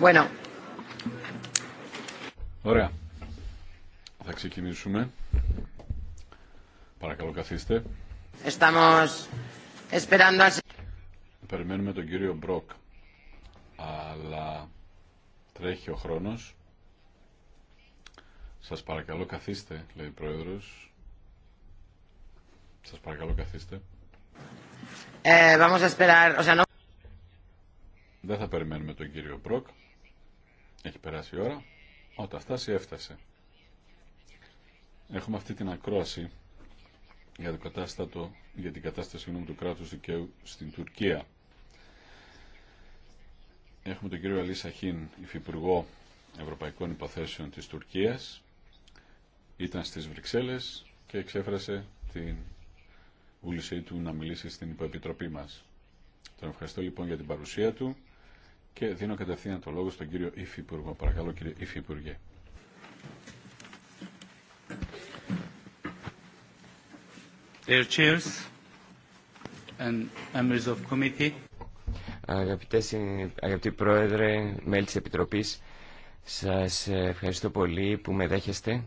Bueno. Ωραία. Θα ξεκινήσουμε. Παρακαλώ καθίστε. Estamos esperando... Περιμένουμε τον κύριο Μπροκ. Αλλά τρέχει ο χρόνος. Σας παρακαλώ καθίστε, λέει ο Πρόεδρος. Σας παρακαλώ καθίστε. Ε, vamos a Δεν θα περιμένουμε τον κύριο Μπροκ. Έχει περάσει η ώρα. Όταν φτάσει, έφτασε. Έχουμε αυτή την ακρόαση για, το για την κατάσταση γνώμη του κράτους δικαίου στην Τουρκία. Έχουμε τον κύριο Αλή Σαχίν, υφυπουργό Ευρωπαϊκών Υποθέσεων της Τουρκίας. Ήταν στις Βρυξέλλες και εξέφρασε την βούλησή του να μιλήσει στην υποεπιτροπή μας. Τον ευχαριστώ λοιπόν για την παρουσία του και δίνω κατευθείαν το λόγο στον κύριο Υφυπουργό. Παρακαλώ κύριε Υφυπουργέ. Dear chairs αγαπητοί πρόεδρε, μέλη της Επιτροπής, σας ευχαριστώ πολύ που με δέχεστε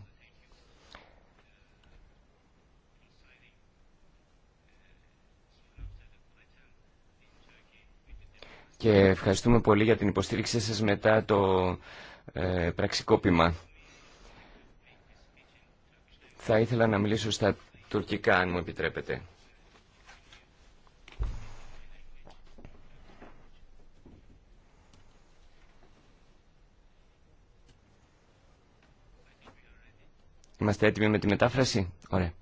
και ευχαριστούμε πολύ για την υποστήριξή σας μετά το ε, πραξικόπημα. Θα ήθελα να μιλήσω στα τουρκικά, αν μου επιτρέπετε. Είμαστε έτοιμοι με τη μετάφραση. Ωραία.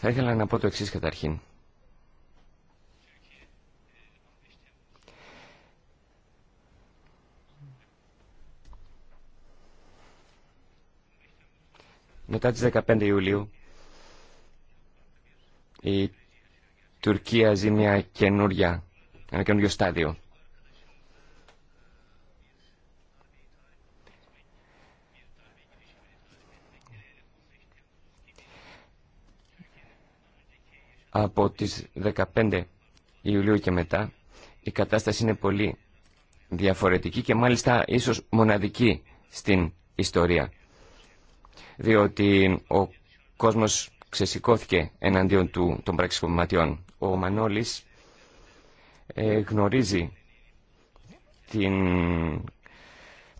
Θα ήθελα να πω το εξής καταρχήν. Μετά τις 15 Ιουλίου η Τουρκία ζει μια καινούρια, ένα καινούριο στάδιο. Από τις 15 Ιουλίου και μετά η κατάσταση είναι πολύ διαφορετική και μάλιστα ίσως μοναδική στην ιστορία. Διότι ο κόσμος ξεσηκώθηκε εναντίον του, των πραξικοπηματιών. Ο Μανώλης ε, γνωρίζει την,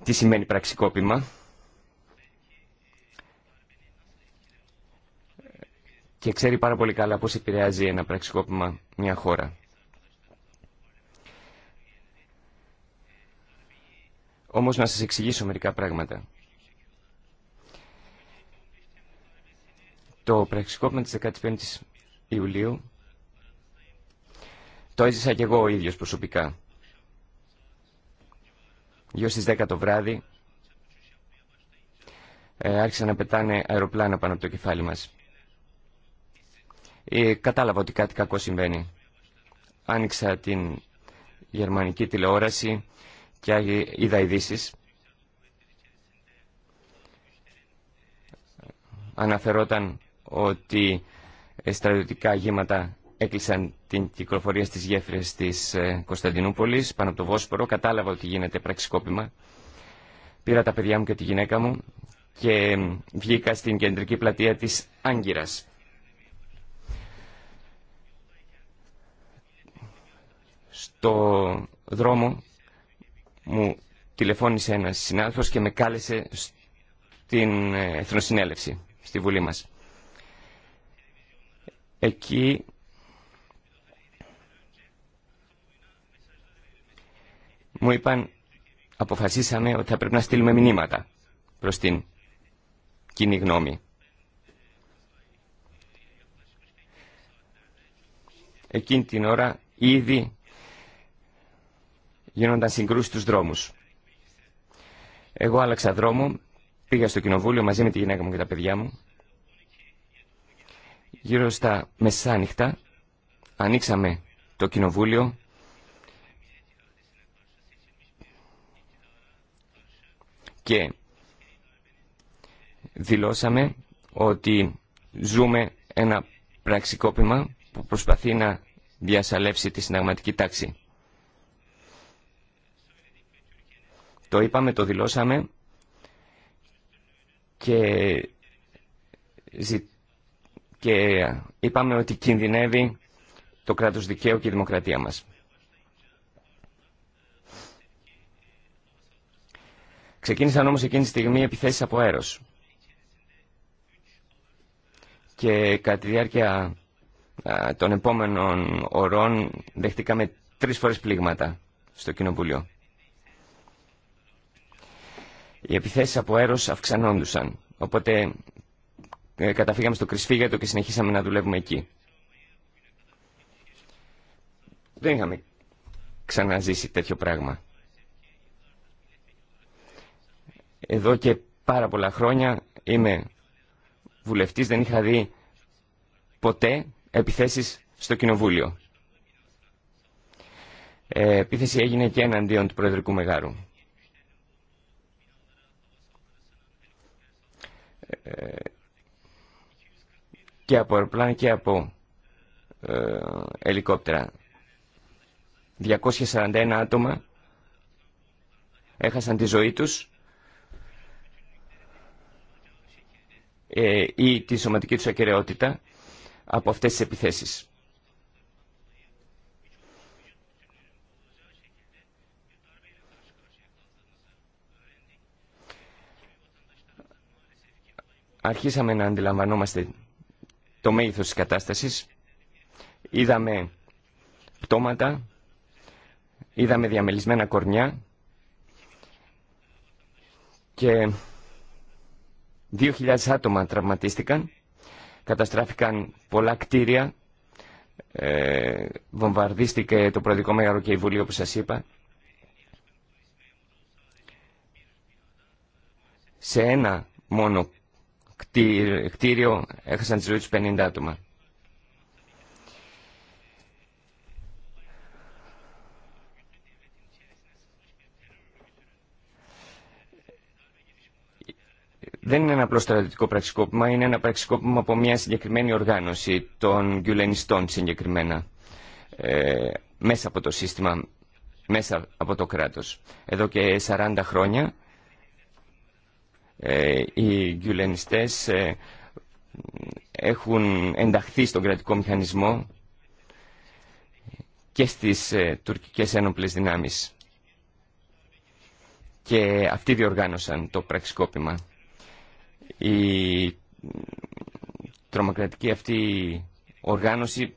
τι σημαίνει πραξικόπημα και ξέρει πάρα πολύ καλά πώς επηρεάζει ένα πραξικόπημα μια χώρα. Όμως να σας εξηγήσω μερικά πράγματα. Το πραξικόπημα της 15ης Ιουλίου το έζησα και εγώ ο ίδιος προσωπικά. Γύρω στις 10 το βράδυ ε, άρχισαν να πετάνε αεροπλάνα πάνω από το κεφάλι μας ε, κατάλαβα ότι κάτι κακό συμβαίνει. Άνοιξα την γερμανική τηλεόραση και είδα ειδήσει. Αναφερόταν ότι ε, στρατιωτικά γήματα έκλεισαν την κυκλοφορία στις γέφυρες της ε, Κωνσταντινούπολης πάνω από το Βόσπορο. Κατάλαβα ότι γίνεται πραξικόπημα. Πήρα τα παιδιά μου και τη γυναίκα μου και ε, βγήκα στην κεντρική πλατεία της Άγκυρας. στο δρόμο μου τηλεφώνησε ένας συνάδελφος και με κάλεσε στην ε, Εθνοσυνέλευση, στη Βουλή μας. Εκεί μου είπαν αποφασίσαμε ότι θα πρέπει να στείλουμε μηνύματα προς την κοινή γνώμη. Εκείνη την ώρα ήδη γίνονταν συγκρούσεις στους δρόμους. Εγώ άλλαξα δρόμο, πήγα στο κοινοβούλιο μαζί με τη γυναίκα μου και τα παιδιά μου. Γύρω στα μεσάνυχτα ανοίξαμε το κοινοβούλιο και δηλώσαμε ότι ζούμε ένα πραξικόπημα που προσπαθεί να διασαλεύσει τη συνταγματική τάξη. Το είπαμε, το δηλώσαμε και, είπαμε ότι κινδυνεύει το κράτος δικαίου και η δημοκρατία μας. Ξεκίνησαν όμως εκείνη τη στιγμή επιθέσεις από αέρος. Και κατά τη διάρκεια των επόμενων ωρών δεχτήκαμε τρεις φορές πλήγματα στο Κοινοβουλίο οι επιθέσει από αέρο αυξανόντουσαν. Οπότε ε, καταφύγαμε στο Κρυσφύγετο και συνεχίσαμε να δουλεύουμε εκεί. Δεν είχαμε ξαναζήσει τέτοιο πράγμα. Εδώ και πάρα πολλά χρόνια είμαι βουλευτής, δεν είχα δει ποτέ επιθέσεις στο Κοινοβούλιο. Ε, επίθεση έγινε και εναντίον του Προεδρικού Μεγάρου. και από αεροπλάνα και από ε, ελικόπτερα. 241 άτομα έχασαν τη ζωή τους ε, ή τη σωματική τους ακεραιότητα από αυτές τις επιθέσεις. αρχίσαμε να αντιλαμβανόμαστε το μέγεθος της κατάστασης. Είδαμε πτώματα, είδαμε διαμελισμένα κορνιά και 2.000 άτομα τραυματίστηκαν, καταστράφηκαν πολλά κτίρια, ε, βομβαρδίστηκε το Προεδρικό Μέγαρο και η Βουλή όπως σας είπα. Σε ένα μόνο κτίριο έχασαν τη ζωή τους 50 άτομα. Δεν είναι ένα απλό στρατιωτικό πραξικόπημα, είναι ένα πραξικόπημα από μια συγκεκριμένη οργάνωση των γκουλενιστών συγκεκριμένα, ε, μέσα από το σύστημα, μέσα από το κράτος. Εδώ και 40 χρόνια ε, οι γκυλενιστές ε, έχουν ενταχθεί στον κρατικό μηχανισμό και στις ε, τουρκικές ένοπλες δυνάμεις. Και αυτοί διοργάνωσαν το πραξικόπημα. Η τρομοκρατική αυτή οργάνωση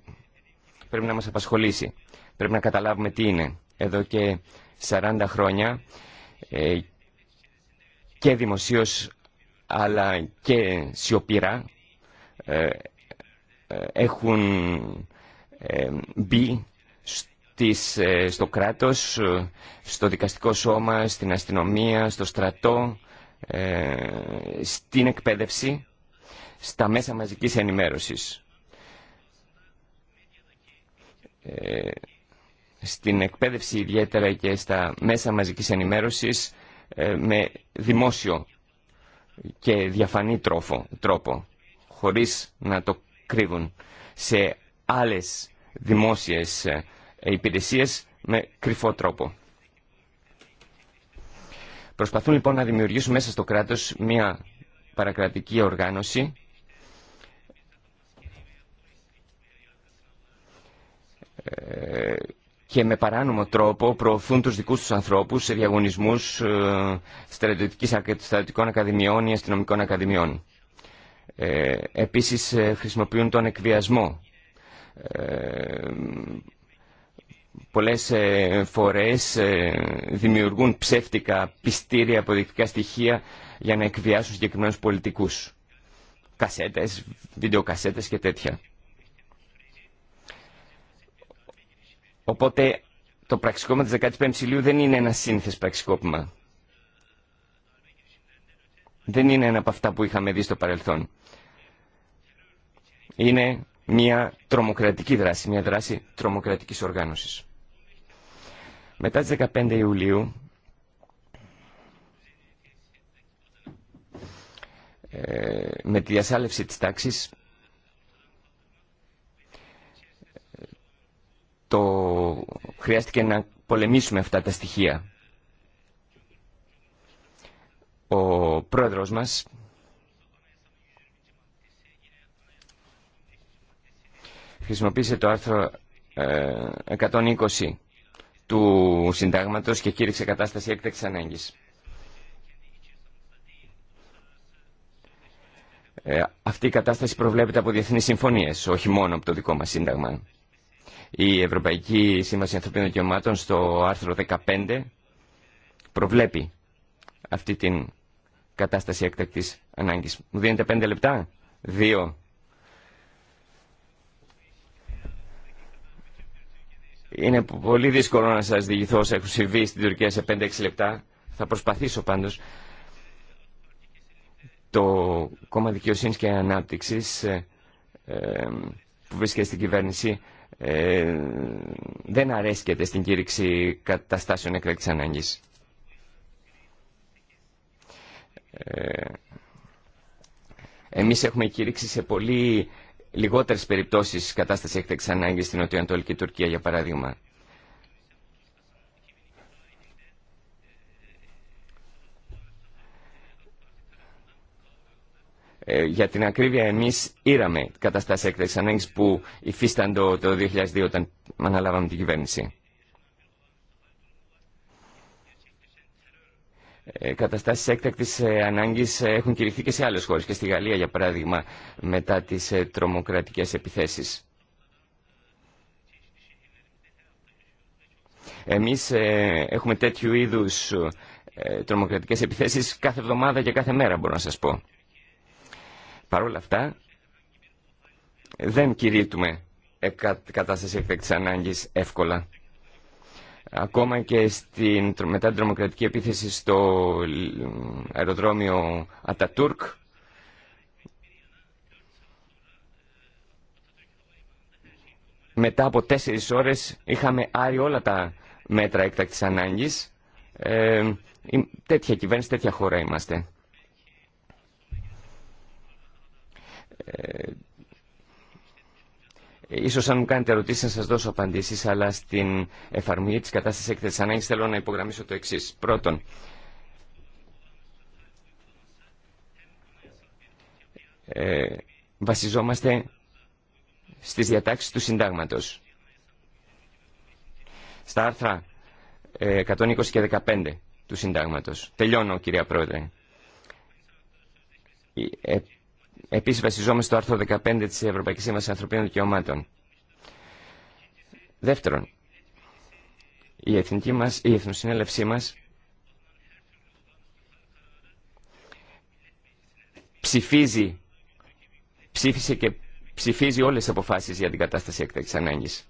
πρέπει να μας απασχολήσει. Πρέπει να καταλάβουμε τι είναι. Εδώ και 40 χρόνια και δημοσίως αλλά και σιωπηρά ε, ε, έχουν ε, μπει στις, στο κράτος, στο δικαστικό σώμα, στην αστυνομία, στο στρατό, στην εκπαίδευση, στα μέσα μαζικής ενημέρωσης. Στην εκπαίδευση ιδιαίτερα και στα μέσα μαζικής ενημέρωσης ε, με δημόσιο και διαφανή τρόπο, τρόπο χωρίς να το κρύβουν σε άλλες δημόσιες ε, υπηρεσίες με κρυφό τρόπο. Προσπαθούν λοιπόν να δημιουργήσουν μέσα στο κράτος μια παρακρατική οργάνωση ε, και με παράνομο τρόπο προωθούν τους δικούς τους ανθρώπους σε διαγωνισμούς ε, στρατιωτικών ακαδημιών ή αστυνομικών ακαδημιών. Ε, επίσης ε, χρησιμοποιούν τον εκβιασμό. Ε, πολλές ε, φορές δημιουργούν ψεύτικα πιστήρια αποδεικτικά στοιχεία για να εκβιάσουν συγκεκριμένους πολιτικούς. Κασέτες, βιντεοκασέτες και τέτοια. Οπότε το πραξικόπημα της 15ης Ιουλίου δεν είναι ένα σύνθεση πραξικόπημα. Δεν είναι ένα από αυτά που είχαμε δει στο παρελθόν. Είναι μια τρομοκρατική δράση, μια δράση τρομοκρατικής οργάνωσης. Μετά τις 15 Ιουλίου ε, με τη διασάλευση της τάξης το χρειάστηκε να πολεμήσουμε αυτά τα στοιχεία. Ο πρόεδρος μας χρησιμοποίησε το άρθρο 120 ε, του συντάγματος και κήρυξε κατάσταση έκτακτης ανάγκης. Ε, αυτή η κατάσταση προβλέπεται από διεθνείς συμφωνίες, όχι μόνο από το δικό μας σύνταγμα. Η Ευρωπαϊκή Σύμβαση Ανθρωπίνων Δικαιωμάτων στο άρθρο 15 προβλέπει αυτή την κατάσταση εκτακτής ανάγκης. Μου δίνετε πέντε λεπτά. Δύο. Είναι πολύ δύσκολο να σας διηγηθώ όσα έχουν συμβεί στην Τουρκία σε 5-6 λεπτά. Θα προσπαθήσω πάντως. Το κόμμα δικαιοσύνης και ανάπτυξης ε, ε, που βρίσκεται στην κυβέρνηση ε, δεν αρέσκεται στην κήρυξη καταστάσεων έκτακτης ανάγκης. Ε, εμείς έχουμε κήρυξη σε πολύ λιγότερες περιπτώσεις κατάσταση έκτακτης ανάγκης στην νοτιοανατολική Τουρκία, για παράδειγμα. Ε, για την ακρίβεια εμείς ήραμε καταστάσεις έκθεσης ανάγκης που υφίσταντο το 2002 όταν αναλάβαμε την κυβέρνηση. Ε, καταστάσεις έκτακτης ε, ανάγκης έχουν κηρυχθεί και σε άλλες χώρες και στη Γαλλία για παράδειγμα μετά τις τρομοκρατικές επιθέσεις. Εμείς έχουμε τέτοιου είδους τρομοκρατικές επιθέσεις κάθε εβδομάδα και κάθε μέρα μπορώ να σας πω. Παρ' όλα αυτά, δεν κηρύττουμε κατάσταση έκτακτης ανάγκης εύκολα. Ακόμα και στην, μετά την τρομοκρατική επίθεση στο αεροδρόμιο Ατατούρκ, μετά από τέσσερις ώρες είχαμε άρει όλα τα μέτρα έκτακτης ανάγκης. Ε, τέτοια κυβέρνηση, τέτοια χώρα είμαστε. Ε, ίσως αν μου κάνετε ερωτήσεις να σας δώσω απαντήσεις, αλλά στην εφαρμογή της κατάστασης έκθεσης ανάγκης θέλω να υπογραμμίσω το εξής. Πρώτον, ε, βασιζόμαστε στις διατάξεις του συντάγματος. Στα άρθρα 120 ε, και 15 του συντάγματος. Τελειώνω, κυρία Πρόεδρε. Ε, Επίσης βασιζόμαστε στο άρθρο 15 της Ευρωπαϊκής Σύμβασης Ανθρωπίνων Δικαιωμάτων. Δεύτερον, η, εθνική μας, η Εθνοσυνέλευσή μας ψηφίζει, ψήφισε και ψηφίζει όλες τις αποφάσεις για την κατάσταση έκτακτης ανάγκης.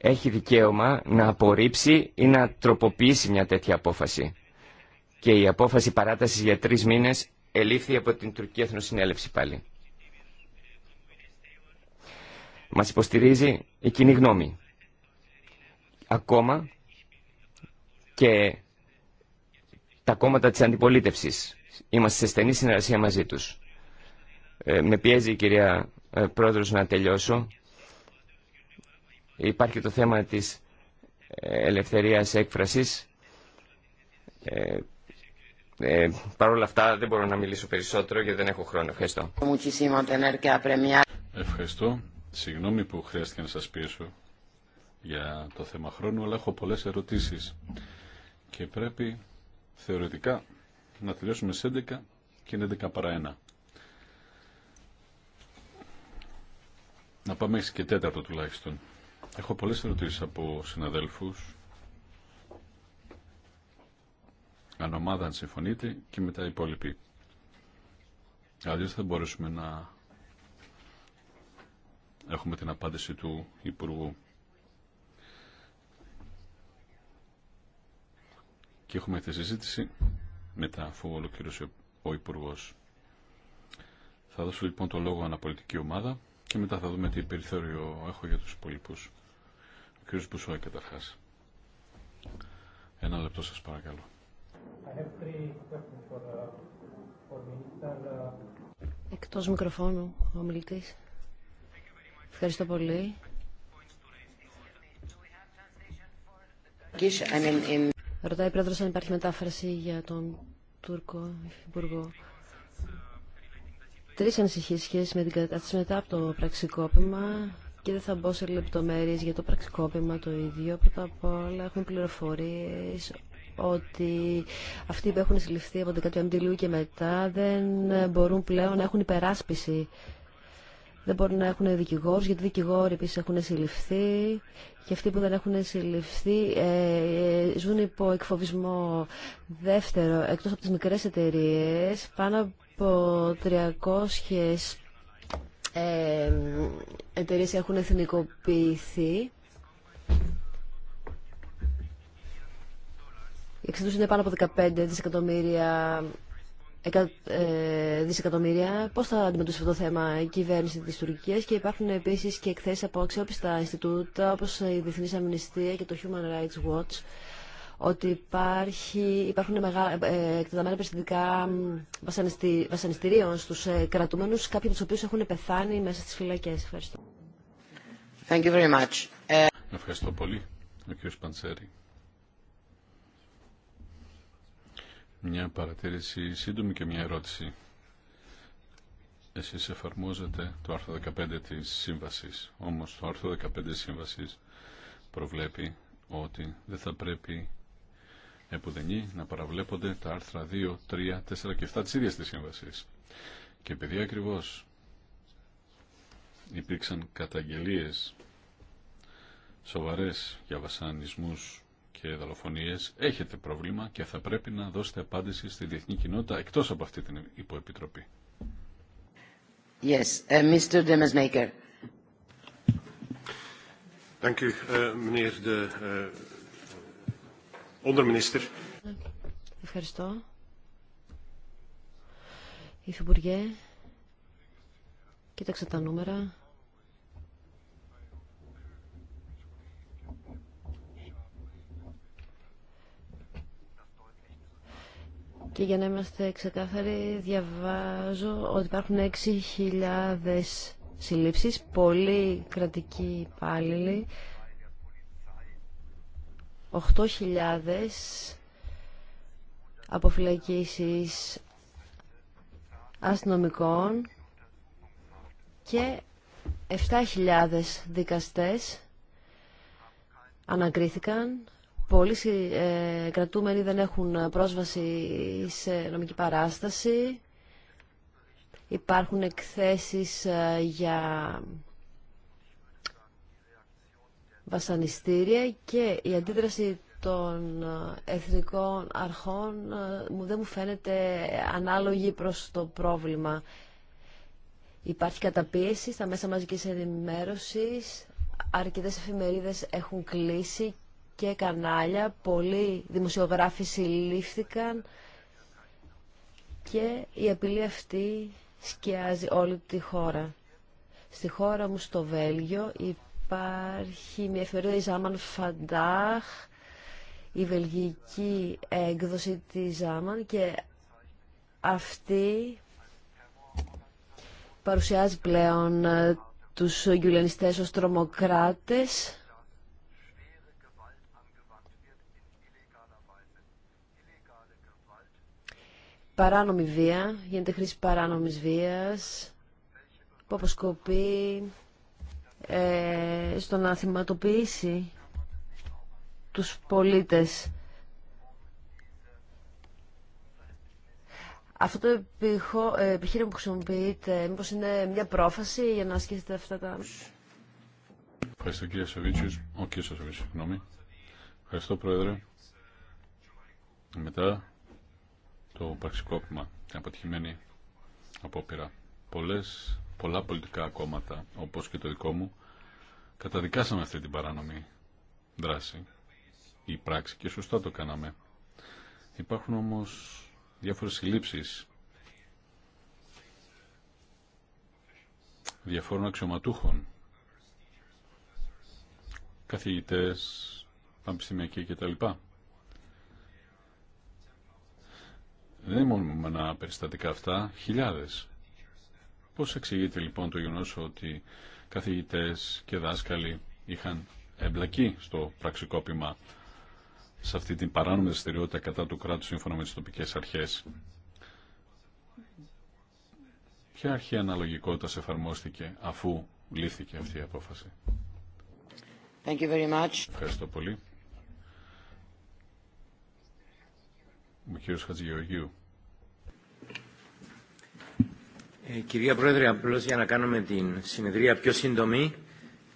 Έχει δικαίωμα να απορρίψει ή να τροποποιήσει μια τέτοια απόφαση και η απόφαση παράτασης για τρεις μήνες ελήφθη από την Τουρκία Εθνοσυνέλευση πάλι. Μας υποστηρίζει η κοινή γνώμη. Ακόμα και τα κόμματα της αντιπολίτευσης. Είμαστε σε στενή συνεργασία μαζί τους. Ε, με πιέζει η κυρία ε, Πρόεδρος να τελειώσω. Υπάρχει το θέμα της ε, ελευθερίας έκφρασης. Ε, ε, Παρ' όλα αυτά δεν μπορώ να μιλήσω περισσότερο γιατί δεν έχω χρόνο. Ευχαριστώ. Ευχαριστώ. Συγγνώμη που χρειάστηκε να σας πείσω για το θέμα χρόνου, αλλά έχω πολλές ερωτήσεις και πρέπει θεωρητικά να τελειώσουμε σε 11 και είναι 11 παρά 1. Να πάμε 6 και τέταρτο τουλάχιστον. Έχω πολλές ερωτήσεις από συναδέλφους ομάδα αν συμφωνείτε και με τα υπόλοιποι. Αλλιώς θα μπορέσουμε να έχουμε την απάντηση του Υπουργού. Και έχουμε τη συζήτηση μετά αφού ολοκληρώσει ο Υπουργό. Θα δώσω λοιπόν το λόγο αναπολιτική ομάδα και μετά θα δούμε τι περιθώριο έχω για τους υπολοιπούς. Ο κ. Μπουσόη καταρχάς. Ένα λεπτό σας παρακαλώ. Uh, uh, Εκτός μικροφώνου ο μιλητής. Ευχαριστώ πολύ. Ρωτάει η πρόεδρος αν υπάρχει μετάφραση για τον Τούρκο Υπουργό. Τρεις ανησυχίες σχέση με την κατάσταση μετά από το πραξικόπημα και δεν θα μπω σε λεπτομέρειες για το πραξικόπημα το ίδιο. Πρώτα απ' όλα έχουμε πληροφορίες ότι αυτοί που έχουν συλληφθεί από την κατ' Ιουλίου και μετά δεν μπορούν πλέον να έχουν υπεράσπιση. Δεν μπορούν να έχουν δικηγόρους, γιατί δικηγόροι επίσης έχουν συλληφθεί και αυτοί που δεν έχουν συλληφθεί ε, ε, ζουν υπό εκφοβισμό. Δεύτερο, εκτός από τις μικρές εταιρείε, πάνω από 300 ε, εταιρείε έχουν εθνικοποιηθεί είναι πάνω από 15 δισεκατομμύρια, εκα, ε, δισεκατομμύρια. Πώς θα αντιμετωπίσει αυτό το θέμα η κυβέρνηση της Τουρκίας και υπάρχουν επίσης και εκθέσεις από αξιόπιστα Ινστιτούτα όπως η Διεθνής Αμνηστία και το Human Rights Watch ότι υπάρχει, υπάρχουν ε, εκτεταμένα περιστατικά βασανιστή, βασανιστήριων στους ε, κρατούμενους, κάποιοι από τους οποίους έχουν πεθάνει μέσα στις φυλακές. Ευχαριστώ. Thank you very much. Ε, Ευχαριστώ πολύ. Ο κ. Παντσέρη. Μια παρατήρηση σύντομη και μια ερώτηση. Εσείς εφαρμόζετε το άρθρο 15 της σύμβασης. Όμως το άρθρο 15 της σύμβασης προβλέπει ότι δεν θα πρέπει επουδενή να παραβλέπονται τα άρθρα 2, 3, 4 και 7 της ίδιας της σύμβασης. Και επειδή ακριβώς υπήρξαν καταγγελίες σοβαρές για βασανισμούς και δολοφονίες έχετε πρόβλημα και θα πρέπει να δώσετε απάντηση στη διεθνή κοινότητα εκτός από αυτή την υποεπιτροπή. Yes, uh, Mr. Dank u, uh, meneer de uh, onderminister. Ευχαριστώ. Υφυπουργέ, κοίταξε τα νούμερα. Και για να είμαστε ξεκάθαροι, διαβάζω ότι υπάρχουν 6.000 συλλήψεις, πολύ κρατικοί υπάλληλοι, 8.000 αποφυλακίσεις αστυνομικών και 7.000 δικαστές ανακρίθηκαν πολλοί ε, κρατούμενοι δεν έχουν πρόσβαση σε νομική παράσταση. Υπάρχουν εκθέσεις ε, για βασανιστήρια και η αντίδραση των ε, εθνικών αρχών μου δεν μου φαίνεται ανάλογη προς το πρόβλημα. Υπάρχει καταπίεση στα μέσα μαζικής ενημέρωσης, αρκετές εφημερίδες έχουν κλείσει και κανάλια. Πολλοί δημοσιογράφοι συλλήφθηκαν και η απειλή αυτή σκιάζει όλη τη χώρα. Στη χώρα μου στο Βέλγιο υπάρχει μια εφημερίδα η Ζάμαν Φαντάχ, η βελγική έκδοση της Ζάμαν και αυτή παρουσιάζει πλέον ε, τους γιουλενιστές ως τρομοκράτες παράνομη βία, γίνεται χρήση παράνομης βίας που αποσκοπεί ε, στο να θυματοποιήσει τους πολίτες. Αυτό το ε, επιχείρημα που χρησιμοποιείτε, μήπως είναι μια πρόφαση για να ασκήσετε αυτά τα... Ευχαριστώ κύριε Ο κύριος συγγνώμη. Ευχαριστώ πρόεδρε. Μετά το πραξικόπημα, την αποτυχημένη απόπειρα. Πολλές, πολλά πολιτικά κόμματα, όπως και το δικό μου, καταδικάσαμε αυτή την παράνομη δράση ή πράξη και σωστά το κάναμε. Υπάρχουν όμως διάφορες συλλήψεις διαφόρων αξιωματούχων, καθηγητές, πανεπιστημιακοί κτλ. Δεν είναι μόνο περιστατικά αυτά, χιλιάδες. Πώς εξηγείται λοιπόν το γεγονός ότι καθηγητές και δάσκαλοι είχαν εμπλακεί στο πραξικόπημα σε αυτή την παράνομη δραστηριότητα κατά του κράτους σύμφωνα με τις τοπικές αρχές. Ποια αρχή αναλογικότητας εφαρμόστηκε αφού λήφθηκε αυτή η απόφαση. Thank you very much. Ευχαριστώ πολύ. Ο κύριος Χατζηγεωργίου. Ε, κυρία Πρόεδρε, απλώς για να κάνουμε την συνεδρία πιο σύντομη,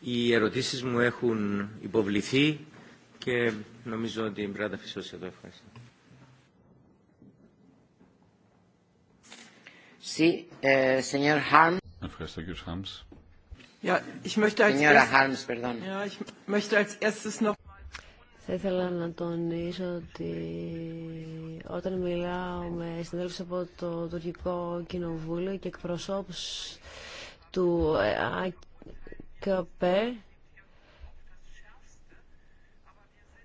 οι ερωτήσεις μου έχουν υποβληθεί και νομίζω ότι πρέπει να τα αφήσω εδώ. Ευχαριστώ. Sí, eh, señor Ευχαριστώ, κύριος Χάμς. Ja, ich möchte als Señora Harms, Ja, ich möchte als erstes noch θα ήθελα να τονίσω ότι όταν μιλάω με συνέλευση από το τουρκικό κοινοβούλιο και εκπροσώπους του ΑΚΠ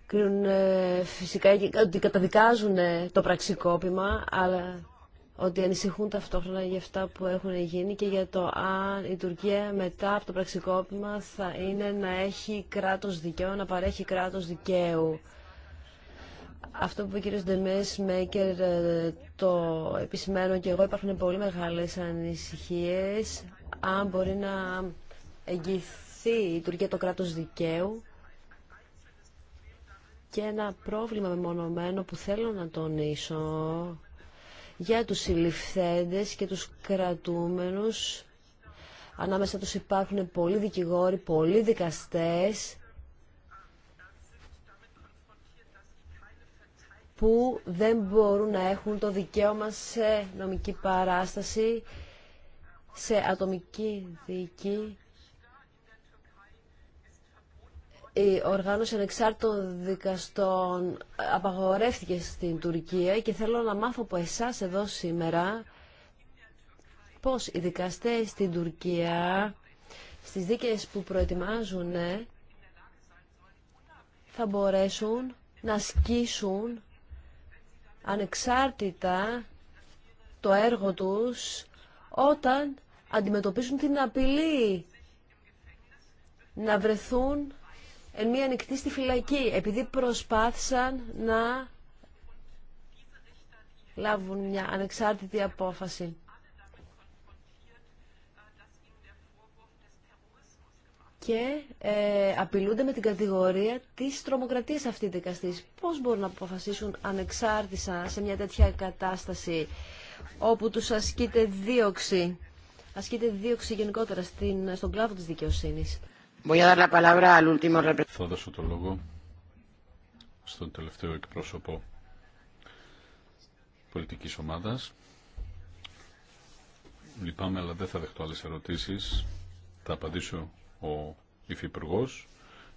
κρίνουν ε, φυσικά ότι καταδικάζουν το πραξικόπημα, αλλά ότι ανησυχούν ταυτόχρονα για αυτά που έχουν γίνει και για το αν η Τουρκία μετά από το πραξικόπημα θα είναι να έχει κράτος δικαίου, να παρέχει κράτος δικαίου. Αυτό που είπε ο κύριος Ντεμές Μέκερ ε, το επισημαίνω και εγώ υπάρχουν πολύ μεγάλες ανησυχίες αν μπορεί να εγγυηθεί η Τουρκία το κράτος δικαίου και ένα πρόβλημα μεμονωμένο που θέλω να τονίσω για τους συλληφθέντες και τους κρατούμενους. Ανάμεσα τους υπάρχουν πολλοί δικηγόροι, πολλοί δικαστές που δεν μπορούν να έχουν το δικαίωμα σε νομική παράσταση, σε ατομική δίκη η οργάνωση ανεξάρτητων δικαστών απαγορεύτηκε στην Τουρκία και θέλω να μάθω από εσάς εδώ σήμερα πώς οι δικαστές στην Τουρκία στις δίκες που προετοιμάζουν θα μπορέσουν να σκίσουν ανεξάρτητα το έργο τους όταν αντιμετωπίζουν την απειλή να βρεθούν εν μία ανοιχτή στη φυλακή επειδή προσπάθησαν να λάβουν μια ανεξάρτητη απόφαση. και ε, απειλούνται με την κατηγορία της τρομοκρατίας αυτή δικαστής. Πώς μπορούν να αποφασίσουν ανεξάρτητα σε μια τέτοια κατάσταση όπου τους ασκείται δίωξη, ασκείται δίωξη γενικότερα στην, στον κλάδο της δικαιοσύνης. Voy a Θα δώσω το λόγο στον τελευταίο εκπρόσωπο πολιτικής ομάδας. Λυπάμαι, αλλά δεν θα δεχτώ άλλες ερωτήσεις. Θα απαντήσω ο Υφυπουργό.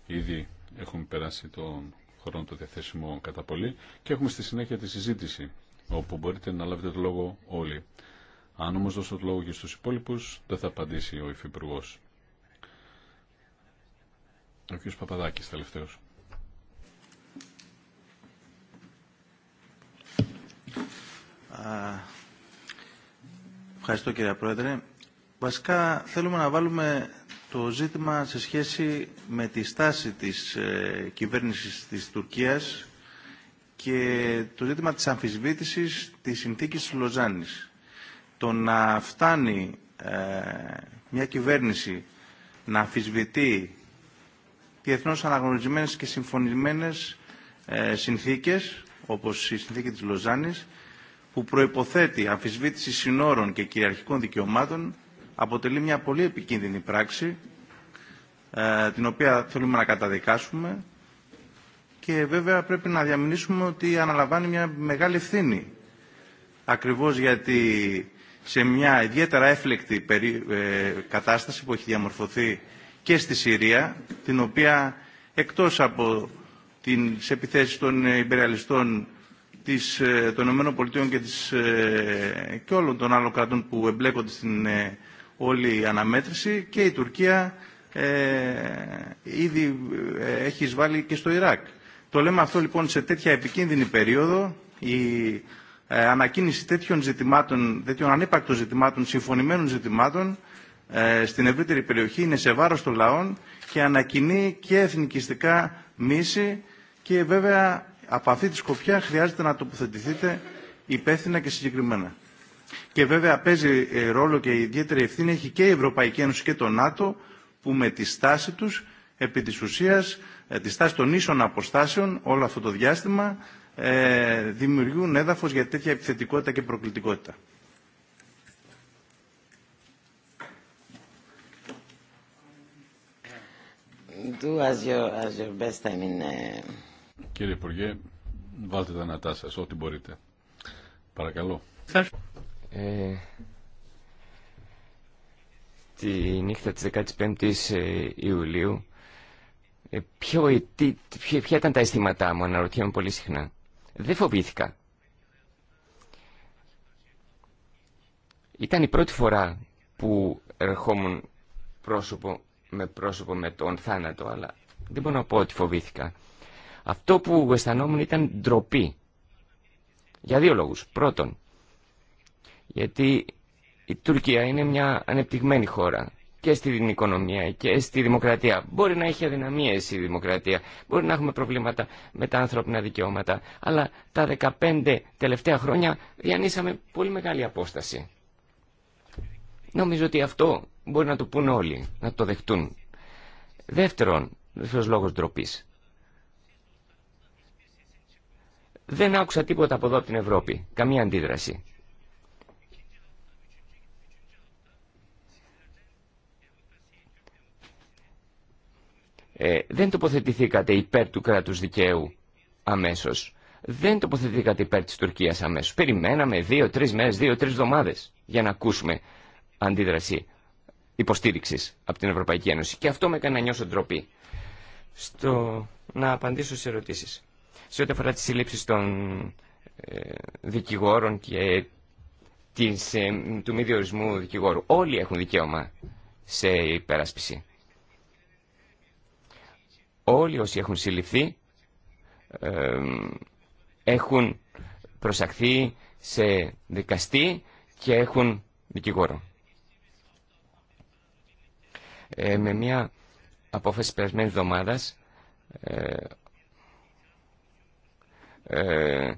Ήδη έχουμε περάσει τον χρόνο το διαθέσιμο κατά πολύ και έχουμε στη συνέχεια τη συζήτηση όπου μπορείτε να λάβετε το λόγο όλοι. Αν όμως δώσω το λόγο και στους υπόλοιπους, δεν θα απαντήσει ο Υφυπουργό. Ο κ. Παπαδάκης τελευταίος. Ευχαριστώ κύριε Πρόεδρε. Βασικά θέλουμε να βάλουμε το ζήτημα σε σχέση με τη στάση της ε, κυβέρνησης της Τουρκίας και το ζήτημα της αμφισβήτησης της συνθήκης της Λοζάνης. Το να φτάνει ε, μια κυβέρνηση να αμφισβητεί διεθνώς αναγνωρισμένες και συμφωνημένες ε, συνθήκες, όπως η συνθήκη της Λοζάνης, που προϋποθέτει αμφισβήτηση συνόρων και κυριαρχικών δικαιωμάτων, αποτελεί μια πολύ επικίνδυνη πράξη, ε, την οποία θέλουμε να καταδικάσουμε και βέβαια πρέπει να διαμηνήσουμε ότι αναλαμβάνει μια μεγάλη ευθύνη. Ακριβώς γιατί σε μια ιδιαίτερα έφλεκτη ε, κατάσταση που έχει διαμορφωθεί και στη Συρία, την οποία εκτός από τις επιθέσεις των ε, υπεριαλιστών της, ε, των ΗΠΑ και, της, ε, και όλων των άλλων κρατών που εμπλέκονται στην όλη αναμέτρηση και η Τουρκία ε, ήδη έχει εισβάλει και στο Ιράκ. Το λέμε αυτό λοιπόν σε τέτοια επικίνδυνη περίοδο η ε, ανακοίνηση τέτοιων ζητημάτων, τέτοιων ανύπακτων ζητημάτων, συμφωνημένων ζητημάτων ε, στην ευρύτερη περιοχή είναι σε βάρος των λαών και ανακοινεί και εθνικιστικά μίση και βέβαια από αυτή τη σκοπιά χρειάζεται να τοποθετηθείτε υπεύθυνα και συγκεκριμένα. Και βέβαια παίζει ε, ρόλο και ιδιαίτερη ευθύνη έχει και η Ευρωπαϊκή Ένωση και το ΝΑΤΟ που με τη στάση τους επί της ουσίας, ε, τη στάση των ίσων αποστάσεων όλο αυτό το διάστημα δημιουργούν έδαφος για τέτοια επιθετικότητα και προκλητικότητα. as your, as your best, ε, Κύριε Υπουργέ, βάλτε τα νατά σας, ό,τι μπορείτε. Παρακαλώ. Ε, τη νύχτα της 15ης ε, Ιουλίου, ε, τι, ποια ήταν τα αισθήματά μου, αναρωτιέμαι πολύ συχνά. Δεν φοβήθηκα. Ήταν η πρώτη φορά που ερχόμουν πρόσωπο με πρόσωπο με τον θάνατο, αλλά δεν μπορώ να πω ότι φοβήθηκα. Αυτό που αισθανόμουν ήταν ντροπή. Για δύο λόγους. Πρώτον, γιατί η Τουρκία είναι μια ανεπτυγμένη χώρα και στην οικονομία και στη δημοκρατία. Μπορεί να έχει αδυναμίες η δημοκρατία, μπορεί να έχουμε προβλήματα με τα ανθρώπινα δικαιώματα, αλλά τα 15 τελευταία χρόνια διανύσαμε πολύ μεγάλη απόσταση. Νομίζω ότι αυτό μπορεί να το πούν όλοι, να το δεχτούν. Δεύτερον, δεύτερος λόγος ντροπή. Δεν άκουσα τίποτα από εδώ από την Ευρώπη, καμία αντίδραση. Ε, δεν τοποθετηθήκατε υπέρ του κράτους δικαίου αμέσως. Δεν τοποθετηθήκατε υπέρ της Τουρκίας αμέσως. Περιμέναμε δύο-τρεις μέρες, δύο-τρεις εβδομάδες για να ακούσουμε αντίδραση υποστήριξη από την Ευρωπαϊκή Ένωση. Και αυτό με έκανε να νιώσω ντροπή. Στο να απαντήσω σε ερωτήσεις. Σε ό,τι αφορά τι συλλήψει των ε, δικηγόρων και της, ε, του μη διορισμού δικηγόρου. Όλοι έχουν δικαίωμα σε υπεράσπιση. Όλοι όσοι έχουν συλληφθεί έχουν προσαχθεί σε δικαστή και έχουν δικηγόρο. Ε, με μια απόφαση περασμένη εβδομάδα ε, ε,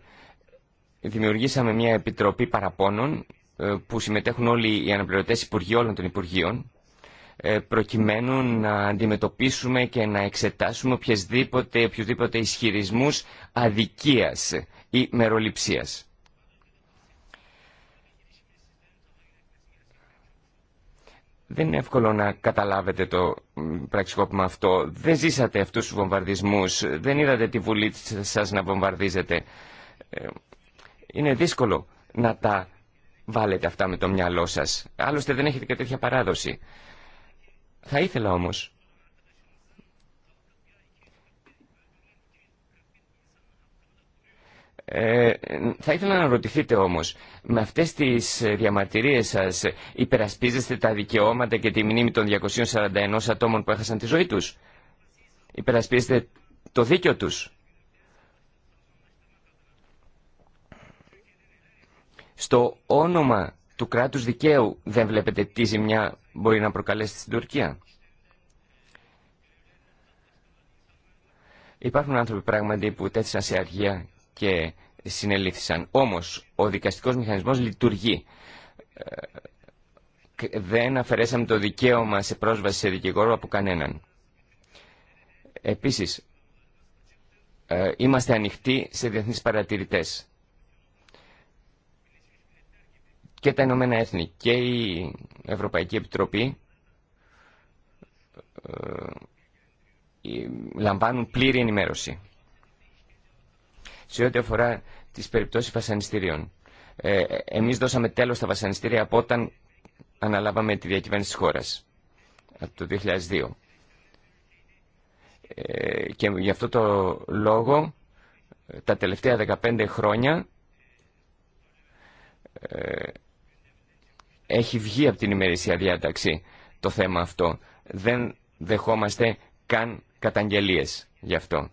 δημιουργήσαμε μια επιτροπή παραπώνων ε, που συμμετέχουν όλοι οι αναπληρωτές υπουργείων, όλων των υπουργείων ε, προκειμένου να αντιμετωπίσουμε και να εξετάσουμε οποιοδήποτε ισχυρισμούς αδικίας ή μεροληψίας. Δεν είναι εύκολο να καταλάβετε το πραξικόπημα αυτό. Δεν ζήσατε αυτούς τους βομβαρδισμούς. Δεν είδατε τη βουλή σας να βομβαρδίζετε. Είναι δύσκολο να τα βάλετε αυτά με το μυαλό σας. Άλλωστε δεν έχετε και τέτοια παράδοση. Θα ήθελα όμως Ε, θα ήθελα να ρωτηθείτε όμως, με αυτές τις ε, διαμαρτυρίες σας ε, υπερασπίζεστε τα δικαιώματα και τη μνήμη των 241 ατόμων που έχασαν τη ζωή τους. Υπερασπίζεστε το δίκιο τους. Στο όνομα του κράτους δικαίου δεν βλέπετε τι ζημιά μπορεί να προκαλέσει στην Τουρκία. Υπάρχουν άνθρωποι πράγματι που τέθησαν σε αργία και συνελήφθησαν. Όμως, ο δικαστικός μηχανισμός λειτουργεί. Ε, δεν αφαιρέσαμε το δικαίωμα σε πρόσβαση σε δικηγόρο από κανέναν. Επίσης, ε, είμαστε ανοιχτοί σε διεθνείς παρατηρητές. Και τα Ηνωμένα Έθνη και η Ευρωπαϊκή Επιτροπή ε, λαμβάνουν πλήρη ενημέρωση σε ό,τι αφορά τις περιπτώσεις βασανιστήριων. Ε, εμείς δώσαμε τέλος στα βασανιστήρια από όταν αναλάβαμε τη διακυβέρνηση της χώρας, από το 2002. Ε, και γι' αυτό το λόγο, τα τελευταία 15 χρόνια, ε, έχει βγει από την ημερήσια διάταξη το θέμα αυτό. Δεν δεχόμαστε καν καταγγελίες γι' αυτό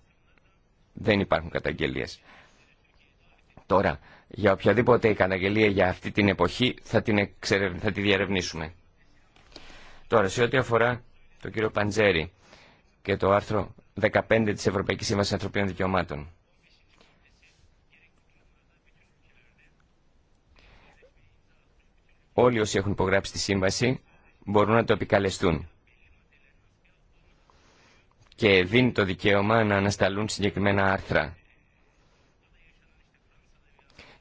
δεν υπάρχουν καταγγελίες. Τώρα, για οποιαδήποτε η καταγγελία για αυτή την εποχή θα, την θα τη διαρευνήσουμε. Τώρα, σε ό,τι αφορά τον κύριο Παντζέρη και το άρθρο 15 της Ευρωπαϊκής Σύμβασης Ανθρωπίνων Δικαιωμάτων. Όλοι όσοι έχουν υπογράψει τη σύμβαση μπορούν να το επικαλεστούν και δίνει το δικαίωμα να ανασταλούν συγκεκριμένα άρθρα.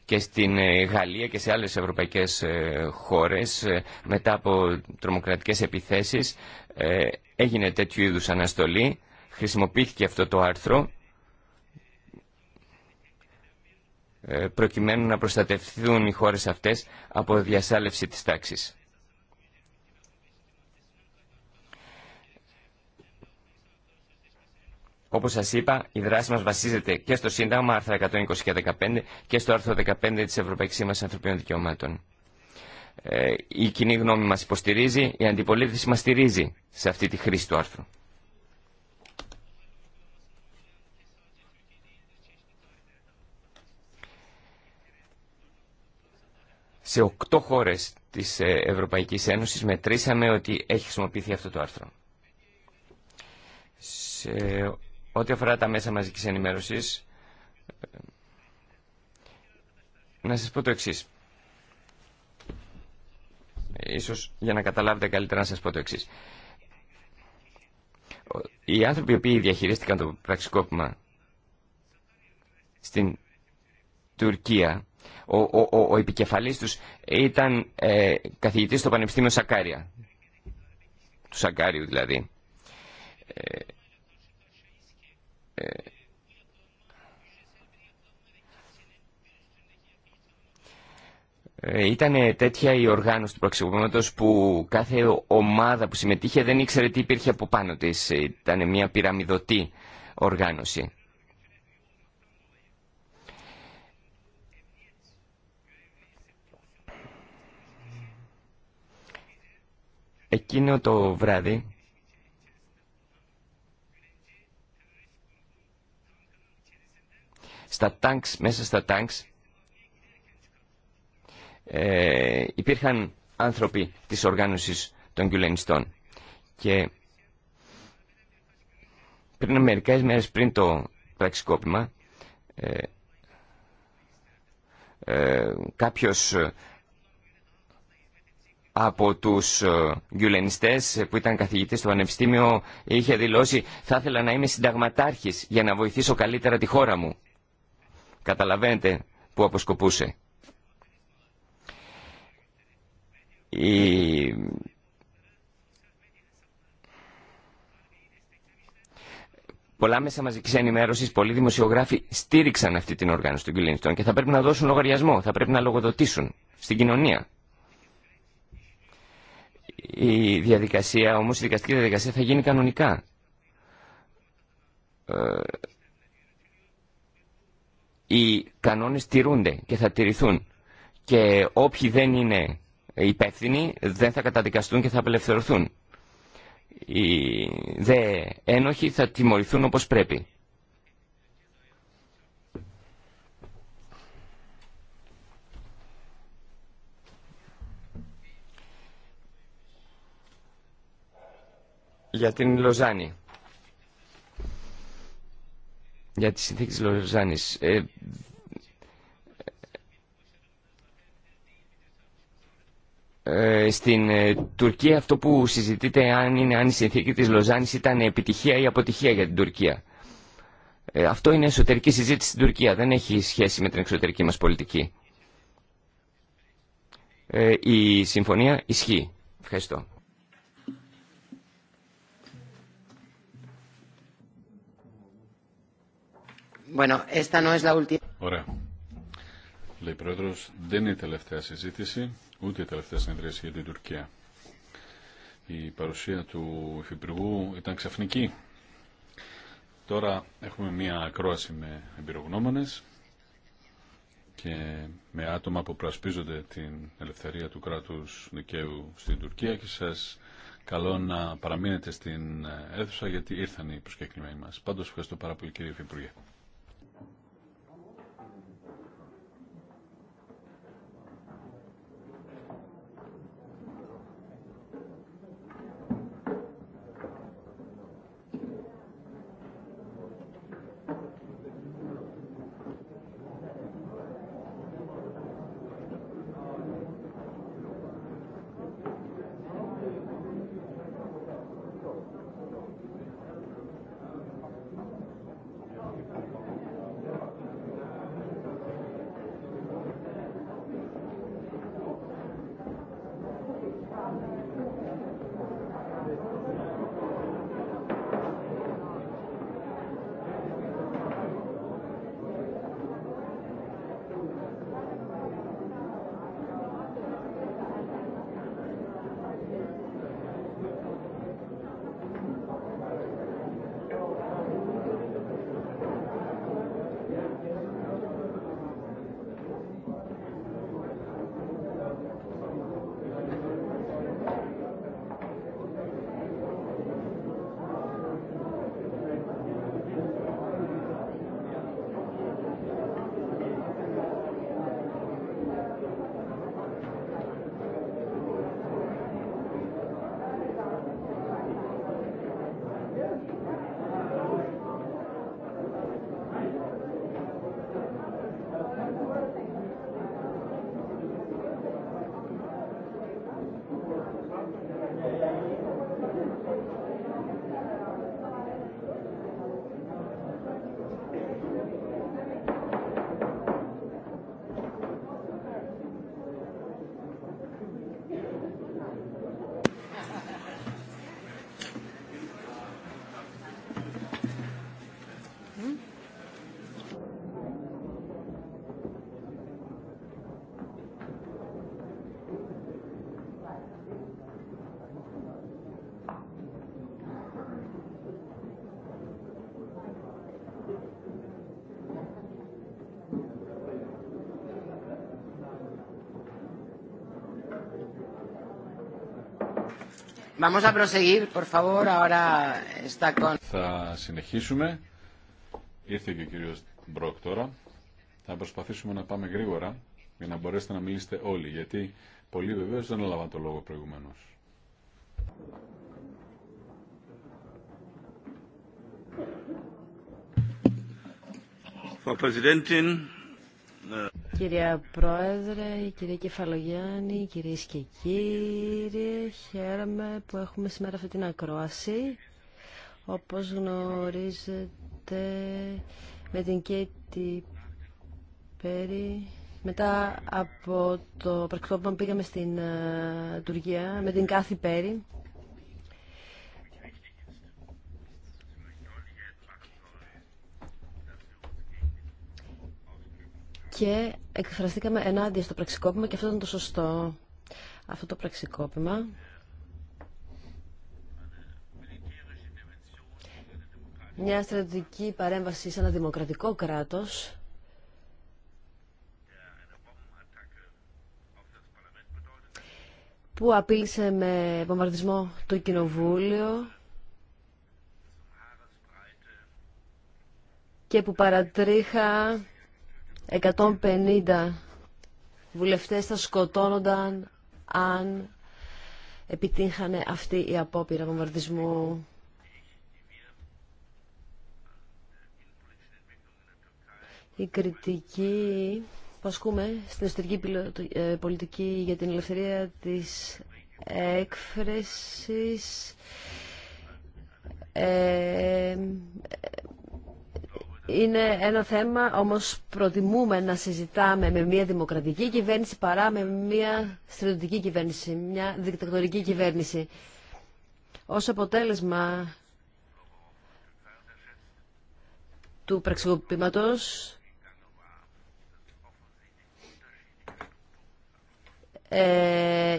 Και στην ε, Γαλλία και σε άλλες ευρωπαϊκές ε, χώρες ε, μετά από τρομοκρατικές επιθέσεις έγινε τέτοιου είδους αναστολή, χρησιμοποιήθηκε αυτό το άρθρο προκειμένου να προστατευθούν οι χώρες αυτές από διασάλευση της τάξης. Όπως σας είπα, η δράση μας βασίζεται και στο Σύνταγμα, άρθρα 120 και 15, και στο άρθρο 15 της Ευρωπαϊκής Σύμβασης Ανθρωπίνων Δικαιωμάτων. Ε, η κοινή γνώμη μας υποστηρίζει, η αντιπολίτευση μας στηρίζει σε αυτή τη χρήση του άρθρου. Σε οκτώ χώρες της ε, Ευρωπαϊκής Ένωσης μετρήσαμε ότι έχει χρησιμοποιηθεί αυτό το άρθρο. Σε Ό,τι αφορά τα μέσα μαζικής ενημέρωσης, ε, να σας πω το εξής. Ίσως για να καταλάβετε καλύτερα να σας πω το εξής. Οι άνθρωποι οι οποίοι διαχειρίστηκαν το πραξικόπημα στην Τουρκία, ο, ο, ο, επικεφαλής τους ήταν ε, καθηγητής στο Πανεπιστήμιο Σακάρια. Του Σακάριου δηλαδή. Ε, ε, ε, Ήταν τέτοια η οργάνωση του πραξικοπήματος που κάθε ομάδα που συμμετείχε δεν ήξερε τι υπήρχε από πάνω της. Ε, Ήταν μια πυραμιδωτή οργάνωση. Εκείνο το βράδυ Στα τάγκς, μέσα στα τάγκς ε, υπήρχαν άνθρωποι της οργάνωσης των κυλενιστών και πριν μερικές μέρες πριν το πραξικόπημα ε, ε, κάποιος ε, από τους γκουλενιστές ε, που ήταν καθηγητής στο Πανεπιστήμιο είχε δηλώσει θα ήθελα να είμαι συνταγματάρχης για να βοηθήσω καλύτερα τη χώρα μου. Καταλαβαίνετε που αποσκοπούσε. Πολλά μέσα μαζική ενημέρωση, πολλοί δημοσιογράφοι στήριξαν αυτή την οργάνωση των Κιλίνστον και θα πρέπει να δώσουν λογαριασμό, θα πρέπει να λογοδοτήσουν στην κοινωνία. Η διαδικασία, όμως η δικαστική διαδικασία θα γίνει κανονικά. Ε, οι κανόνες τηρούνται και θα τηρηθούν και όποιοι δεν είναι υπεύθυνοι δεν θα καταδικαστούν και θα απελευθερωθούν. Οι δε ένοχοι θα τιμωρηθούν όπως πρέπει. Για την Λοζάνη για τη συνθήκη της Λοζάνης. Ε, ε στην ε, Τουρκία αυτό που συζητείτε αν είναι αν η συνθήκη της Λοζάνης ήταν επιτυχία ή αποτυχία για την Τουρκία. Ε, αυτό είναι εσωτερική συζήτηση στην Τουρκία, δεν έχει σχέση με την εξωτερική μας πολιτική. Ε, η συμφωνία ισχύει. Ευχαριστώ. Ωραία. Λέει πρόεδρο, δεν είναι η τελευταία συζήτηση, ούτε η τελευταία συνεδρίαση για την Τουρκία. Η παρουσία του Υφυπουργού ήταν ξαφνική. Τώρα έχουμε μία ακρόαση με εμπειρογνώμονες και με άτομα που προασπίζονται την ελευθερία του κράτους δικαίου στην Τουρκία και σα καλώ να παραμείνετε στην αίθουσα γιατί ήρθαν οι προσκεκλημένοι μα. Πάντως ευχαριστώ πάρα πολύ κύριε Υφυπουργέ. Vamos a proseguir, por favor. Ahora está con... Θα συνεχίσουμε. Ήρθε και ο κύριος Μπροκ τώρα. Θα προσπαθήσουμε να πάμε γρήγορα για να μπορέσετε να μιλήσετε όλοι, γιατί πολλοί βεβαίως δεν έλαβαν το λόγο προηγουμένως. Κυρία Πρόεδρε, κυρία Κεφαλογιάννη, κυρίες και κύριοι, χαίρομαι που έχουμε σήμερα αυτή την ακρόαση. Όπως γνωρίζετε, με την Κέτη Πέρι, μετά από το πρακτικό που πήγαμε στην ε, Τουρκία, με την Κάθη Πέρι, και εκφραστήκαμε ενάντια στο πραξικόπημα και αυτό ήταν το σωστό. Αυτό το πραξικόπημα μια στρατιωτική παρέμβαση σε ένα δημοκρατικό κράτος που απείλησε με βομβαρδισμό το κοινοβούλιο και που παρατρίχα 150 βουλευτές θα σκοτώνονταν αν επιτύχανε αυτή η απόπειρα βομβαρδισμού. Η κριτική που στην εσωτερική ε, πολιτική για την ελευθερία της έκφρασης ε, είναι ένα θέμα, όμως προτιμούμε να συζητάμε με μια δημοκρατική κυβέρνηση παρά με μια στρατιωτική κυβέρνηση, μια δικτακτορική κυβέρνηση. Ως αποτέλεσμα του πραξικοπήματος ε,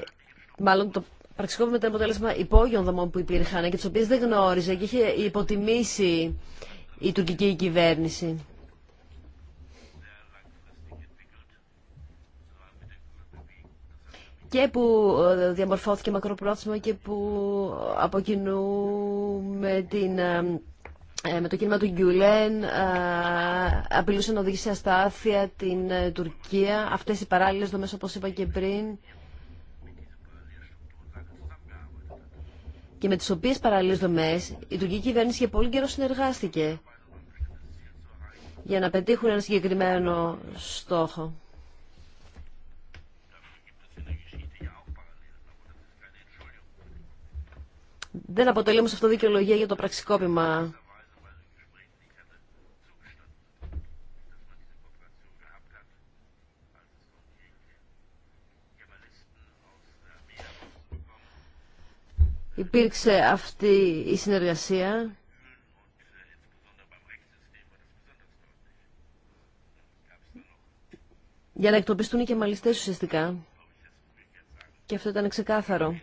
μάλλον το πραξικόπημα ήταν αποτέλεσμα υπόγειων δομών που υπήρχαν και τις οποίες δεν γνώριζε και είχε υποτιμήσει η τουρκική κυβέρνηση. και που ε, διαμορφώθηκε μακροπρόθεσμα και που από κοινού με, την, ε, ε, με το κίνημα του Γκιουλέν απειλούσε να οδηγήσει αστάθεια την Τουρκία. Αυτές οι παράλληλες δομές, όπως είπα και πριν, και με τις οποίες παράλληλες δομές η τουρκική κυβέρνηση για πολύ καιρό συνεργάστηκε για να πετύχουν ένα συγκεκριμένο στόχο. Δεν αποτελεί όμως αυτό δικαιολογία για το πραξικόπημα. Υπήρξε αυτή η συνεργασία για να εκτοπιστούν οι κεμαλιστές ουσιαστικά. Και αυτό ήταν ξεκάθαρο.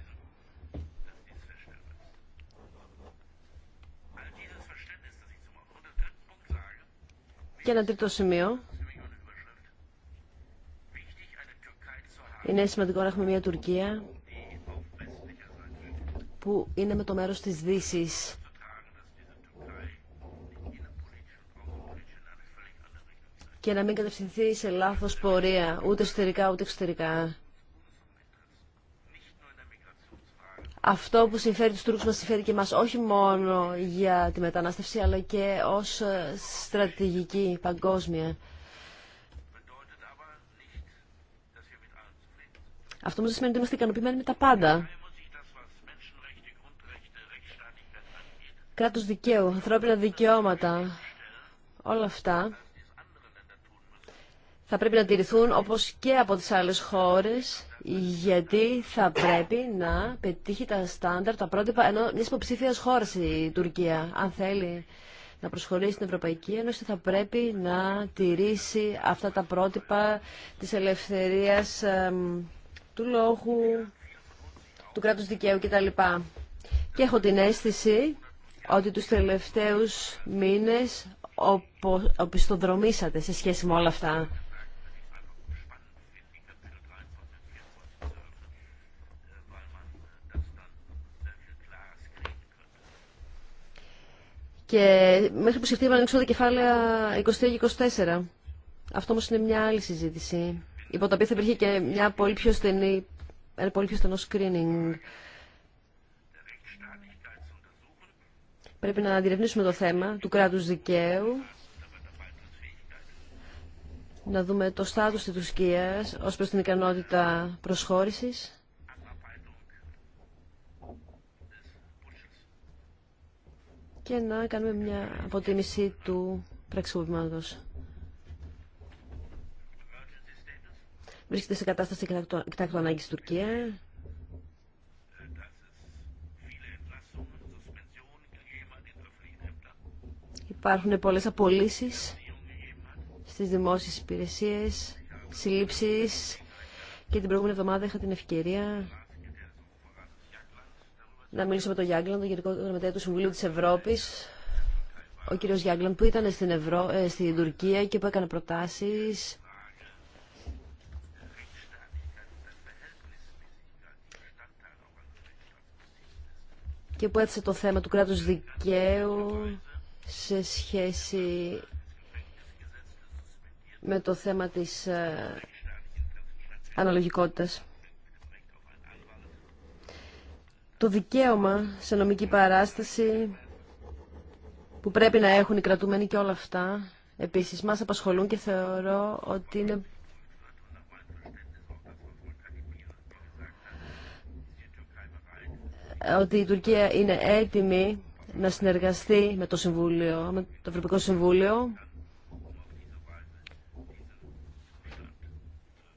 Και ένα τρίτο σημείο. Είναι σημαντικό να έχουμε μια Τουρκία που είναι με το μέρος της Δύσης και να μην κατευθυνθεί σε λάθος πορεία, ούτε εσωτερικά ούτε εξωτερικά. Αυτό που συμφέρει τους Τούρκους μας συμφέρει και μας όχι μόνο για τη μετανάστευση, αλλά και ως στρατηγική παγκόσμια. Αυτό μας σημαίνει ότι είμαστε ικανοποιημένοι με τα πάντα. Κράτος δικαίου, ανθρώπινα δικαιώματα, όλα αυτά θα πρέπει να τηρηθούν όπως και από τις άλλες χώρες γιατί θα πρέπει να πετύχει τα στάνταρ, τα πρότυπα ενώ μια υποψήφια χώρα η Τουρκία αν θέλει να προσχωρήσει στην Ευρωπαϊκή Ένωση θα πρέπει να τηρήσει αυτά τα πρότυπα της ελευθερίας του λόγου, του κράτους δικαίου κτλ. Και έχω την αίσθηση ότι τους τελευταίους μήνες οπισθοδρομήσατε σε σχέση με όλα αυτά. και μέχρι που σκεφτεί να ανοίξουν τα κεφάλαια 23 24. Αυτό όμω είναι μια άλλη συζήτηση, υπό τα οποία θα υπήρχε και μια πολύ πιο στενή, ένα πολύ πιο στενό screening. Πρέπει να αντιρευνήσουμε το θέμα του κράτους δικαίου, να δούμε το στάτους της Τουρκίας ως προς την ικανότητα προσχώρησης. και να κάνουμε μια αποτίμηση του πραξικοπημάτος. Βρίσκεται σε κατάσταση εκτάκτου ανάγκη στην Τουρκία. Υπάρχουν πολλές απολύσεις στις δημόσιες υπηρεσίες, συλλήψεις και την προηγούμενη εβδομάδα είχα την ευκαιρία να μιλήσω με τον Γιάνγκλαντ, τον Γενικό Γραμματέα του Συμβουλίου της Ευρώπης, ο κύριος Γιάνγκλαντ που ήταν στην, Ευρώ, ε, στην Τουρκία και που έκανε προτάσεις και που έθεσε το θέμα του κράτους δικαίου σε σχέση με το θέμα της ε, αναλογικότητας. το δικαίωμα σε νομική παράσταση που πρέπει να έχουν οι κρατούμενοι και όλα αυτά επίσης μας απασχολούν και θεωρώ ότι είναι ότι η Τουρκία είναι έτοιμη να συνεργαστεί με το Συμβούλιο, με το Ευρωπαϊκό Συμβούλιο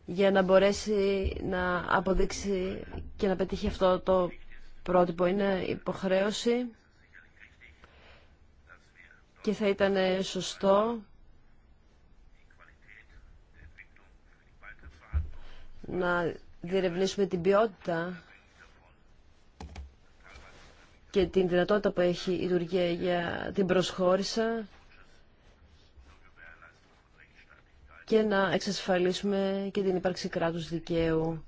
για να μπορέσει να αποδείξει και να πετύχει αυτό το πρότυπο, είναι υποχρέωση και θα ήταν σωστό να διερευνήσουμε την ποιότητα και την δυνατότητα που έχει η Τουρκία για την προσχώρηση και να εξασφαλίσουμε και την ύπαρξη κράτους δικαίου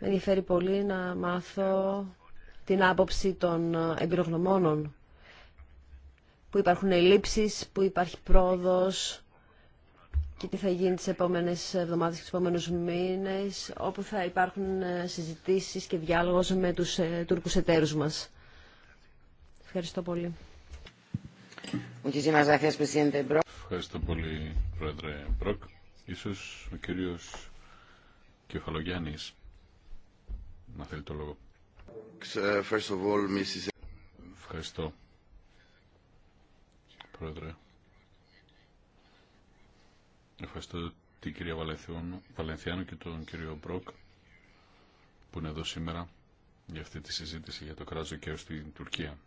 με ενδιαφέρει πολύ να μάθω την άποψη των εμπειρογνωμόνων. Πού υπάρχουν ελλείψεις, πού υπάρχει πρόοδος και τι θα γίνει τις επόμενες εβδομάδες και τις επόμενους μήνες, όπου θα υπάρχουν ε, συζητήσεις και διάλογος με τους ε, Τούρκους εταίρους μας. Ευχαριστώ πολύ. Ευχαριστώ πολύ, Πρόεδρε Μπροκ. Ίσως ο κύριος Κεφαλογιάννης να θέλει το λόγο. Ευχαριστώ. Πρόεδρε. Ευχαριστώ την κυρία Βαλενθιάνου και τον κύριο Μπροκ που είναι εδώ σήμερα για αυτή τη συζήτηση για το κράτος δικαίου στην Τουρκία.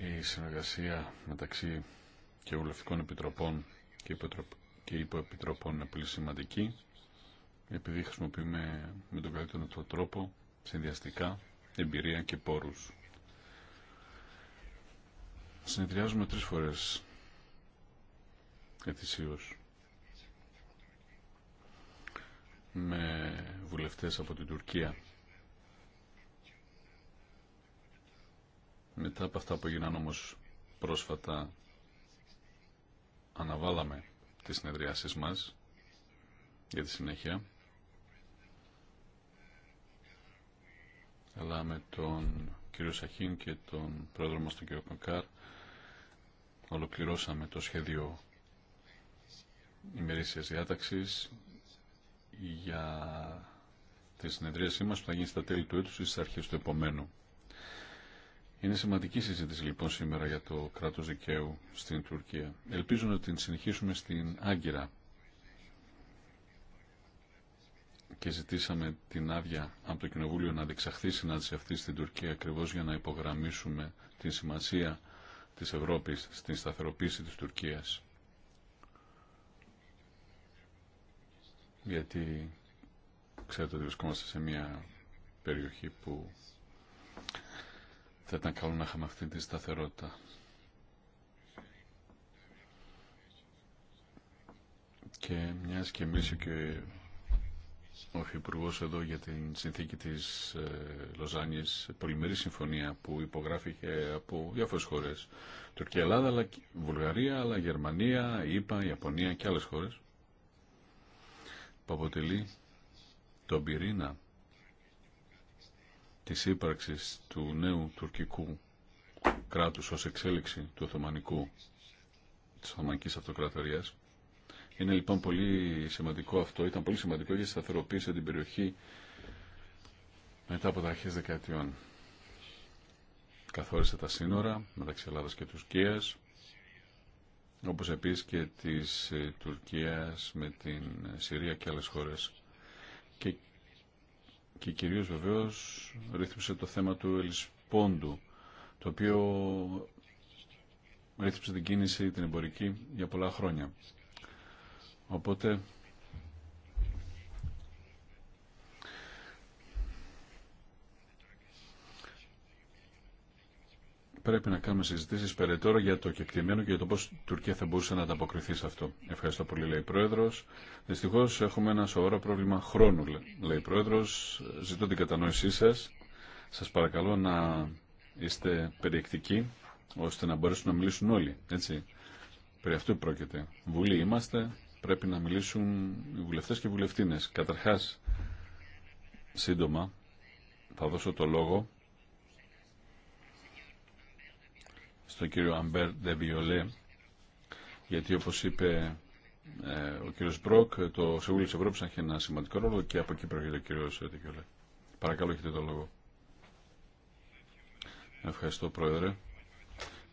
Η συνεργασία μεταξύ και ουλευτικών επιτροπών και υποεπιτροπών είναι πολύ σημαντική επειδή χρησιμοποιούμε με τον καλύτερο τρόπο συνδυαστικά εμπειρία και πόρους. Συνεδριάζουμε τρεις φορές ετησίως με βουλευτές από την Τουρκία. Μετά από αυτά που έγιναν όμως πρόσφατα αναβάλαμε τις συνεδριάσεις μας για τη συνέχεια αλλά με τον κύριο Σαχίν και τον πρόεδρο μας τον κύριο Κονκάρ ολοκληρώσαμε το σχέδιο ημερήσιας διάταξης για τη συνεδρίασή μας που θα γίνει στα τέλη του έτους ή στις αρχές του επομένου. Είναι σημαντική συζήτηση λοιπόν σήμερα για το κράτος δικαίου στην Τουρκία. Ελπίζω να την συνεχίσουμε στην Άγκυρα και ζητήσαμε την άδεια από το Κοινοβούλιο να διεξαχθεί συνάντηση αυτή στην Τουρκία ακριβώ για να υπογραμμίσουμε την σημασία της Ευρώπης στην σταθεροποίηση της Τουρκίας. Γιατί ξέρετε ότι βρισκόμαστε σε μια περιοχή που θα ήταν καλό να είχαμε αυτή τη σταθερότητα. Και μιας και εμείς και ο Υπουργό εδώ για την συνθήκη της ε, λοζάνη πολυμερή συμφωνία που υπογράφηκε από διάφορε χώρες. Τουρκία, Ελλάδα, αλλά Βουλγαρία, αλλά Γερμανία, ΙΠΑ, Ιαπωνία και άλλες χώρες που αποτελεί τον πυρήνα της ύπαρξης του νέου τουρκικού κράτους ως εξέλιξη του Οθωμανικού τη Οθωμανική Αυτοκρατορίας είναι λοιπόν πολύ σημαντικό αυτό. Ήταν πολύ σημαντικό για σταθεροποίησε την περιοχή μετά από τα αρχές δεκαετιών. Καθόρισε τα σύνορα μεταξύ Ελλάδας και Τουρκίας, όπως επίσης και της ε, Τουρκίας με την ε, Συρία και άλλες χώρες. Και, και κυρίως βεβαίως ρύθμισε το θέμα του Ελισπόντου, το οποίο ρύθμισε την κίνηση την εμπορική για πολλά χρόνια. Οπότε πρέπει να κάνουμε συζητήσεις περαιτέρω για το κεκτημένο και για το πώς η Τουρκία θα μπορούσε να ανταποκριθεί σε αυτό. Ευχαριστώ πολύ, λέει η Πρόεδρος. Δυστυχώς έχουμε ένα σοβαρό πρόβλημα χρόνου, λέει η Πρόεδρος. Ζητώ την κατανόησή σας. Σας παρακαλώ να είστε περιεκτικοί, ώστε να μπορέσουν να μιλήσουν όλοι. Έτσι. Περί αυτού πρόκειται. Βουλή είμαστε, πρέπει να μιλήσουν οι βουλευτές και οι βουλευτίνες. Καταρχάς, σύντομα, θα δώσω το λόγο στον κύριο Αμπέρ Ντεβιολέ, γιατί όπως είπε ε, ο κύριος Μπροκ, το Συμβούλιο της Ευρώπης έχει ένα σημαντικό ρόλο και από εκεί προέρχεται ο κύριος Ντεβιολέ. Παρακαλώ, έχετε το λόγο. Ευχαριστώ, Πρόεδρε.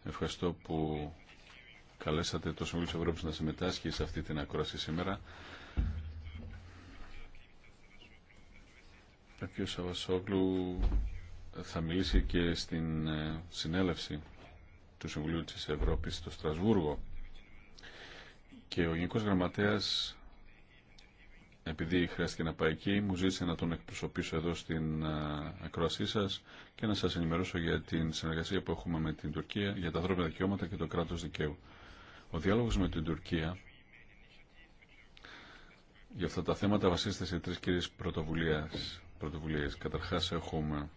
Ευχαριστώ που καλέσατε το Συμβούλιο της Ευρώπης να συμμετάσχει σε αυτή την ακρόαση σήμερα. Ο κ. Σαββασόγλου θα μιλήσει και στην ε, συνέλευση του Συμβουλίου της Ευρώπης στο Στρασβούργο και ο Γενικός Γραμματέας επειδή χρειάστηκε να πάει εκεί, μου ζήτησε να τον εκπροσωπήσω εδώ στην ε, ακρόασή σα και να σα ενημερώσω για την συνεργασία που έχουμε με την Τουρκία για τα ανθρώπινα δικαιώματα και το κράτο δικαίου. Ο διάλογος με την Τουρκία για αυτά τα θέματα βασίζεται σε τρεις κύριες πρωτοβουλίες. πρωτοβουλίες. Καταρχάς έχουμε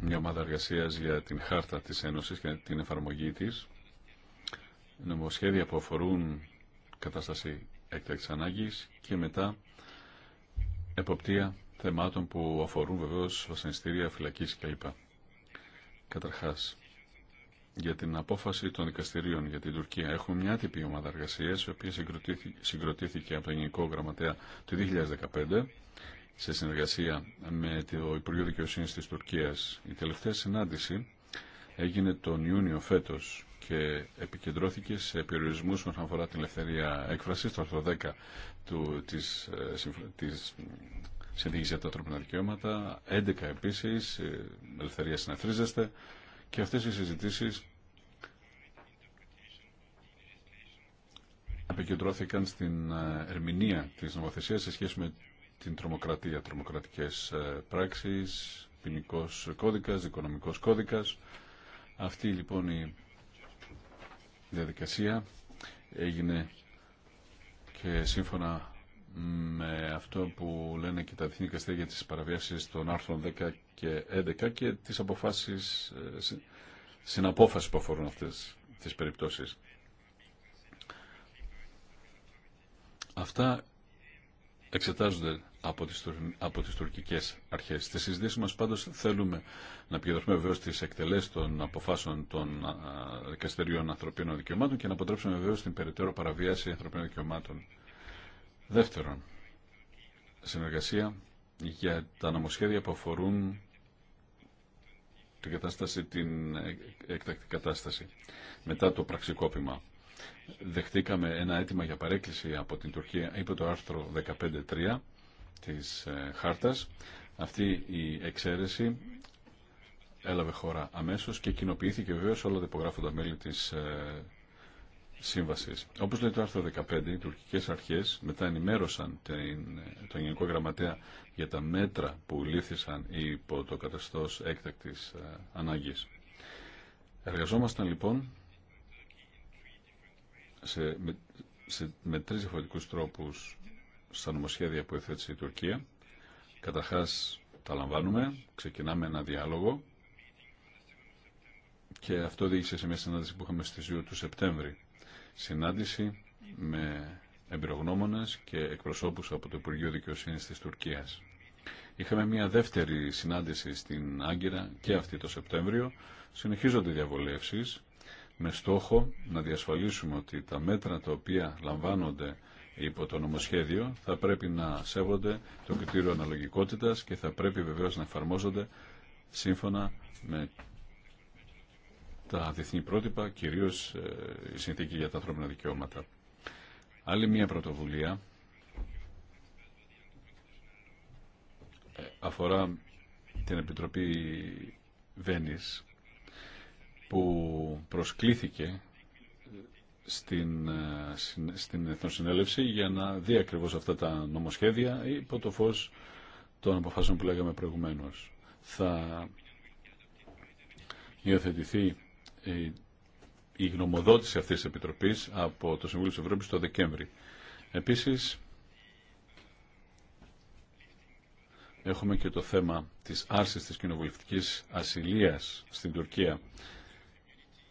μια ομάδα εργασία για την χάρτα της Ένωσης και την εφαρμογή της. Νομοσχέδια που αφορούν κατάσταση έκτακτης ανάγκης και μετά εποπτεία θεμάτων που αφορούν βεβαίως βασανιστήρια, φυλακής κλπ. Καταρχάς, για την απόφαση των δικαστηρίων για την Τουρκία. Έχουμε μια άτυπη ομάδα εργασία, η οποία συγκροτήθηκε από τον Γενικό Γραμματέα του 2015 σε συνεργασία με το Υπουργείο Δικαιοσύνη τη Τουρκία. Η τελευταία συνάντηση έγινε τον Ιούνιο φέτο και επικεντρώθηκε σε περιορισμού όσον αφορά την ελευθερία έκφραση, το άρθρο 10 του, της, ε, της Συνθήκη για τα ανθρώπινα δικαιώματα, 11 επίση, ε, ελευθερία συναθρίζεστε, και αυτές οι συζητήσεις επικεντρώθηκαν στην ε, ερμηνεία της νομοθεσίας σε σχέση με την τρομοκρατία, τρομοκρατικές ε, πράξεις, ποινικό κώδικας, οικονομικός κώδικας. Αυτή λοιπόν η διαδικασία έγινε και σύμφωνα με αυτό που λένε και τα διεθνή δικαστήρια για παραβίασης παραβίασεις των άρθρων 10 και 11 και τις αποφάσεις ε, απόφαση που αφορούν αυτές τις περιπτώσεις. Αυτά εξετάζονται από τις, από τις τουρκικές αρχές. Στις συζητήσεις μας πάντως θέλουμε να επικεντρωθούμε βεβαίω τις εκτελέσεις των αποφάσεων των δικαστηρίων ανθρωπίνων δικαιωμάτων και να αποτρέψουμε βεβαίω την περαιτέρω παραβίαση ανθρωπίνων δικαιωμάτων Δεύτερον, συνεργασία για τα νομοσχέδια που αφορούν την κατάσταση, την εκτακτή κατάσταση μετά το πραξικόπημα. Δεχτήκαμε ένα αίτημα για παρέκκληση από την Τουρκία είπε το άρθρο 15.3 της ε, χάρτας. Αυτή η εξαίρεση έλαβε χώρα αμέσως και κοινοποιήθηκε βεβαίως όλα τα υπογράφοντα μέλη της ε, σύμβασης. Όπως λέει το άρθρο 15, οι τουρκικέ αρχέ μετά ενημέρωσαν την, τον Γενικό Γραμματέα για τα μέτρα που λήθησαν υπό το καθεστώς έκτακτης ε, ανάγκης. Εργαζόμασταν λοιπόν σε, με, σε, με τρεις διαφορετικούς τρόπους στα νομοσχέδια που έθέσε η Τουρκία. Καταρχάς τα λαμβάνουμε, ξεκινάμε ένα διάλογο και αυτό οδήγησε σε μια συνάντηση που είχαμε στις 2 του Σεπτέμβρη συνάντηση με εμπειρογνώμονες και εκπροσώπους από το Υπουργείο Δικαιοσύνης της Τουρκίας. Είχαμε μια δεύτερη συνάντηση στην Άγκυρα και αυτή το Σεπτέμβριο. Συνεχίζονται οι διαβολεύσεις με στόχο να διασφαλίσουμε ότι τα μέτρα τα οποία λαμβάνονται υπό το νομοσχέδιο θα πρέπει να σέβονται το κριτήριο αναλογικότητας και θα πρέπει βεβαίως να εφαρμόζονται σύμφωνα με τα διεθνή πρότυπα, κυρίως ε, η συνθήκη για τα ανθρώπινα δικαιώματα. Άλλη μία πρωτοβουλία ε, αφορά την Επιτροπή Βένης που προσκλήθηκε ε, στην, στην Εθνοσυνέλευση για να δει αυτά τα νομοσχέδια υπό το φως των αποφάσεων που λέγαμε προηγουμένως. Θα υιοθετηθεί ε, η γνωμοδότηση αυτής της Επιτροπής από το Συμβούλιο της Ευρώπης το Δεκέμβρη. Επίσης, έχουμε και το θέμα της άρσης της κοινοβουλευτικής ασυλίας στην Τουρκία.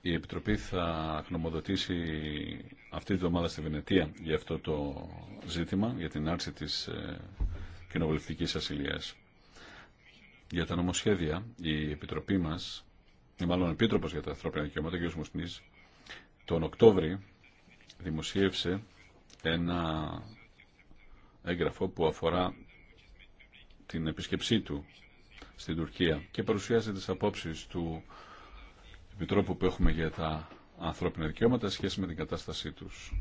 Η Επιτροπή θα γνωμοδοτήσει αυτή τη βδομάδα στη Βενετία για αυτό το ζήτημα, για την άρση της ε, κοινοβουλευτικής ασυλίας. Για τα νομοσχέδια, η Επιτροπή μας ή μάλλον επίτροπος για τα ανθρώπινα δικαιώματα, ο κ. Μουστινής, τον Οκτώβρη δημοσίευσε ένα έγγραφο που αφορά την επισκεψή του στην Τουρκία και παρουσιάζει τις απόψεις του Επιτρόπου που έχουμε για τα ανθρώπινα δικαιώματα σχέση με την κατάστασή τους.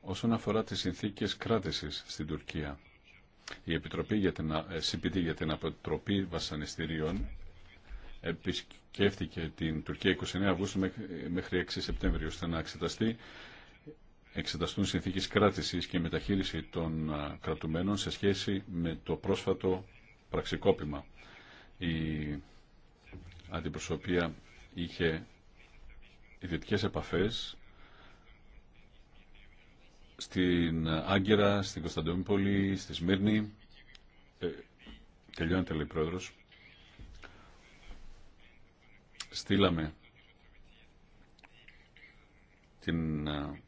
Όσον αφορά τις συνθήκες κράτησης στην Τουρκία, η Επιτροπή για την, ε, για την Αποτροπή Βασανιστήριων επισκέφθηκε την Τουρκία 29 Αυγούστου μέχρι 6 Σεπτέμβριου ώστε να εξεταστεί εξεταστούν συνθήκες κράτησης και μεταχείριση των κρατουμένων σε σχέση με το πρόσφατο πραξικόπημα. Η αντιπροσωπεία είχε ιδιωτικές επαφές στην Άγκυρα, στην Κωνσταντινούπολη, στη Σμύρνη. Ε, τελειώνεται λέει πρόεδρος στείλαμε την ε,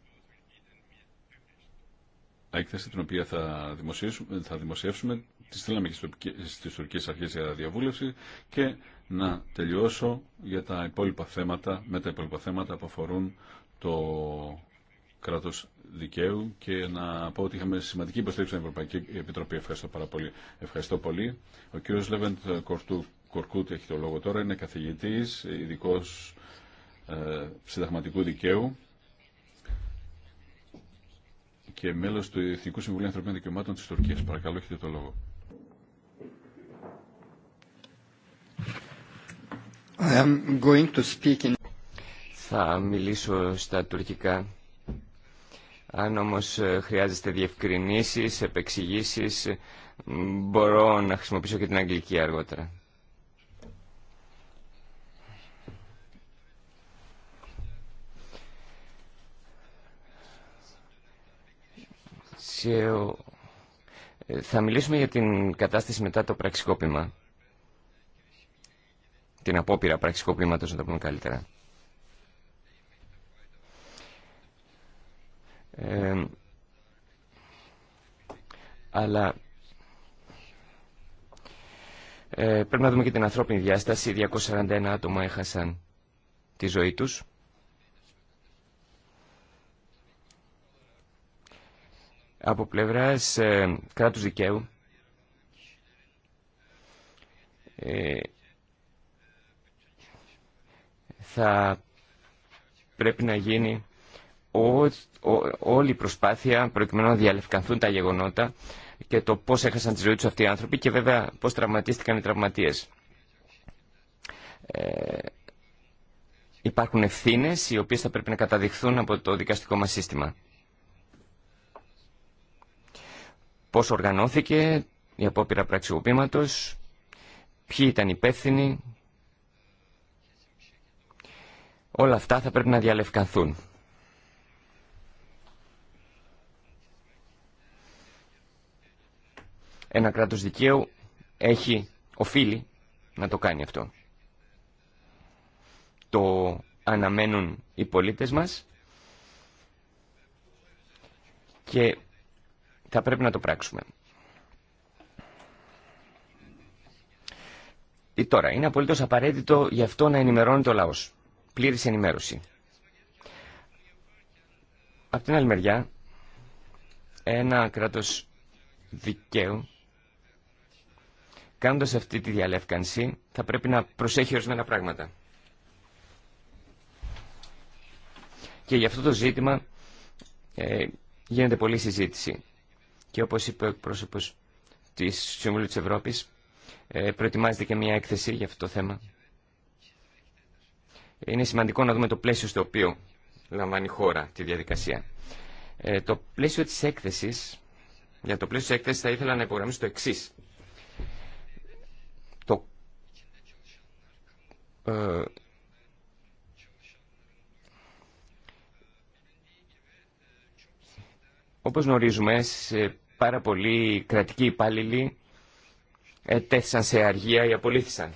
έκθεση την οποία θα δημοσιεύσουμε, θα δημοσιεύσουμε τη στείλαμε και στις τουρκικές αρχές για διαβούλευση και να τελειώσω για τα υπόλοιπα θέματα, με τα υπόλοιπα θέματα που αφορούν το κράτος δικαίου και να πω ότι είχαμε σημαντική υποστήριξη στην Ευρωπαϊκή Επιτροπή. Ευχαριστώ πάρα πολύ. Ευχαριστώ πολύ. Ο κύριος Λεβέντ Κορκούτ έχει το λόγο τώρα, είναι καθηγητής, ειδικό ε, συνταγματικού δικαίου και μέλος του Εθνικού Συμβουλίου Ανθρωπίνων Δικαιωμάτων της Τουρκίας. Παρακαλώ, έχετε το λόγο. going to speak in... Θα μιλήσω στα τουρκικά. Αν όμως ε, χρειάζεστε διευκρινήσεις, επεξηγήσεις, μπορώ να χρησιμοποιήσω και την αγγλική αργότερα. Ε, ε, θα μιλήσουμε για την κατάσταση μετά το πραξικόπημα. Την απόπειρα πραξικόπηματος, να το πούμε καλύτερα. Ε, αλλά ε, πρέπει να δούμε και την ανθρώπινη διάσταση. 241 άτομα έχασαν τη ζωή τους. Από πλευράς ε, κράτους δικαίου, ε, θα πρέπει να γίνει όλη η προσπάθεια προκειμένου να διαλευκανθούν τα γεγονότα και το πώς έχασαν τη ζωή τους αυτοί οι άνθρωποι και βέβαια πώς τραυματίστηκαν οι τραυματίες. Ε, υπάρχουν ευθύνες οι οποίες θα πρέπει να καταδειχθούν από το δικαστικό μας σύστημα. πώς οργανώθηκε η απόπειρα πραξιοποίηματος, ποιοι ήταν υπεύθυνοι. Όλα αυτά θα πρέπει να διαλευκανθούν. Ένα κράτος δικαίου έχει, οφείλει να το κάνει αυτό. Το αναμένουν οι πολίτες μας και θα πρέπει να το πράξουμε. Ή τώρα, είναι απολύτω απαραίτητο γι' αυτό να ενημερώνει το λαός. Πλήρης ενημέρωση. Απ' την άλλη μεριά, ένα κράτο δικαίου, κάνοντας αυτή τη διαλεύκανση, θα πρέπει να προσέχει ορισμένα πράγματα. Και γι' αυτό το ζήτημα ε, γίνεται πολλή συζήτηση. Και όπως είπε ο εκπρόσωπος της Συμβουλίου της Ευρώπης, ε, προετοιμάζεται και μια έκθεση για αυτό το θέμα. Είναι σημαντικό να δούμε το πλαίσιο στο οποίο λαμβάνει η χώρα τη διαδικασία. Ε, το πλαίσιο της έκθεσης, για το πλαίσιο της έκθεσης θα ήθελα να υπογραμμίσω το εξή. Το, ε, Όπως γνωρίζουμε, πάρα πολλοί κρατικοί υπάλληλοι τέθησαν σε αργία ή απολύθησαν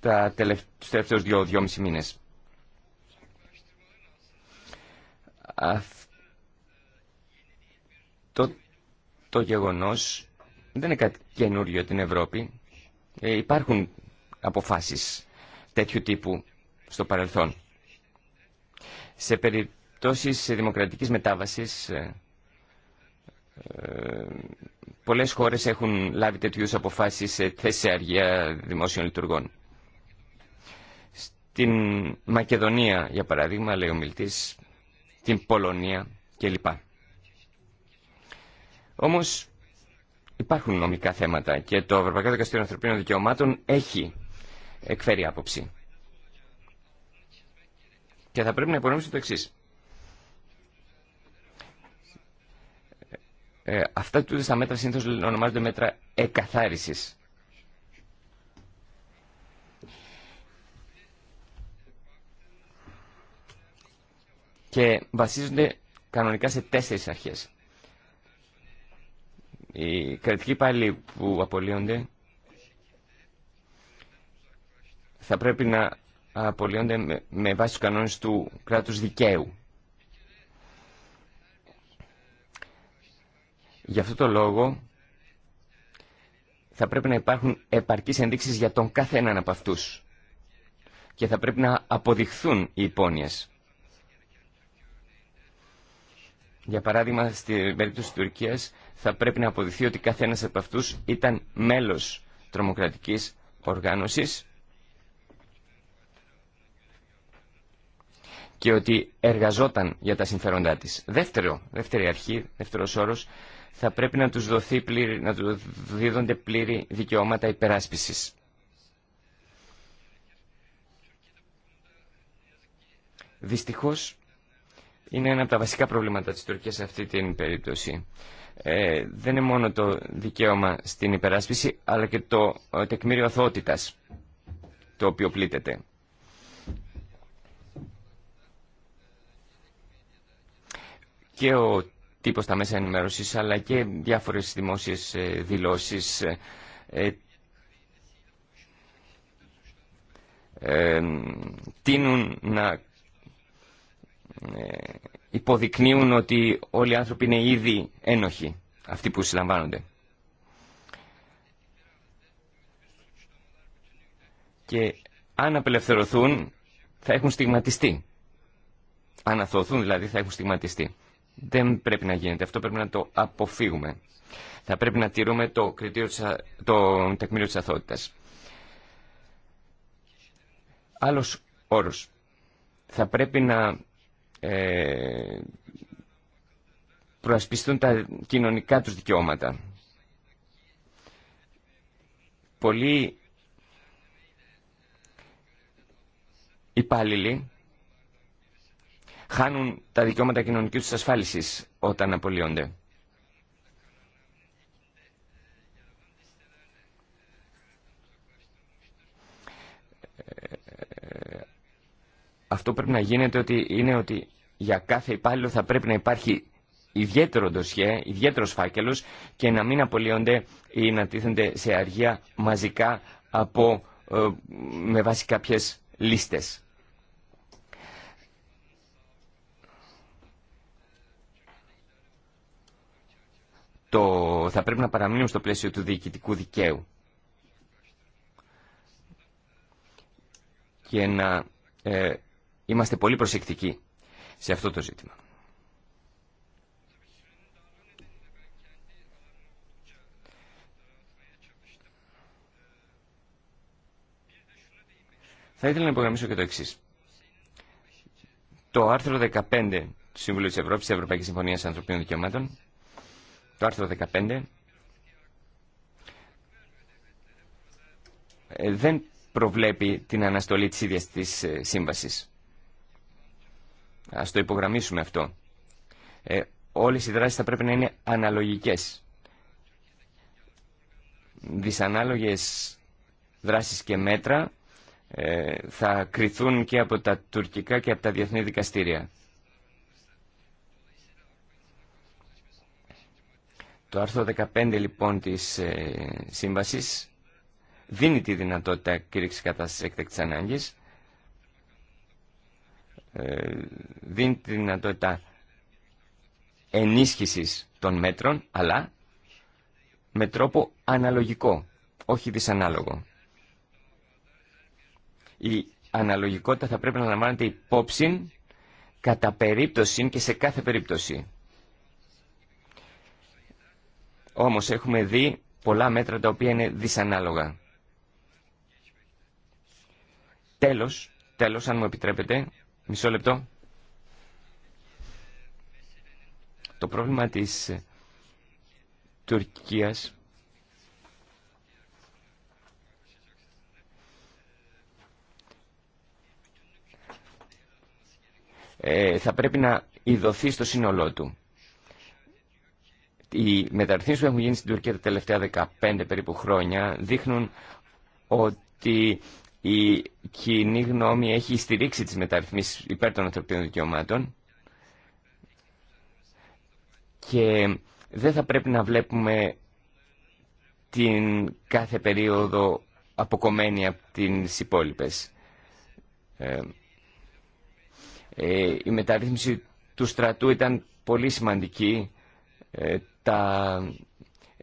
τα τους τελευταίους δύο-δυόμιση μήνες. Αυτό το γεγονός δεν είναι κάτι καινούριο την Ευρώπη. Ε, υπάρχουν αποφάσεις τέτοιου τύπου στο παρελθόν. Σε περίπτωση μετάβαση. δημοκρατικής ε, ε, πολλές χώρες έχουν λάβει τέτοιου αποφάσεις σε θέση αργία δημόσιων λειτουργών. Στην Μακεδονία, για παράδειγμα, λέει ο Μιλτής, την Πολωνία κλπ. Όμως υπάρχουν νομικά θέματα και το Ευρωπαϊκό Δικαστήριο Ανθρωπίνων Δικαιωμάτων έχει εκφέρει άποψη. Και θα πρέπει να υπονομήσουμε το εξή. Ε, αυτά του τα μέτρα συνήθως ονομάζονται μέτρα εκαθάρισης. Και βασίζονται κανονικά σε τέσσερις αρχές. Οι κρατικοί πάλι που απολύονται θα πρέπει να απολύονται με βάση τους κανόνες του κράτους δικαίου. Γι' αυτό το λόγο θα πρέπει να υπάρχουν επαρκείς ενδείξεις για τον κάθε έναν από αυτούς και θα πρέπει να αποδειχθούν οι υπόνοιες. Για παράδειγμα, στην περίπτωση της Τουρκίας θα πρέπει να αποδειχθεί ότι κάθε ένας από αυτούς ήταν μέλος τρομοκρατικής οργάνωσης και ότι εργαζόταν για τα συμφέροντά της. Δεύτερο, δεύτερη αρχή, δεύτερος όρος, θα πρέπει να τους, δοθεί πλήρη, να τους δίδονται πλήρη δικαιώματα υπεράσπισης. Δυστυχώς, είναι ένα από τα βασικά προβλήματα της Τουρκίας σε αυτή την περίπτωση. Ε, δεν είναι μόνο το δικαίωμα στην υπεράσπιση, αλλά και το ε, τεκμήριο αθότητας, το οποίο πλήττεται. Και ο τύπο στα μέσα ενημέρωση, αλλά και διάφορες δημόσιες ε, δηλώσεις ε, ε, τίνουν να υποδεικνύουν ότι όλοι οι άνθρωποι είναι ήδη ένοχοι αυτοί που συλλαμβάνονται. Και αν απελευθερωθούν θα έχουν στιγματιστεί. Αν αθωωθούν δηλαδή θα έχουν στιγματιστεί. Δεν πρέπει να γίνεται. Αυτό πρέπει να το αποφύγουμε. Θα πρέπει να τηρούμε το, κριτήριο της, το τεκμήριο της αθότητας. Άλλος όρος. Θα πρέπει να ε, προασπιστούν τα κοινωνικά τους δικαιώματα. Πολλοί υπάλληλοι χάνουν τα δικαιώματα κοινωνική του ασφάλισης όταν απολύονται. Αυτό πρέπει να γίνεται ότι είναι ότι για κάθε υπάλληλο θα πρέπει να υπάρχει ιδιαίτερο ντοσιέ, ιδιαίτερο φάκελο και να μην απολύονται ή να τίθενται σε αργία μαζικά από, ε, με βάση κάποιε λίστες. το, θα πρέπει να παραμείνουμε στο πλαίσιο του διοικητικού δικαίου και να ε, είμαστε πολύ προσεκτικοί σε αυτό το ζήτημα. Θα ήθελα να υπογραμμίσω και το εξή. Το άρθρο 15 του Συμβουλίου τη Ευρώπη, τη Ευρωπαϊκή Συμφωνία Ανθρωπίνων Δικαιωμάτων, το άρθρο 15 ε, δεν προβλέπει την αναστολή της ίδιας της ε, σύμβασης. Ας το υπογραμμίσουμε αυτό. Ε, όλες οι δράσεις θα πρέπει να είναι αναλογικές. Δυσανάλογες δράσεις και μέτρα ε, θα κριθούν και από τα τουρκικά και από τα διεθνή δικαστήρια. Το άρθρο 15 λοιπόν της ε, σύμβασης δίνει τη δυνατότητα κήρυξης κατάστασης έκτακτης ανάγκης, ε, δίνει τη δυνατότητα ενίσχυσης των μέτρων, αλλά με τρόπο αναλογικό, όχι δυσανάλογο. Η αναλογικότητα θα πρέπει να λαμβάνεται υπόψη κατά περίπτωση και σε κάθε περίπτωση. Όμως έχουμε δει πολλά μέτρα τα οποία είναι δυσανάλογα. Τέλος, τέλος αν μου επιτρέπετε, μισό λεπτό. Το πρόβλημα της Τουρκίας ε, θα πρέπει να ιδωθεί στο σύνολό του. Οι μεταρρυθμίσεις που έχουν γίνει στην Τουρκία τα τελευταία 15 περίπου χρόνια δείχνουν ότι η κοινή γνώμη έχει στηρίξει τις μεταρρυθμίσεις υπέρ των ανθρωπίνων δικαιωμάτων και δεν θα πρέπει να βλέπουμε την κάθε περίοδο αποκομμένη από τις υπόλοιπες. Ε, ε, η μεταρρύθμιση του στρατού ήταν πολύ σημαντική. Ε,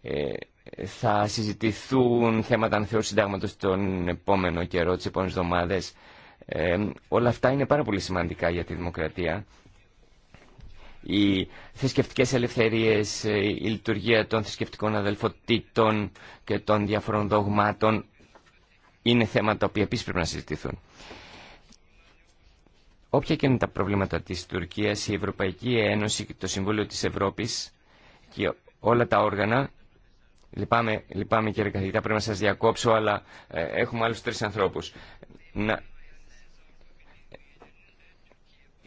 ε, θα συζητηθούν θέματα ανθεώρησης συντάγματος τον επόμενο καιρό, τις επόμενες εβδομάδες. Ε, όλα αυτά είναι πάρα πολύ σημαντικά για τη δημοκρατία. Οι θρησκευτικέ ελευθερίες, ε, η λειτουργία των θρησκευτικών αδελφοτήτων και των διαφορών δογμάτων είναι θέματα που επίσης πρέπει να συζητηθούν. Όποια και είναι τα προβλήματα της Τουρκίας, η Ευρωπαϊκή Ένωση και το Συμβούλιο της Ευρώπης και όλα τα όργανα. Λυπάμαι, λυπάμαι κύριε καθηγητά, πρέπει να σας διακόψω, αλλά ε, έχουμε άλλους τρεις ανθρώπους. Να...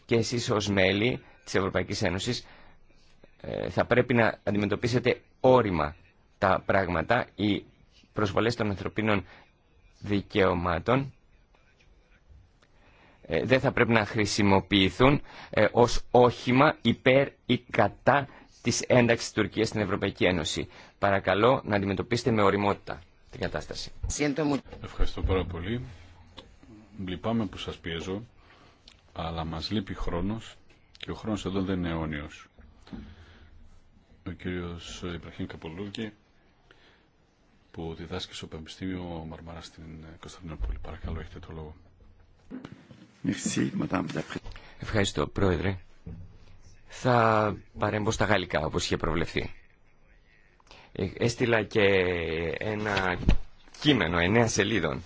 Και εσείς ως μέλη της Ευρωπαϊκής Ένωσης ε, θα πρέπει να αντιμετωπίσετε όριμα τα πράγματα, οι προσβολές των ανθρωπίνων δικαιωμάτων ε, δεν θα πρέπει να χρησιμοποιηθούν ως όχημα υπέρ ή κατά της ένταξης της Τουρκίας στην Ευρωπαϊκή Ένωση. Παρακαλώ να αντιμετωπίσετε με οριμότητα την κατάσταση. Ευχαριστώ πάρα πολύ. Λυπάμαι που σας πιέζω, αλλά μας λείπει χρόνος και ο χρόνος εδώ δεν είναι αιώνιος. Ο κύριος Ιπραχήν Καπολούκη που διδάσκει στο Πανεπιστήμιο Μαρμάρα στην Κωνσταντινούπολη. Παρακαλώ, έχετε το λόγο. Ευχαριστώ, Πρόεδρε. Θα παρέμβω στα γαλλικά, όπως είχε προβλεφθεί. Ε, έστειλα και ένα κείμενο, εννέα σελίδων,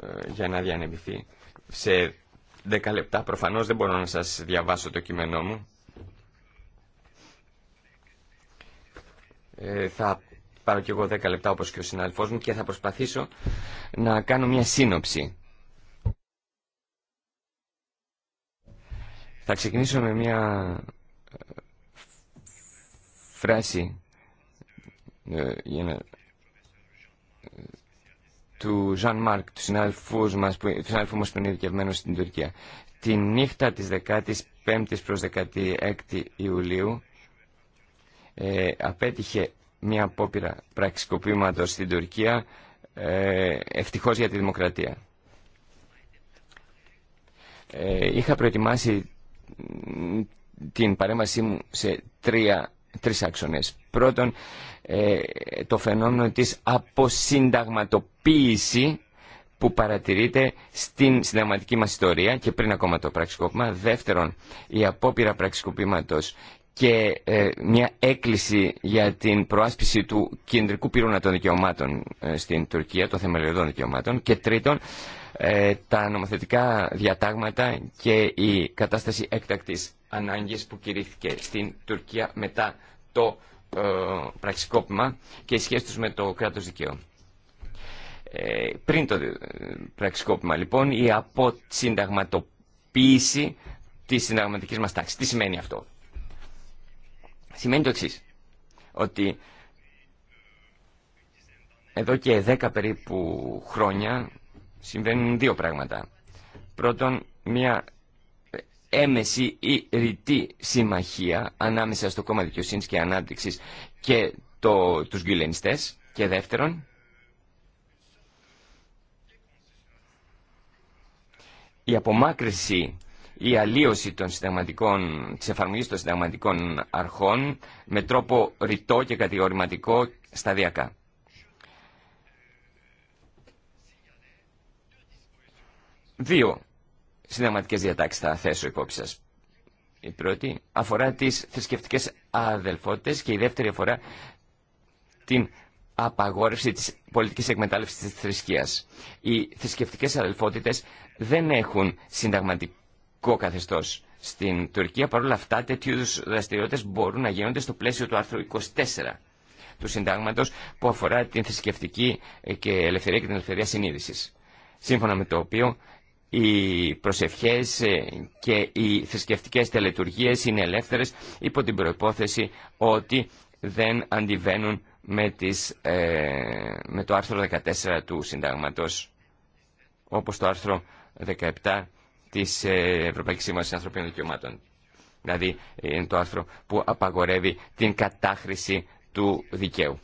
ε, για να διανεμηθεί. Σε δέκα λεπτά προφανώς δεν μπορώ να σας διαβάσω το κείμενό μου. Ε, θα πάρω κι εγώ δέκα λεπτά όπως και ο συναδελφός μου και θα προσπαθήσω να κάνω μια σύνοψη Θα ξεκινήσω με μια ε, φράση ε, ε, του Ζαν Μάρκ, του συνάδελφού μας, που, είναι ειδικευμένος στην Τουρκία. Τη νύχτα της 15ης προς 16η Ιουλίου ε, απέτυχε μια απόπειρα πραξικοπήματος στην Τουρκία ε, ευτυχώς για τη δημοκρατία. Ε, είχα προετοιμάσει την παρέμβασή μου σε τρία, τρεις άξονες. Πρώτον, ε, το φαινόμενο της αποσυνταγματοποίηση που παρατηρείται στην συνταγματική μας ιστορία και πριν ακόμα το πραξικόπημα. Δεύτερον, η απόπειρα πραξικοπήματος και ε, μια έκκληση για την προάσπιση του κεντρικού πυρούνα των δικαιωμάτων ε, στην Τουρκία, των θεμελιωδών δικαιωμάτων. Και τρίτον, ε, τα νομοθετικά διατάγματα και η κατάσταση έκτακτης ανάγκης που κηρύχθηκε στην Τουρκία μετά το ε, πραξικόπημα και οι σχέσεις τους με το κράτος δικαίου. Ε, πριν το ε, πραξικόπημα λοιπόν η αποσυνταγματοποίηση της συνταγματικής μας τάξης. Τι σημαίνει αυτό. Σημαίνει το εξής. Ότι εδώ και δέκα περίπου χρόνια συμβαίνουν δύο πράγματα. Πρώτον, μια έμεση ή ρητή συμμαχία ανάμεσα στο κόμμα δικαιοσύνης και ανάπτυξης και το, τους γκυλενιστές. Και δεύτερον, η απομάκρυση η αλλίωση των συνταγματικών, της εφαρμογής των συνταγματικών αρχών με τρόπο ρητό και κατηγορηματικό σταδιακά. Δύο συνταγματικέ διατάξει θα θέσω υπόψη σα. Η πρώτη αφορά τι θρησκευτικέ αδελφότητε και η δεύτερη αφορά την απαγόρευση τη πολιτική εκμετάλλευση τη θρησκείας. Οι θρησκευτικέ αδελφότητε δεν έχουν συνταγματικό καθεστώ στην Τουρκία. Παρ' όλα αυτά τέτοιου είδου δραστηριότητε μπορούν να γίνονται στο πλαίσιο του άρθρου 24 του συντάγματος που αφορά την θρησκευτική και ελευθερία και την ελευθερία συνείδησης. Σύμφωνα με το οποίο οι προσευχές ε, και οι θρησκευτικές τελετουργίες είναι ελεύθερες υπό την προϋπόθεση ότι δεν αντιβαίνουν με, τις, ε, με το άρθρο 14 του Συντάγματος όπως το άρθρο 17 της ε, Ευρωπαϊκής Σύμβασης Ανθρωπίνων Δικαιωμάτων. Δηλαδή είναι το άρθρο που απαγορεύει την κατάχρηση του δικαίου.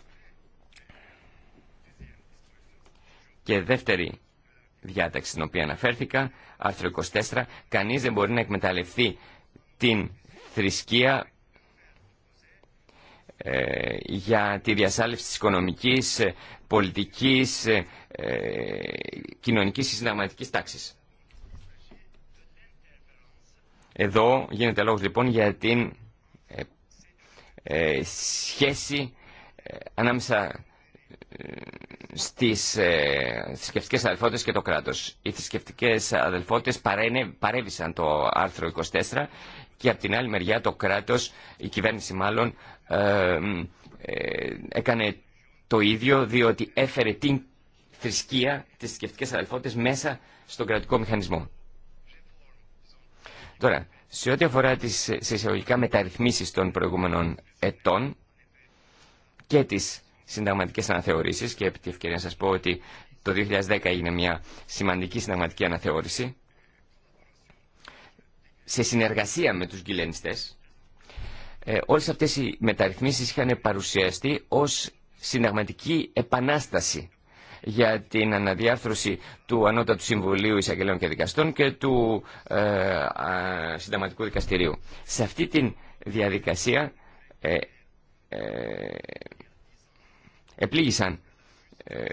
Και δεύτερη διάταξη στην οποία αναφέρθηκα, άρθρο 24, κανείς δεν μπορεί να εκμεταλλευτεί την θρησκεία ε, για τη διασάλευση της οικονομικής, ε, πολιτικής, ε, ε κοινωνικής και συνταγματικής τάξης. Εδώ γίνεται λόγος λοιπόν για την σχέση ανάμεσα στις ε, θρησκευτικές και το κράτος. Οι θρησκευτικές αδελφότητες παρέβησαν το άρθρο 24 και από την άλλη μεριά το κράτος, η κυβέρνηση μάλλον, ε, ε, έκανε το ίδιο διότι έφερε την θρησκεία, της θρησκευτικές αδελφότητες μέσα στον κρατικό μηχανισμό. Τώρα, σε ό,τι αφορά τις συσσαγωγικά μεταρρυθμίσεις των προηγούμενων ετών και τις συνταγματικές αναθεωρήσεις και επί τη ευκαιρία να σας πω ότι το 2010 έγινε μια σημαντική συνταγματική αναθεώρηση σε συνεργασία με τους γκυλενιστές. Ε, όλες αυτές οι μεταρρυθμίσεις είχαν παρουσιαστεί ως συνταγματική επανάσταση για την αναδιάρθρωση του Ανώτατου Συμβουλίου Εισαγγελέων και Δικαστών και του ε, α, Συνταγματικού Δικαστηρίου. Σε αυτή τη διαδικασία ε, ε επλήγησαν ε,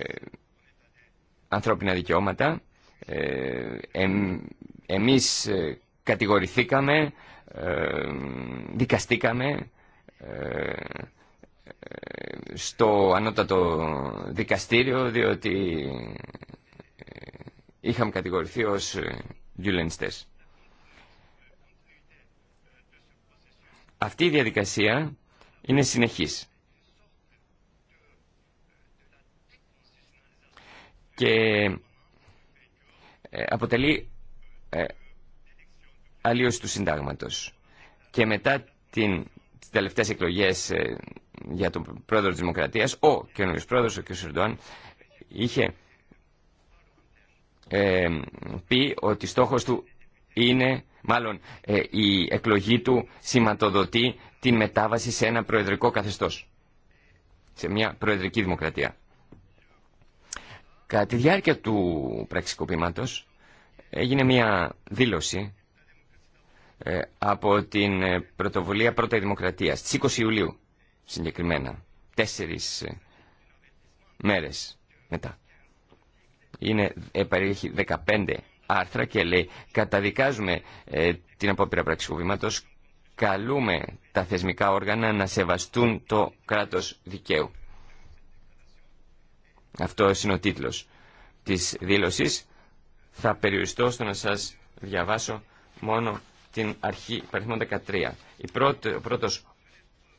ανθρώπινα δικαιώματα. Ε, εμείς ε, κατηγορηθήκαμε, δικαστήκαμε στο ανώτατο δικαστήριο διότι είχαμε κατηγορηθεί ως γιουλενιστές. Αυτή η διαδικασία είναι συνεχής. και ε, αποτελεί ε, αλλίωση του συντάγματος. Και μετά την, τις τελευταίες εκλογές ε, για τον πρόεδρο της Δημοκρατίας, ο καινούριος πρόεδρος, ο κ. Σερντοάν, είχε πει ότι στόχος του είναι, μάλλον η εκλογή του σηματοδοτεί την μετάβαση σε ένα προεδρικό καθεστώς, σε μια προεδρική δημοκρατία. Κατά τη διάρκεια του πραξικοπήματος έγινε μια δήλωση ε, από την ε, πρωτοβουλία Πρώτα Δημοκρατία στις 20 Ιουλίου συγκεκριμένα, τέσσερις ε, μέρες μετά. Είναι, περιέχει 15 άρθρα και λέει καταδικάζουμε την απόπειρα πραξικοπήματος, καλούμε τα θεσμικά όργανα να σεβαστούν το κράτος δικαίου. Αυτό είναι ο τίτλος της δήλωσης. Θα περιοριστώ στο να σας διαβάσω μόνο την αρχή παριθμό 13. Η ο πρώτος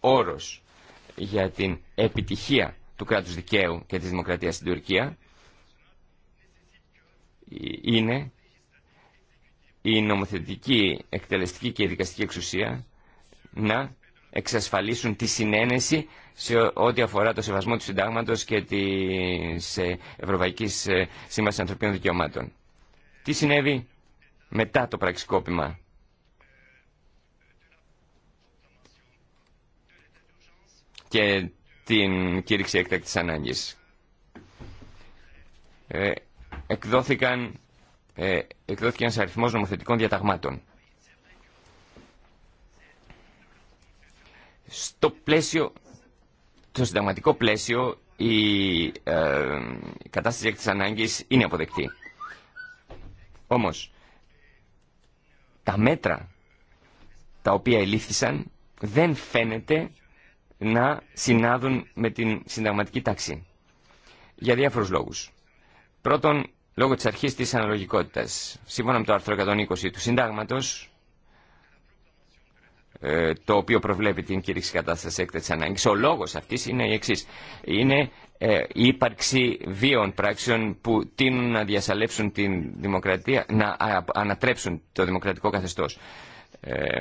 όρος για την επιτυχία του κράτους δικαίου και της δημοκρατίας στην Τουρκία είναι η νομοθετική, εκτελεστική και δικαστική εξουσία να εξασφαλίσουν τη συνένεση σε ό,τι αφορά το σεβασμό του συντάγματος και τη ε, Ευρωπαϊκή ε, σύμβαση Ανθρωπίνων Δικαιωμάτων. Τι συνέβη μετά το πραξικόπημα. και την κήρυξη έκτακτης ανάγκης. Ε, εκδόθηκαν, ε, αριθμός νομοθετικών διαταγμάτων. Στο πλαίσιο το συνταγματικό πλαίσιο η, ε, η κατάσταση της ανάγκης είναι αποδεκτή. Όμως, τα μέτρα τα οποία ελήφθησαν δεν φαίνεται να συνάδουν με την συνταγματική τάξη. Για διάφορους λόγους. Πρώτον, λόγω της αρχής της αναλογικότητας. Σύμφωνα με το άρθρο 120 του συντάγματος, ε, το οποίο προβλέπει την κήρυξη κατάσταση έκτατη ανάγκη. Ο λόγο αυτή είναι η εξή. Είναι ε, η ύπαρξη βίων πράξεων που τείνουν να διασαλέψουν την δημοκρατία, να ανατρέψουν το δημοκρατικό καθεστώς. Ε,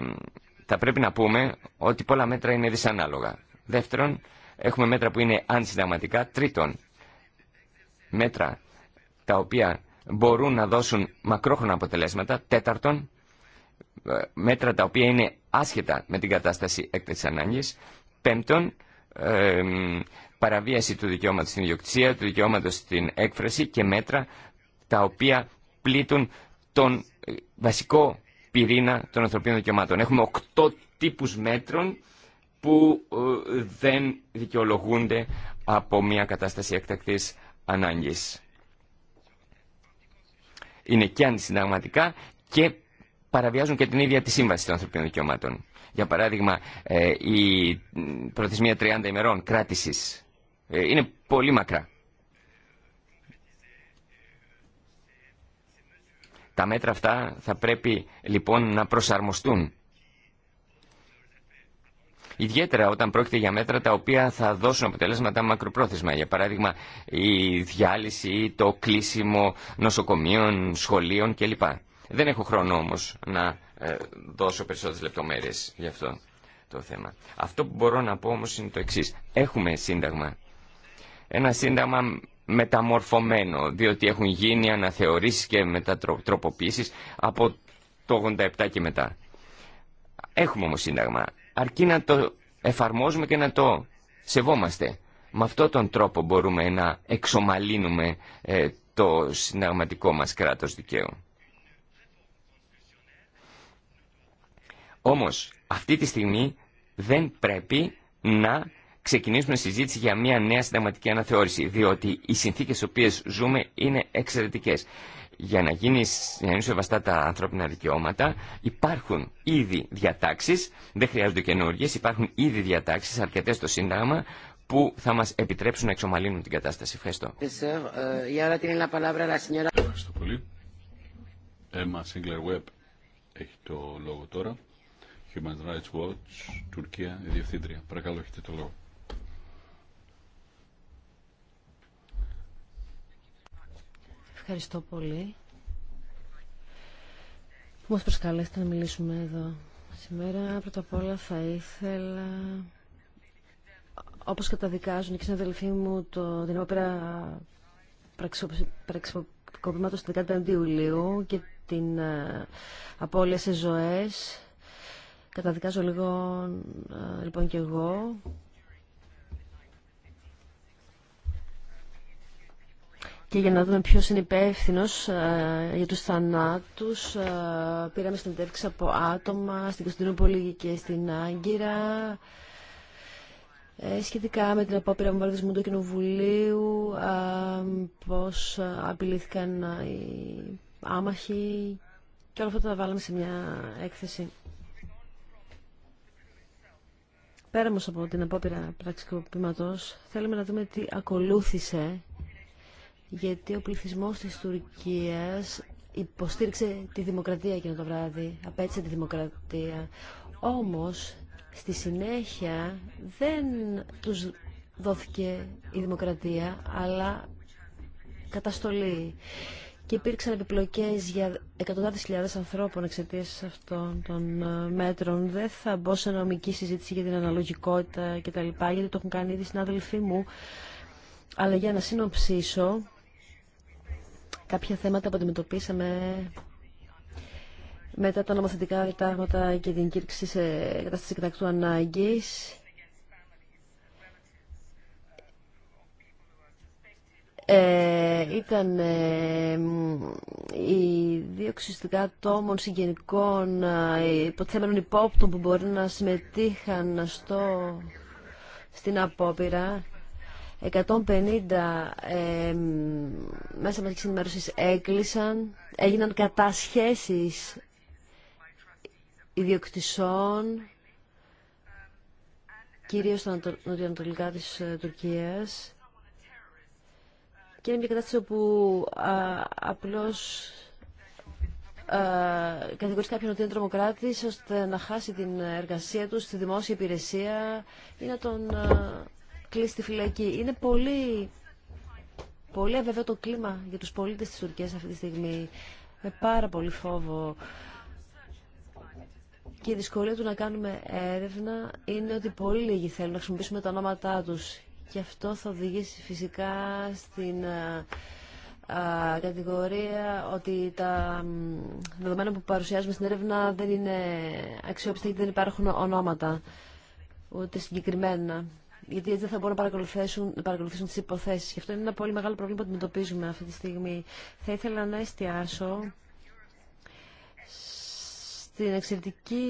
θα πρέπει να πούμε ότι πολλά μέτρα είναι δυσανάλογα. Δεύτερον, έχουμε μέτρα που είναι ανσυνταγματικά. Τρίτον, μέτρα τα οποία μπορούν να δώσουν μακρόχρονα αποτελέσματα. Τέταρτον, ε, μέτρα τα οποία είναι άσχετα με την κατάσταση έκτακτη ανάγκη. Πέμπτον, παραβίαση του δικαιώματο στην ιδιοκτησία, του δικαιώματο στην έκφραση και μέτρα τα οποία πλήττουν τον ε, βασικό πυρήνα των ανθρωπίνων δικαιωμάτων. Έχουμε οκτώ τύπους μέτρων που ε, δεν δικαιολογούνται από μια κατάσταση εκτακτής ανάγκης. Είναι και αντισυνταγματικά και παραβιάζουν και την ίδια τη Σύμβαση των Ανθρωπίνων Δικαιωμάτων. Για παράδειγμα, ε, η προθεσμία 30 ημερών κράτησης ε, είναι πολύ μακρά. Τα μέτρα αυτά θα πρέπει λοιπόν να προσαρμοστούν. Ιδιαίτερα όταν πρόκειται για μέτρα τα οποία θα δώσουν αποτελέσματα μακροπρόθεσμα. Για παράδειγμα η διάλυση, το κλείσιμο νοσοκομείων, σχολείων κλπ. Δεν έχω χρόνο όμως να ε, δώσω περισσότερες λεπτομέρειες γι' αυτό το θέμα. Αυτό που μπορώ να πω όμως είναι το εξής. Έχουμε σύνταγμα. Ένα σύνταγμα μεταμορφωμένο, διότι έχουν γίνει αναθεωρήσεις και μετατροποποίησεις από το 87 και μετά. Έχουμε όμως σύνταγμα. Αρκεί να το εφαρμόζουμε και να το σεβόμαστε. Με αυτόν τον τρόπο μπορούμε να εξομαλύνουμε ε, το συνταγματικό μας κράτος δικαίου. Όμως αυτή τη στιγμή δεν πρέπει να ξεκινήσουμε συζήτηση για μια νέα συνταγματική αναθεώρηση, διότι οι συνθήκες στις οποίες ζούμε είναι εξαιρετικές. Για να γίνει σεβαστά τα ανθρώπινα δικαιώματα υπάρχουν ήδη διατάξεις, δεν χρειάζονται καινούργιες, υπάρχουν ήδη διατάξεις αρκετές στο Σύνταγμα που θα μας επιτρέψουν να εξομαλύνουν την κατάσταση. Ευχαριστώ. Ευχαριστώ πολύ. Έμα Σίγκλερ Βεπ έχει το λόγο τώρα. Human Rights Watch, Τουρκία, η Διευθύντρια. Παρακαλώ, έχετε το λόγο. Ευχαριστώ πολύ. Μας προσκαλέσετε να μιλήσουμε εδώ σήμερα. Πρώτα απ' όλα θα ήθελα, όπως καταδικάζουν και συναδελφοί μου, το, την όπερα πραξικοπήματος του 15 Ιουλίου και την ε, απώλεια σε ζωές Καταδικάζω λίγο, ε, λοιπόν, και εγώ. Και για να δούμε ποιο είναι υπεύθυνο ε, για τους θανάτους, ε, πήραμε συνεντεύξεις από άτομα στην Κωνσταντινούπολη και στην Άγκυρα, σχετικά με την απόπειρα βομβαρδισμού του Κοινοβουλίου, πώς απειλήθηκαν οι άμαχοι και όλα αυτά τα βάλαμε σε μια έκθεση. Πέρα από την απόπειρα πραξικοπηματός, θέλουμε να δούμε τι ακολούθησε, γιατί ο πληθυσμός της Τουρκίας υποστήριξε τη δημοκρατία εκείνο το βράδυ, απέτυσε τη δημοκρατία. Όμως, στη συνέχεια δεν τους δόθηκε η δημοκρατία, αλλά καταστολή και υπήρξαν επιπλοκές για εκατοντάδες χιλιάδες ανθρώπων εξαιτίας αυτών των ε, μέτρων. Δεν θα μπω σε νομική συζήτηση για την αναλογικότητα κτλ. γιατί το έχουν κάνει ήδη συνάδελφοί μου. Αλλά για να συνοψίσω, κάποια θέματα που αντιμετωπίσαμε μετά τα νομοθετικά ρητάγματα και την κήρυξη σε κατάσταση εκτακτού ανάγκης, Ε, ήταν ε, οι η δίωξη ατόμων συγγενικών ε, υποτιθέμενων υπόπτων που μπορεί να συμμετείχαν στο, στην απόπειρα 150 ε, μέσα μαζικής ενημέρωσης έκλεισαν, έγιναν κατασχέσεις ιδιοκτησών κυρίως στα νοτιοανατολικά της Τουρκίας και είναι μια κατάσταση όπου απλώ απλώς κατηγορεί κάποιον ότι είναι τρομοκράτη ώστε να χάσει την εργασία του στη δημόσια υπηρεσία ή να τον κλείσει στη φυλακή. Είναι πολύ, πολύ το κλίμα για τους πολίτες της Τουρκίας αυτή τη στιγμή. Με πάρα πολύ φόβο. Και η δυσκολία του να κάνουμε έρευνα είναι ότι πολύ λίγοι θέλουν να χρησιμοποιήσουμε τα ονόματά τους και αυτό θα οδηγήσει φυσικά στην ε, κατηγορία ότι τα δεδομένα που παρουσιάζουμε στην έρευνα δεν είναι αξιόπιστα γιατί δεν υπάρχουν ονόματα ούτε συγκεκριμένα. Γιατί έτσι δεν θα μπορούν να παρακολουθήσουν, να παρακολουθήσουν τις υποθέσεις. Και αυτό είναι ένα πολύ μεγάλο πρόβλημα που αντιμετωπίζουμε αυτή τη στιγμή. Θα ήθελα να εστιάσω στην εξαιρετική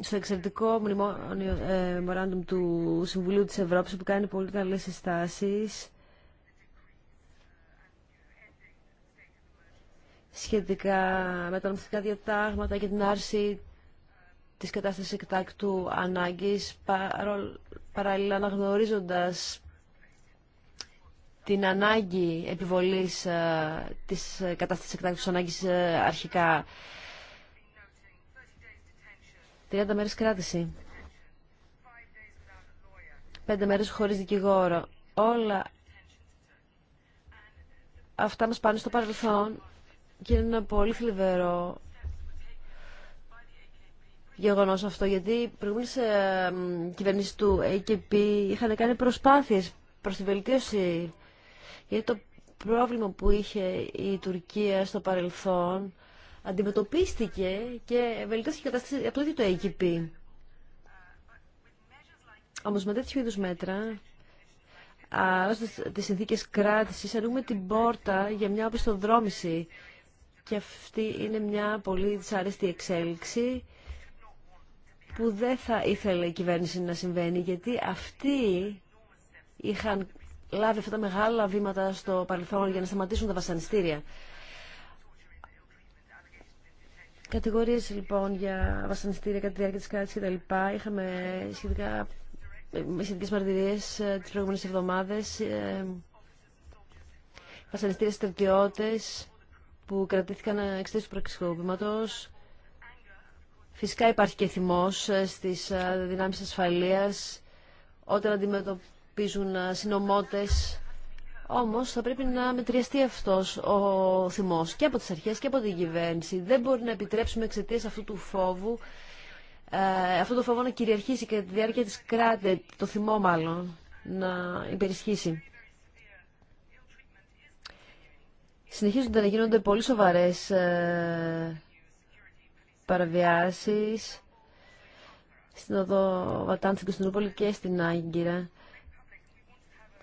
στο εξαιρετικό μνημόνιο μοράντουμ ε, του Συμβουλίου της Ευρώπης που κάνει πολύ καλές συστάσεις σχετικά με τα νομιστικά διατάγματα και την άρση της κατάστασης εκτάκτου ανάγκης παράλληλα αναγνωρίζοντας την ανάγκη επιβολής ε, της ε, κατάστασης εκτάκτου ανάγκης αρχικά 30 μέρες κράτηση. 5 μέρες χωρίς δικηγόρο. Όλα αυτά μας πάνε στο παρελθόν και είναι ένα πολύ θλιβερό γεγονό αυτό, γιατί οι προηγούμενε ε, κυβερνήσει του AKP είχαν κάνει προσπάθειες προ τη βελτίωση. Γιατί το πρόβλημα που είχε η Τουρκία στο παρελθόν αντιμετωπίστηκε και βελτιώθηκε η κατάσταση από το ίδιο το AGP. Όμως με τέτοιου είδου μέτρα, τις συνθήκε κράτηση ανοίγουμε την πόρτα για μια οπισθοδρόμηση. Και αυτή είναι μια πολύ δυσάρεστη εξέλιξη που δεν θα ήθελε η κυβέρνηση να συμβαίνει, γιατί αυτοί είχαν λάβει αυτά τα μεγάλα βήματα στο παρελθόν για να σταματήσουν τα βασανιστήρια. Κατηγορίε λοιπόν για βασανιστήρια κατά τη διάρκεια τη κράτηση κτλ. Είχαμε σχετικά με σχετικές μαρτυρίες ε, τις εβδομάδες ε, βασανιστήρια στρατιώτε που κρατήθηκαν εξαιτία του πραξικοπήματος. Φυσικά υπάρχει και θυμό ε, στι δυνάμει ασφαλεία, όταν αντιμετωπίζουν συνωμότε. Όμως θα πρέπει να μετριαστεί αυτός ο θυμός και από τις αρχές και από την κυβέρνηση. Δεν μπορεί να επιτρέψουμε εξαιτία αυτού του φόβου, ε, αυτό το φόβο να κυριαρχήσει και τη διάρκεια της κράτη, το θυμό μάλλον, να υπερισχύσει. Συνεχίζονται να γίνονται πολύ σοβαρές ε, παραβιάσεις στην Οδό Βατάν, στην Κωνσταντινούπολη και στην Άγκυρα.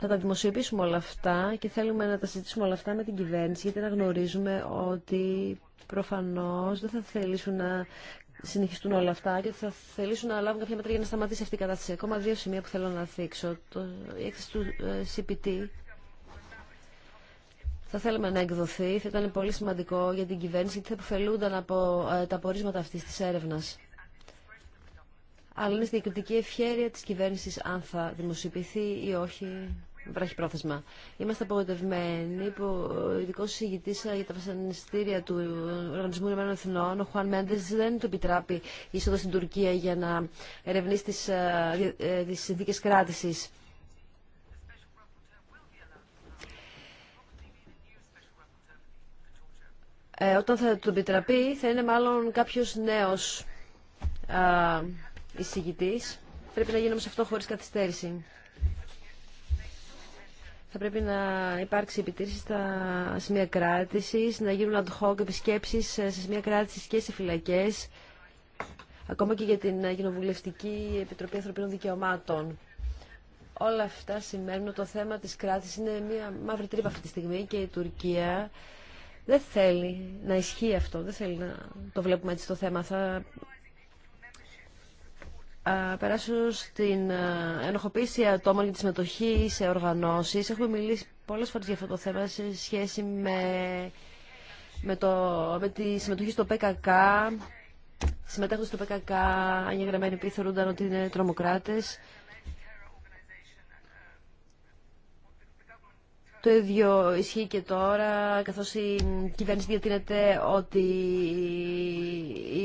Θα τα δημοσιοποιήσουμε όλα αυτά και θέλουμε να τα συζητήσουμε όλα αυτά με την κυβέρνηση γιατί να γνωρίζουμε ότι προφανώς δεν θα θελήσουν να συνεχιστούν όλα αυτά και θα θελήσουν να λάβουν κάποια μέτρα για να σταματήσει αυτή η κατάσταση. Ακόμα δύο σημεία που θέλω να θίξω. Το, η έκθεση του ε, CPT θα θέλαμε να εκδοθεί. Θα ήταν πολύ σημαντικό για την κυβέρνηση γιατί θα υποφελούνταν από ε, τα πορίσματα αυτή τη έρευνα. Αλλά είναι στη κριτική ευχαίρεια της κυβέρνηση, αν θα δημοσιοποιηθεί ή όχι πρόθεσμα. Είμαστε απογοητευμένοι που ο ειδικό συζητητή για τα βασανιστήρια του Οργανισμού Ηνωμένων Εθνών, ο Χουάν Μέντε, δεν του επιτράπει είσοδο στην Τουρκία για να ερευνήσει τι ε, ε, συνθήκε κράτηση. Ε, όταν θα του επιτραπεί, θα είναι μάλλον κάποιος νέος ε, εισηγητής. Πρέπει να γίνει όμως αυτό χωρίς καθυστέρηση θα πρέπει να υπάρξει επιτήρηση στα σημεία κράτηση, να γίνουν ad hoc επισκέψει σε σημεία κράτηση και σε φυλακέ, ακόμα και για την Κοινοβουλευτική Επιτροπή Ανθρωπίνων Δικαιωμάτων. Όλα αυτά σημαίνουν ότι το θέμα της κράτηση είναι μια μαύρη τρύπα αυτή τη στιγμή και η Τουρκία δεν θέλει να ισχύει αυτό, δεν θέλει να το βλέπουμε έτσι το θέμα. Θα περάσω στην ενοχοποίηση ατόμων για τη συμμετοχή σε οργανώσεις. Έχουμε μιλήσει πολλές φορές για αυτό το θέμα σε σχέση με, με, το, με τη συμμετοχή στο ΠΚΚ. Συμμετέχουν στο ΠΚΚ, ανεγραμμένοι γεγραμμένοι ότι είναι τρομοκράτες. Το ίδιο ισχύει και τώρα, καθώς η κυβέρνηση διατείνεται ότι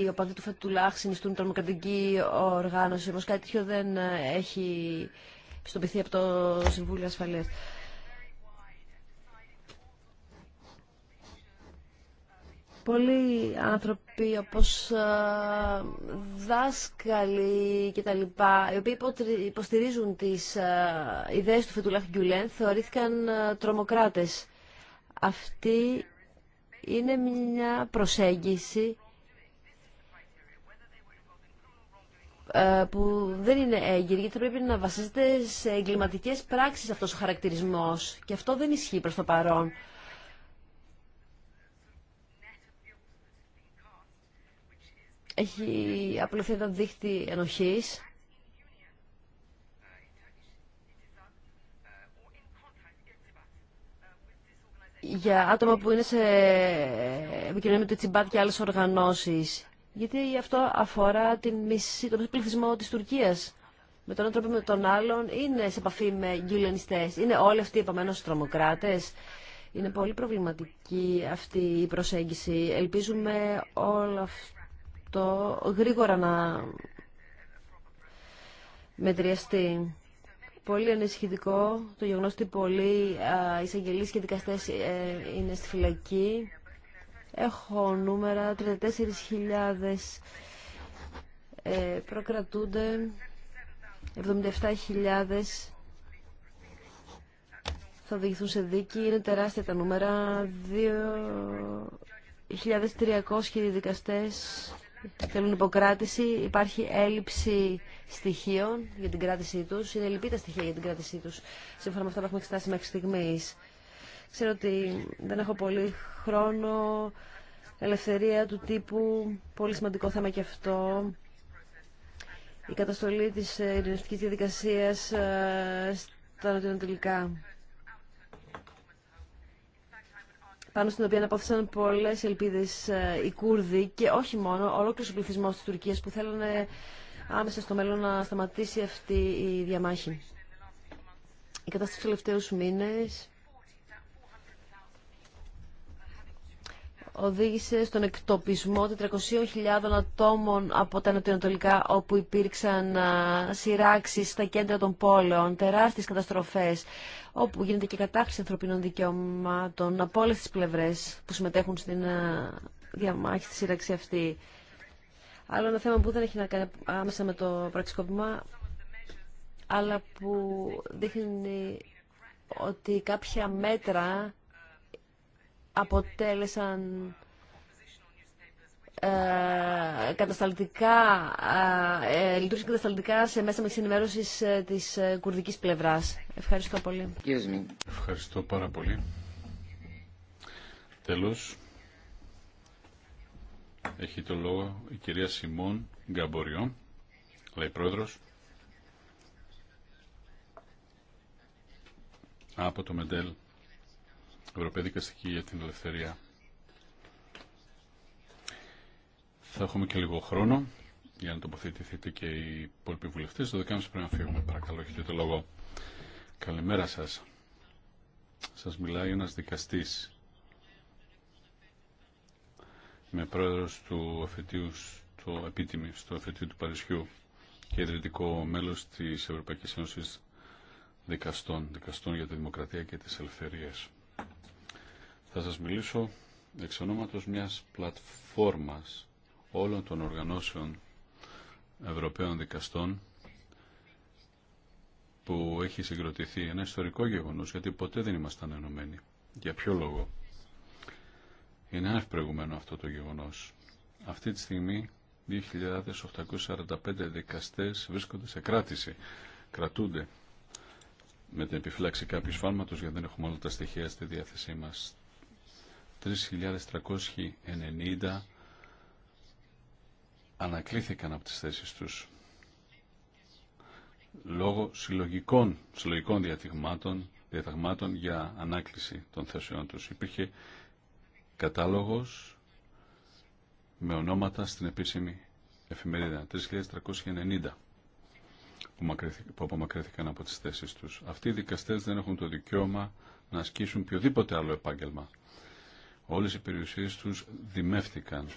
οι οπαδοί του Φετουλάχ συνιστούν τρομοκρατική οργάνωση, όμως κάτι τέτοιο δεν έχει πιστοποιηθεί από το Συμβούλιο Ασφαλείας. Πολλοί άνθρωποι όπως δάσκαλοι και τα λοιπά, οι οποίοι υποστηρίζουν τις ιδέες του Φετουλάχ Γκιουλέν, θεωρήθηκαν τρομοκράτες. Αυτή είναι μια προσέγγιση που δεν είναι έγκυρη, γιατί θα πρέπει να βασίζεται σε εγκληματικές πράξεις αυτός ο χαρακτηρισμός. Και αυτό δεν ισχύει προς το παρόν. Έχει απλωθεί ένα δίχτυ ενοχής. για άτομα που είναι σε επικοινωνία με το Τσιμπάτ και άλλες οργανώσεις. Γιατί αυτό αφορά την μισή, τον πληθυσμό της Τουρκίας. Με τον άνθρωπο με τον άλλον είναι σε επαφή με γκυλενιστές. Είναι όλοι αυτοί επομένω τρομοκράτες. Είναι πολύ προβληματική αυτή η προσέγγιση. Ελπίζουμε όλα αυτά το γρήγορα να μετριαστεί. Πολύ ανησυχητικό το γεγονός ότι πολλοί εισαγγελείς και δικαστές ε, είναι στη φυλακή. Έχω νούμερα, 34.000 ε, προκρατούνται, 77.000 θα οδηγηθούν σε δίκη. Είναι τεράστια τα νούμερα, 2.300 δικαστές θέλουν υποκράτηση, υπάρχει έλλειψη στοιχείων για την κράτησή του, είναι λυπή τα στοιχεία για την κράτησή του σύμφωνα με αυτά που έχουμε εξετάσει μέχρι στιγμή. Ξέρω ότι δεν έχω πολύ χρόνο, ελευθερία του τύπου, πολύ σημαντικό θέμα και αυτό. Η καταστολή της ειρηνευτικής διαδικασίας ε, στα νοτιοανατολικά. πάνω στην οποία αναπόθεσαν πολλέ ελπίδε ε, οι Κούρδοι και όχι μόνο, ολόκληρο ο πληθυσμό τη Τουρκία που θέλουν άμεσα στο μέλλον να σταματήσει αυτή η διαμάχη. Η κατάσταση του τελευταίου μήνε. οδήγησε στον εκτοπισμό 400.000 ατόμων από τα νοτιοανατολικά όπου υπήρξαν σειράξει στα κέντρα των πόλεων, τεράστιες καταστροφές όπου γίνεται και κατάχρηση ανθρωπίνων δικαιωμάτων από όλε τι πλευρέ που συμμετέχουν στην ε, διαμάχη στη σύραξη αυτή. Άλλο ένα θέμα που δεν έχει να κάνει άμεσα με το πραξικόπημα, αλλά που δείχνει ότι κάποια μέτρα αποτέλεσαν ε, κατασταλτικά, ε, ε, λειτουργήσε κατασταλτικά σε μέσα με ενημέρωσης της κουρδικής πλευράς. Ευχαριστώ πολύ. Ευχαριστώ πάρα πολύ. Τέλος, έχει το λόγο η κυρία Σιμών Γκαμποριό, λέει πρόεδρος, από το Μεντέλ, Ευρωπαϊκή Δικαστική για την Ελευθερία Θα έχουμε και λίγο χρόνο για να τοποθετηθείτε και οι υπόλοιποι βουλευτέ. Το δεκάμιση πρέπει να φύγουμε. Παρακαλώ, έχετε το λόγο. Καλημέρα σα. Σα μιλάει ένα δικαστή με πρόεδρο του στο επίτιμη, στο εφετείο του Παρισιού και ιδρυτικό μέλο τη Ευρωπαϊκή Ένωση Δικαστών, Δικαστών για τη Δημοκρατία και τι Ελευθερίε. Θα σα μιλήσω εξ ονόματος μιας πλατφόρμας όλων των οργανώσεων Ευρωπαίων δικαστών που έχει συγκροτηθεί ένα ιστορικό γεγονός γιατί ποτέ δεν ήμασταν ενωμένοι. Για ποιο λόγο. Είναι αυπρεγουμένο αυτό το γεγονός. Αυτή τη στιγμή 2.845 δικαστές βρίσκονται σε κράτηση. Κρατούνται με την επιφύλαξη κάποιου φάρματος γιατί δεν έχουμε όλα τα στοιχεία στη διάθεσή μας. 3.390 ανακλήθηκαν από τις θέσεις τους λόγω συλλογικών, συλλογικών διαταγμάτων, για ανάκληση των θέσεων τους. Υπήρχε κατάλογος με ονόματα στην επίσημη εφημερίδα 3.390 που απομακρύθηκαν από τις θέσεις τους. Αυτοί οι δικαστές δεν έχουν το δικαίωμα να ασκήσουν οποιοδήποτε άλλο επάγγελμα. Όλες οι περιουσίες τους δημεύτηκαν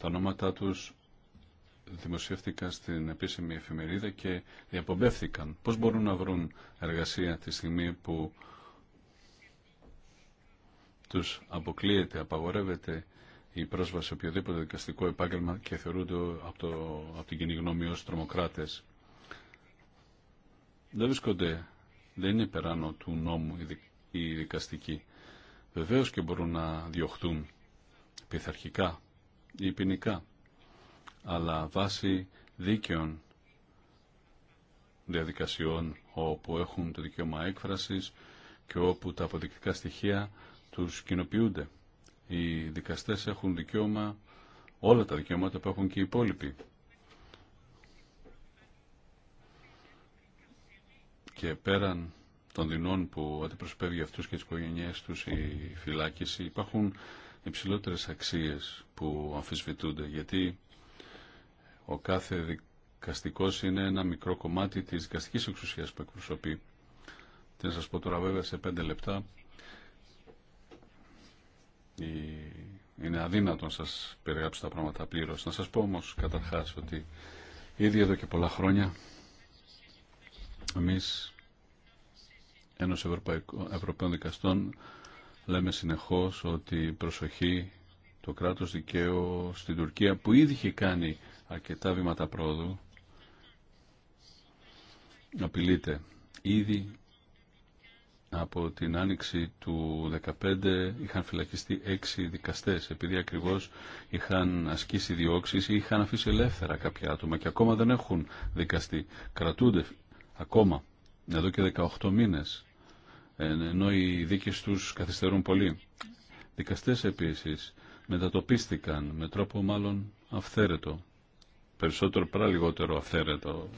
Τα ονόματά τους δημοσιεύτηκαν στην επίσημη εφημερίδα και διαπομπεύθηκαν. Πώς μπορούν να βρουν εργασία τη στιγμή που τους αποκλείεται, απαγορεύεται η πρόσβαση σε οποιοδήποτε δικαστικό επάγγελμα και θεωρούνται από, το, από την κοινή γνώμη ως τρομοκράτες. Δεν βρίσκονται, δεν είναι περάνω του νόμου οι δικαστικοί. Βεβαίως και μπορούν να διωχτούν πειθαρχικά ή ποινικά, αλλά βάσει δίκαιων διαδικασιών όπου έχουν το δικαίωμα έκφρασης και όπου τα αποδεικτικά στοιχεία τους κοινοποιούνται. Οι δικαστές έχουν δικαίωμα, όλα τα δικαιώματα που έχουν και οι υπόλοιποι. Και πέραν των δεινών που αντιπροσωπεύει αυτούς και τις οικογένειές τους η φυλάκηση υπάρχουν υψηλότερες αξίες που αμφισβητούνται γιατί ο κάθε δικαστικός είναι ένα μικρό κομμάτι της δικαστικής εξουσίας που εκπροσωπεί. Τι να σας πω τώρα βέβαια σε πέντε λεπτά είναι αδύνατο να σας περιγράψω τα πράγματα πλήρως. Να σας πω όμως καταρχάς ότι ήδη εδώ και πολλά χρόνια εμείς ενός ευρωπαϊκού Ευρωπαίων Δικαστών λέμε συνεχώς ότι προσοχή το κράτος δικαίου στην Τουρκία που ήδη είχε κάνει αρκετά βήματα πρόοδου απειλείται ήδη από την άνοιξη του 2015 είχαν φυλακιστεί έξι δικαστές επειδή ακριβώς είχαν ασκήσει διώξεις ή είχαν αφήσει ελεύθερα κάποια άτομα και ακόμα δεν έχουν δικαστεί. Κρατούνται ακόμα εδώ και 18 μήνες ενώ οι δίκες τους καθυστερούν πολύ. Δικαστές επίσης μετατοπίστηκαν με τρόπο μάλλον αυθαίρετο, περισσότερο παρά λιγότερο αυθαίρετο.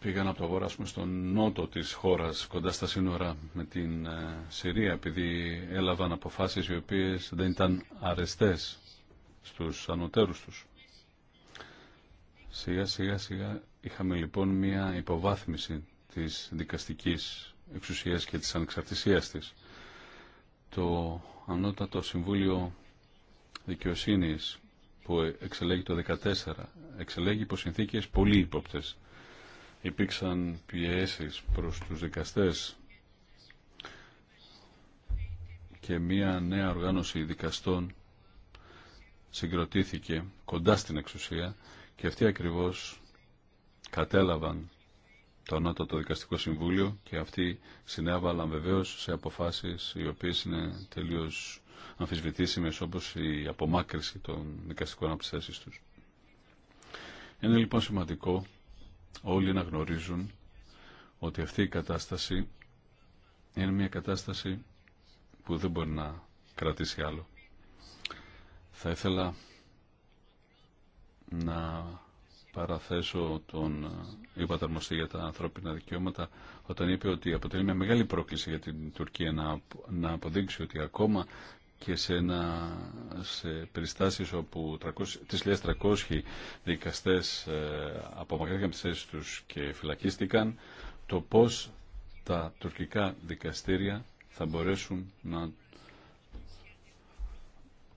Πήγαν από το στον νότο της χώρας, κοντά στα σύνορα με την ε, Συρία, επειδή έλαβαν αποφάσεις οι οποίες δεν ήταν αρεστές στους ανωτέρους τους. Σιγά σιγά σιγά είχαμε λοιπόν μια υποβάθμιση της δικαστικής εξουσίας και της ανεξαρτησίας της. Το Ανώτατο Συμβούλιο Δικαιοσύνης που εξελέγει το 2014 εξελέγει υπό συνθήκες πολύ ύποπτες. Υπήρξαν πιέσεις προς τους δικαστές και μία νέα οργάνωση δικαστών συγκροτήθηκε κοντά στην εξουσία και αυτοί ακριβώς κατέλαβαν το Ανώτατο Δικαστικό Συμβούλιο και αυτοί συνέβαλαν βεβαίω σε αποφάσεις οι οποίες είναι τελείως αμφισβητήσιμε όπως η απομάκρυση των δικαστικών από τους. Είναι λοιπόν σημαντικό όλοι να γνωρίζουν ότι αυτή η κατάσταση είναι μια κατάσταση που δεν μπορεί να κρατήσει άλλο. Θα ήθελα να παραθέσω τον υπαταρμοστή ε, για τα ανθρώπινα δικαιώματα όταν είπε ότι αποτελεί μια μεγάλη πρόκληση για την Τουρκία να, να αποδείξει ότι ακόμα και σε, ένα, σε περιστάσεις όπου 300, 300 δικαστές ε, απομακρύνθηκαν τις θέσεις τους και φυλακίστηκαν, το πώς τα τουρκικά δικαστήρια θα μπορέσουν να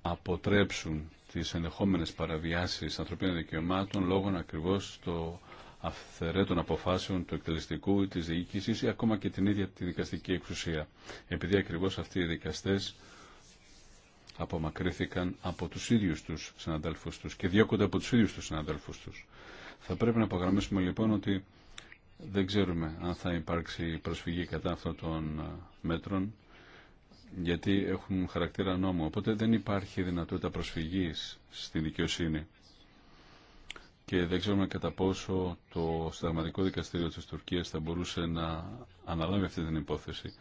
αποτρέψουν τι ενδεχόμενες παραβιάσεις ανθρωπίνων δικαιωμάτων λόγω ακριβώς το αυθαιρέτων αποφάσεων του εκτελεστικού ή της διοίκησης ή ακόμα και την ίδια τη δικαστική εξουσία. Επειδή ακριβώς αυτοί οι δικαστές απομακρύθηκαν από τους ίδιους τους συναδέλφους τους και διώκονται από τους ίδιους τους συναδέλφους τους. Θα πρέπει να απογραμμίσουμε λοιπόν ότι δεν ξέρουμε αν θα υπάρξει προσφυγή κατά αυτών των μέτρων γιατί έχουν χαρακτήρα νόμου. Οπότε δεν υπάρχει δυνατότητα προσφυγής στη δικαιοσύνη. Και δεν ξέρουμε κατά πόσο το Συνταγματικό Δικαστήριο της Τουρκίας θα μπορούσε να αναλάβει αυτή την υπόθεση.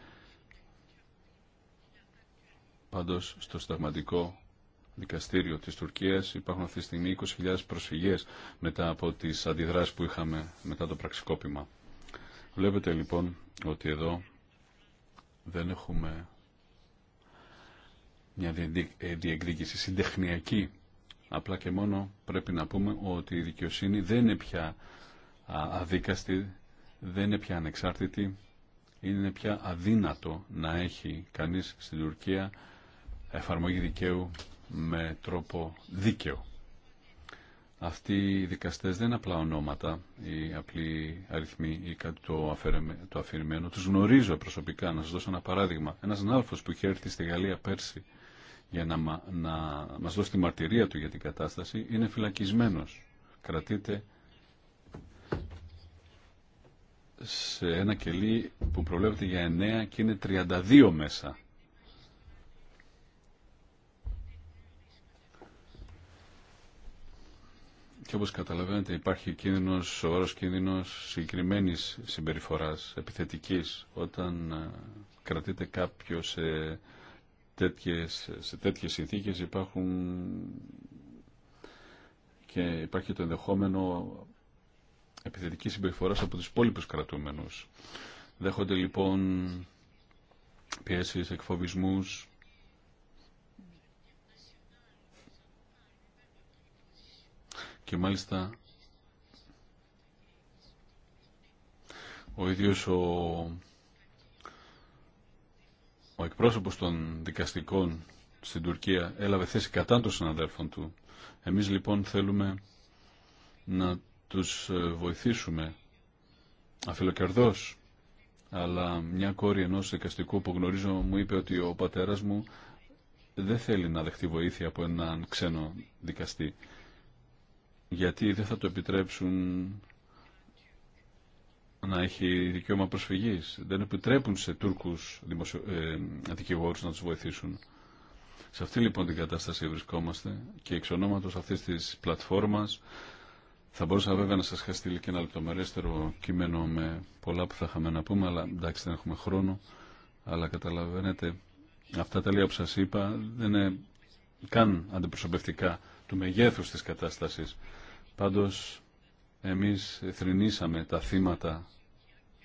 Πάντως, στο Συνταγματικό Δικαστήριο της Τουρκίας υπάρχουν αυτή τη στιγμή 20.000 προσφυγές μετά από τις αντιδράσεις που είχαμε μετά το πραξικόπημα. Βλέπετε λοιπόν ότι εδώ δεν έχουμε μια ε, διεκδίκηση συντεχνιακή. Απλά και μόνο πρέπει να πούμε ότι η δικαιοσύνη δεν είναι πια αδίκαστη, δεν είναι πια ανεξάρτητη, είναι πια αδύνατο να έχει κανείς στην Τουρκία εφαρμογή δικαίου με τρόπο δίκαιο. Αυτοί οι δικαστές δεν είναι απλά ονόματα ή απλοί αριθμοί ή κάτι το, το αφηρημένο. Τους γνωρίζω προσωπικά. Να σας δώσω ένα παράδειγμα. Ένας νάλφος που είχε έρθει στη Γαλλία πέρσι για να, να μας δώσει τη μαρτυρία του για την κατάσταση είναι φυλακισμένος. Κρατείται σε ένα κελί που προβλέπεται για 9 και είναι 32 μέσα. Και όπως καταλαβαίνετε υπάρχει κίνδυνος, σοβαρός κίνδυνος συγκεκριμένη συμπεριφοράς, επιθετικής, όταν ε, κρατείται κάποιος σε σε τέτοιες συνθήκες υπάρχουν και υπάρχει το ενδεχόμενο επιθετική συμπεριφορά από τους υπόλοιπους κρατούμενους. Δέχονται λοιπόν πιέσεις, εκφοβισμούς, και μάλιστα ο ίδιος ο ο εκπρόσωπο των δικαστικών στην Τουρκία έλαβε θέση κατά των συναδέλφων του. Εμείς λοιπόν θέλουμε να τους ε, βοηθήσουμε αφιλοκερδός. Αλλά μια κόρη ενός δικαστικού που γνωρίζω μου είπε ότι ο πατέρας μου δεν θέλει να δεχτεί βοήθεια από έναν ξένο δικαστή. Γιατί δεν θα το επιτρέψουν να έχει δικαίωμα προσφυγή. Δεν επιτρέπουν σε τουρκου δημοσιο... ε, να του βοηθήσουν. Σε αυτή λοιπόν την κατάσταση βρισκόμαστε και εξ ονόματο αυτή τη πλατφόρμα. θα μπορούσα βέβαια να σα είχα και ένα λεπτομερέστερο κείμενο με πολλά που θα είχαμε να πούμε, αλλά εντάξει δεν έχουμε χρόνο, αλλά καταλαβαίνετε αυτά τα λίγα που σα είπα δεν είναι καν αντιπροσωπευτικά του μεγέθου τη κατάσταση Πάντως εμείς θρηνήσαμε τα θύματα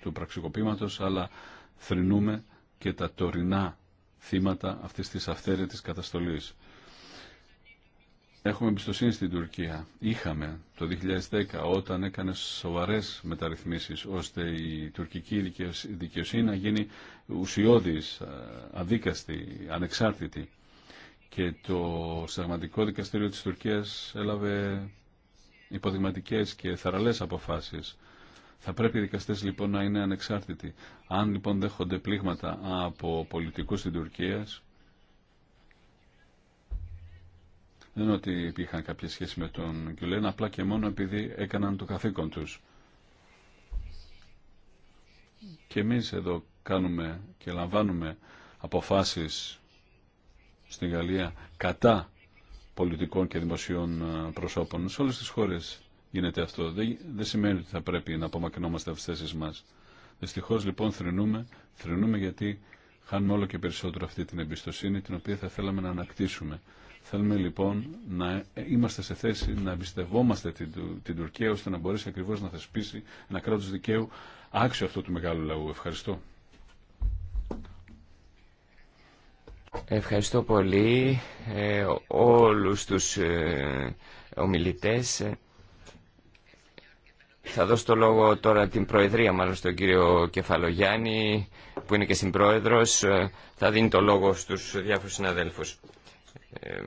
του πραξικοπήματος, αλλά θρηνούμε και τα τωρινά θύματα αυτής της αυθαίρετης καταστολής. Έχουμε εμπιστοσύνη στην Τουρκία. Είχαμε το 2010 όταν έκανε σοβαρές μεταρρυθμίσεις ώστε η τουρκική δικαιοσύνη να γίνει ουσιώδης, ε, αδίκαστη, ανεξάρτητη. Και το Σταγματικό δικαστήριο της Τουρκίας έλαβε υποδειγματικές και θαραλές αποφάσεις. Θα πρέπει οι δικαστές λοιπόν να είναι ανεξάρτητοι. Αν λοιπόν δέχονται πλήγματα από πολιτικούς στην Τουρκία, δεν είναι ότι υπήρχαν κάποια σχέση με τον Κιουλέν, απλά και μόνο επειδή έκαναν το καθήκον τους. Και εμείς εδώ κάνουμε και λαμβάνουμε αποφάσεις στην Γαλλία κατά πολιτικών και δημοσίων ε, προσώπων. Σε όλες τις χώρες γίνεται αυτό. Δεν, σημαίνει ότι θα πρέπει να απομακρυνόμαστε από τις θέσεις μας. Δυστυχώς, λοιπόν θρυνούμε, θρυνούμε γιατί χάνουμε όλο και περισσότερο αυτή την εμπιστοσύνη την οποία θα θέλαμε να ανακτήσουμε. Θέλουμε λοιπόν να ε, είμαστε σε θέση να εμπιστευόμαστε την, την Τουρκία ώστε να μπορέσει ακριβώς να θεσπίσει ένα κράτος δικαίου άξιο αυτού του μεγάλου λαού. Ευχαριστώ. Ευχαριστώ πολύ ε, όλους τους ε, ομιλητές. Θα δώσω το λόγο τώρα την Προεδρία μάλλον στον κύριο Κεφαλογιάννη που είναι και συμπρόεδρος. Ε, θα δίνει το λόγο στους διάφορους συναδέλφους. Ε,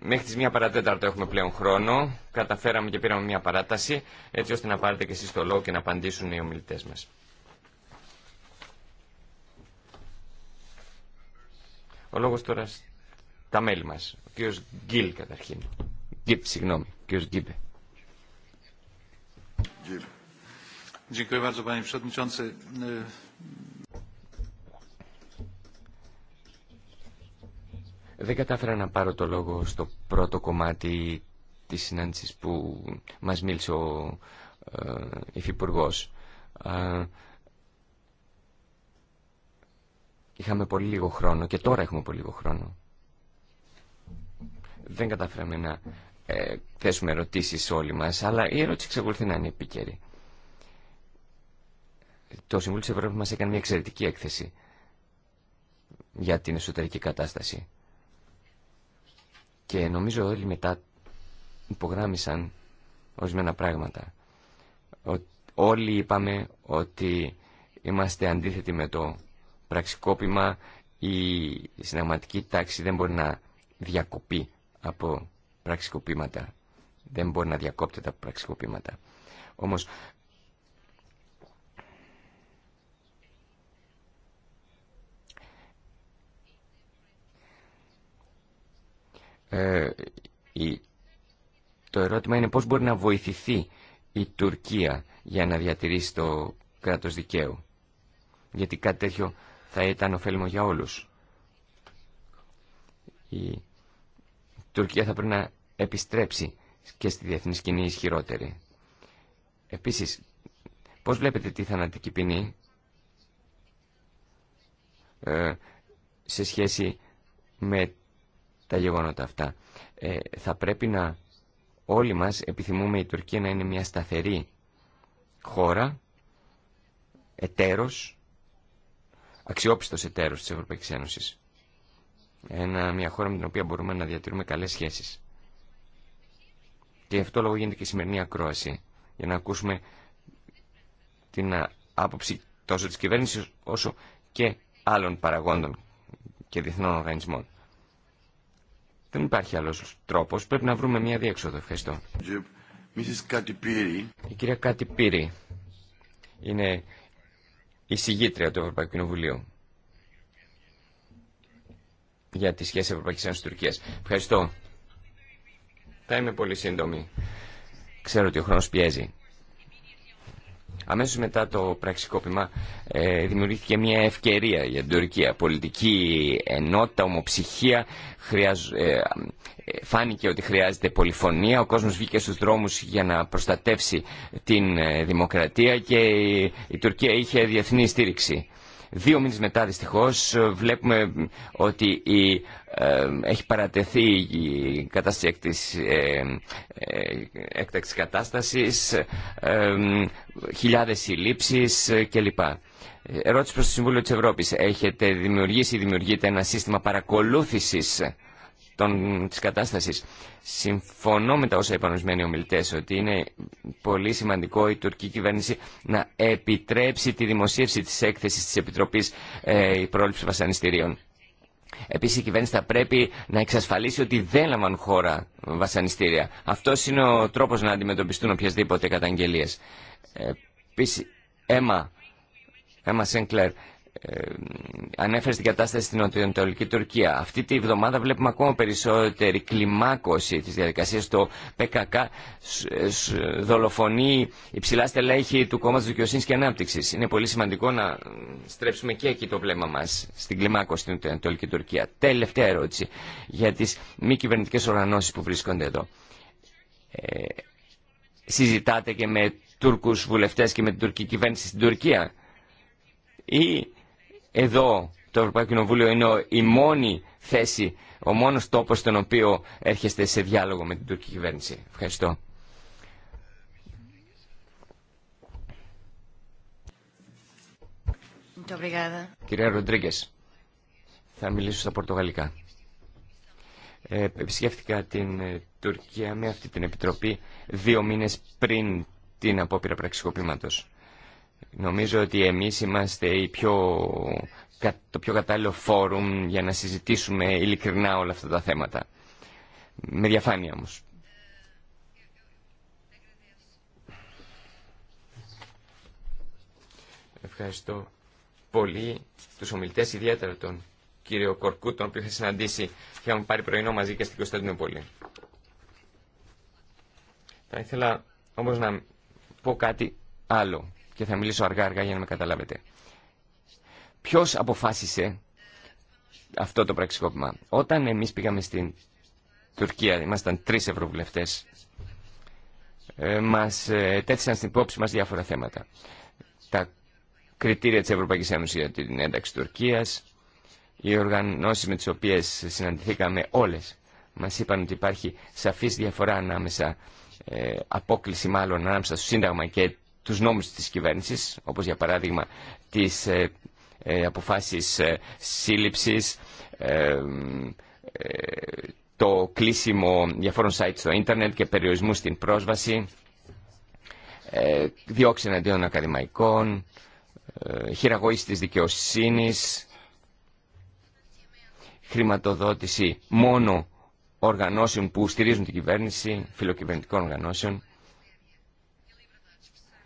μέχρι τις μία παρατέταρτο έχουμε πλέον χρόνο. Καταφέραμε και πήραμε μία παράταση έτσι ώστε να πάρετε και εσείς το λόγο και να απαντήσουν οι ομιλητές μας. Ο λόγο τώρα στα μέλη μα, Ο κ. Γκίλ καταρχήν. Γκίπ, συγγνώμη. Ο κ. Γκίπ. Δεν κατάφερα να πάρω το λόγο στο πρώτο κομμάτι της συνάντησης που μας μίλησε ο ε, Υφυπουργό. Ε, είχαμε πολύ λίγο χρόνο και τώρα έχουμε πολύ λίγο χρόνο. Δεν καταφέραμε να ε, θέσουμε ερωτήσει όλοι μας, αλλά η ερώτηση εξακολουθεί να είναι επίκαιρη. Το Συμβούλιο τη Ευρώπη μα έκανε μια εξαιρετική έκθεση για την εσωτερική κατάσταση. Και νομίζω όλοι μετά υπογράμμισαν ορισμένα πράγματα. όλοι είπαμε ότι είμαστε αντίθετοι με το πραξικόπημα η συνταγματική τάξη δεν μπορεί να διακοπεί από πραξικοπήματα. Δεν μπορεί να διακόπτεται από πραξικοπήματα. Όμως ε, η, το ερώτημα είναι πώς μπορεί να βοηθηθεί η Τουρκία για να διατηρήσει το κράτος δικαίου. Γιατί κάτι τέτοιο θα ήταν ωφέλιμο για όλους. Η Τουρκία θα πρέπει να επιστρέψει και στη διεθνή σκηνή ισχυρότερη. Επίσης, πώς βλέπετε τη θανατική ποινή ε, σε σχέση με τα γεγονότα αυτά. Ε, θα πρέπει να όλοι μας επιθυμούμε η Τουρκία να είναι μια σταθερή χώρα, ετερός. Αξιόπιστο εταίρος τη Ευρωπαϊκή Ένωση. μια χώρα με την οποία μπορούμε να διατηρούμε καλές σχέσεις. Και αυτό λόγο γίνεται και η σημερινή ακρόαση, για να ακούσουμε την άποψη τόσο τη κυβέρνηση όσο και άλλων παραγόντων και διεθνών οργανισμών. Δεν υπάρχει άλλος τρόπος, πρέπει να βρούμε μια διέξοδο. Ευχαριστώ. Η κυρία Κάτι Πύρη είναι εισηγήτρια του Ευρωπαϊκού Κοινοβουλίου για τη σχέση Ευρωπαϊκής Ένωσης Τουρκίας. Ευχαριστώ. Θα είμαι πολύ σύντομη. Ξέρω ότι ο χρόνος πιέζει. Αμέσως μετά το πραξικόπημα ε, δημιουργήθηκε μια ευκαιρία για την Τουρκία. Πολιτική ενότητα, ομοψυχία, χρειαζ... Ε, ε, φάνηκε ότι χρειάζεται πολυφωνία. Ο κόσμος βγήκε στους δρόμους για να προστατεύσει την δημοκρατία και η Τουρκία είχε διεθνή στήριξη. Δύο μήνες μετά δυστυχώς βλέπουμε ότι ε, έχει παρατεθεί η κατάσταση εκτής, ε, ε, κατάστασης, ε, χιλιάδες συλλήψεις ε, κλπ. Ερώτηση προς το Συμβούλιο της Ευρώπης. Έχετε δημιουργήσει ή δημιουργείται ένα σύστημα παρακολούθησης κατάσταση. Συμφωνώ με τα όσα είπαν ορισμένοι ομιλητέ ότι είναι πολύ σημαντικό η τουρκική κυβέρνηση να επιτρέψει τη δημοσίευση τη έκθεσης της Επιτροπής ε, πρόληψη Βασανιστήριων. Επίση, η κυβέρνηση θα πρέπει να εξασφαλίσει ότι δεν λαμβάνουν χώρα βασανιστήρια. Αυτό είναι ο τρόπο να αντιμετωπιστούν οποιασδήποτε καταγγελίε. Επίση, Έμα, Έμα Σενκλέρ, ε, ανέφερε στην κατάσταση στην νοτιοανατολική Τουρκία. Αυτή τη βδομάδα βλέπουμε ακόμα περισσότερη κλιμάκωση τη διαδικασία Το ΠΚΚ δολοφονεί υψηλά στελέχη του κόμματο δικαιοσύνη και ανάπτυξη. Είναι πολύ σημαντικό να στρέψουμε και εκεί το βλέμμα μα στην κλιμάκωση στην νοτιοανατολική Τουρκία. Τελευταία ερώτηση για τι μη κυβερνητικέ οργανώσει που βρίσκονται εδώ. Ε, συζητάτε και με Τούρκους βουλευτές και με την τουρκική κυβέρνηση στην Τουρκία ή εδώ το Ευρωπαϊκό Κοινοβούλιο είναι η μόνη θέση, ο μόνος τόπος στον οποίο έρχεστε σε διάλογο με την τουρκική κυβέρνηση. Ευχαριστώ. Κυρία Ροντρίγκε, θα μιλήσω στα Πορτογαλικά. Ε, Επισκέφθηκα την ε, Τουρκία με αυτή την επιτροπή δύο μήνες πριν την απόπειρα πραξικοπήματος. Νομίζω ότι εμείς είμαστε πιο, το πιο κατάλληλο φόρουμ για να συζητήσουμε ειλικρινά όλα αυτά τα θέματα. Με διαφάνεια όμως. Ευχαριστώ πολύ τους ομιλητές, ιδιαίτερα τον κύριο Κορκού, τον οποίο είχα συναντήσει. και Είχαμε πάρει πρωινό μαζί και στην Κωνσταντινούπολη. Θα ήθελα όμως να πω κάτι άλλο και θα μιλήσω αργά-αργά για να με καταλάβετε. Ποιο αποφάσισε αυτό το πραξικόπημα. Όταν εμείς πήγαμε στην Τουρκία, ήμασταν τρει ευρωβουλευτέ, ε, μας ε, τέθησαν στην υπόψη μας διάφορα θέματα. Τα κριτήρια της Ευρωπαϊκής Ένωση για την ένταξη Τουρκίας, οι οργανώσεις με τις οποίες συναντηθήκαμε όλε Μα είπαν ότι υπάρχει σαφής διαφορά ανάμεσα, ε, απόκληση μάλλον ανάμεσα στο Σύνταγμα και τους νόμους της κυβέρνησης, όπως για παράδειγμα τις ε, ε, αποφάσεις ε, σύλληψης, ε, ε, το κλείσιμο διαφόρων sites στο ίντερνετ και περιορισμού στην πρόσβαση, διώξη εναντίον ακαδημαϊκών, χειραγωγής της δικαιοσύνης, χρηματοδότηση μόνο οργανώσεων που στηρίζουν την κυβέρνηση, φιλοκυβερνητικών οργανώσεων,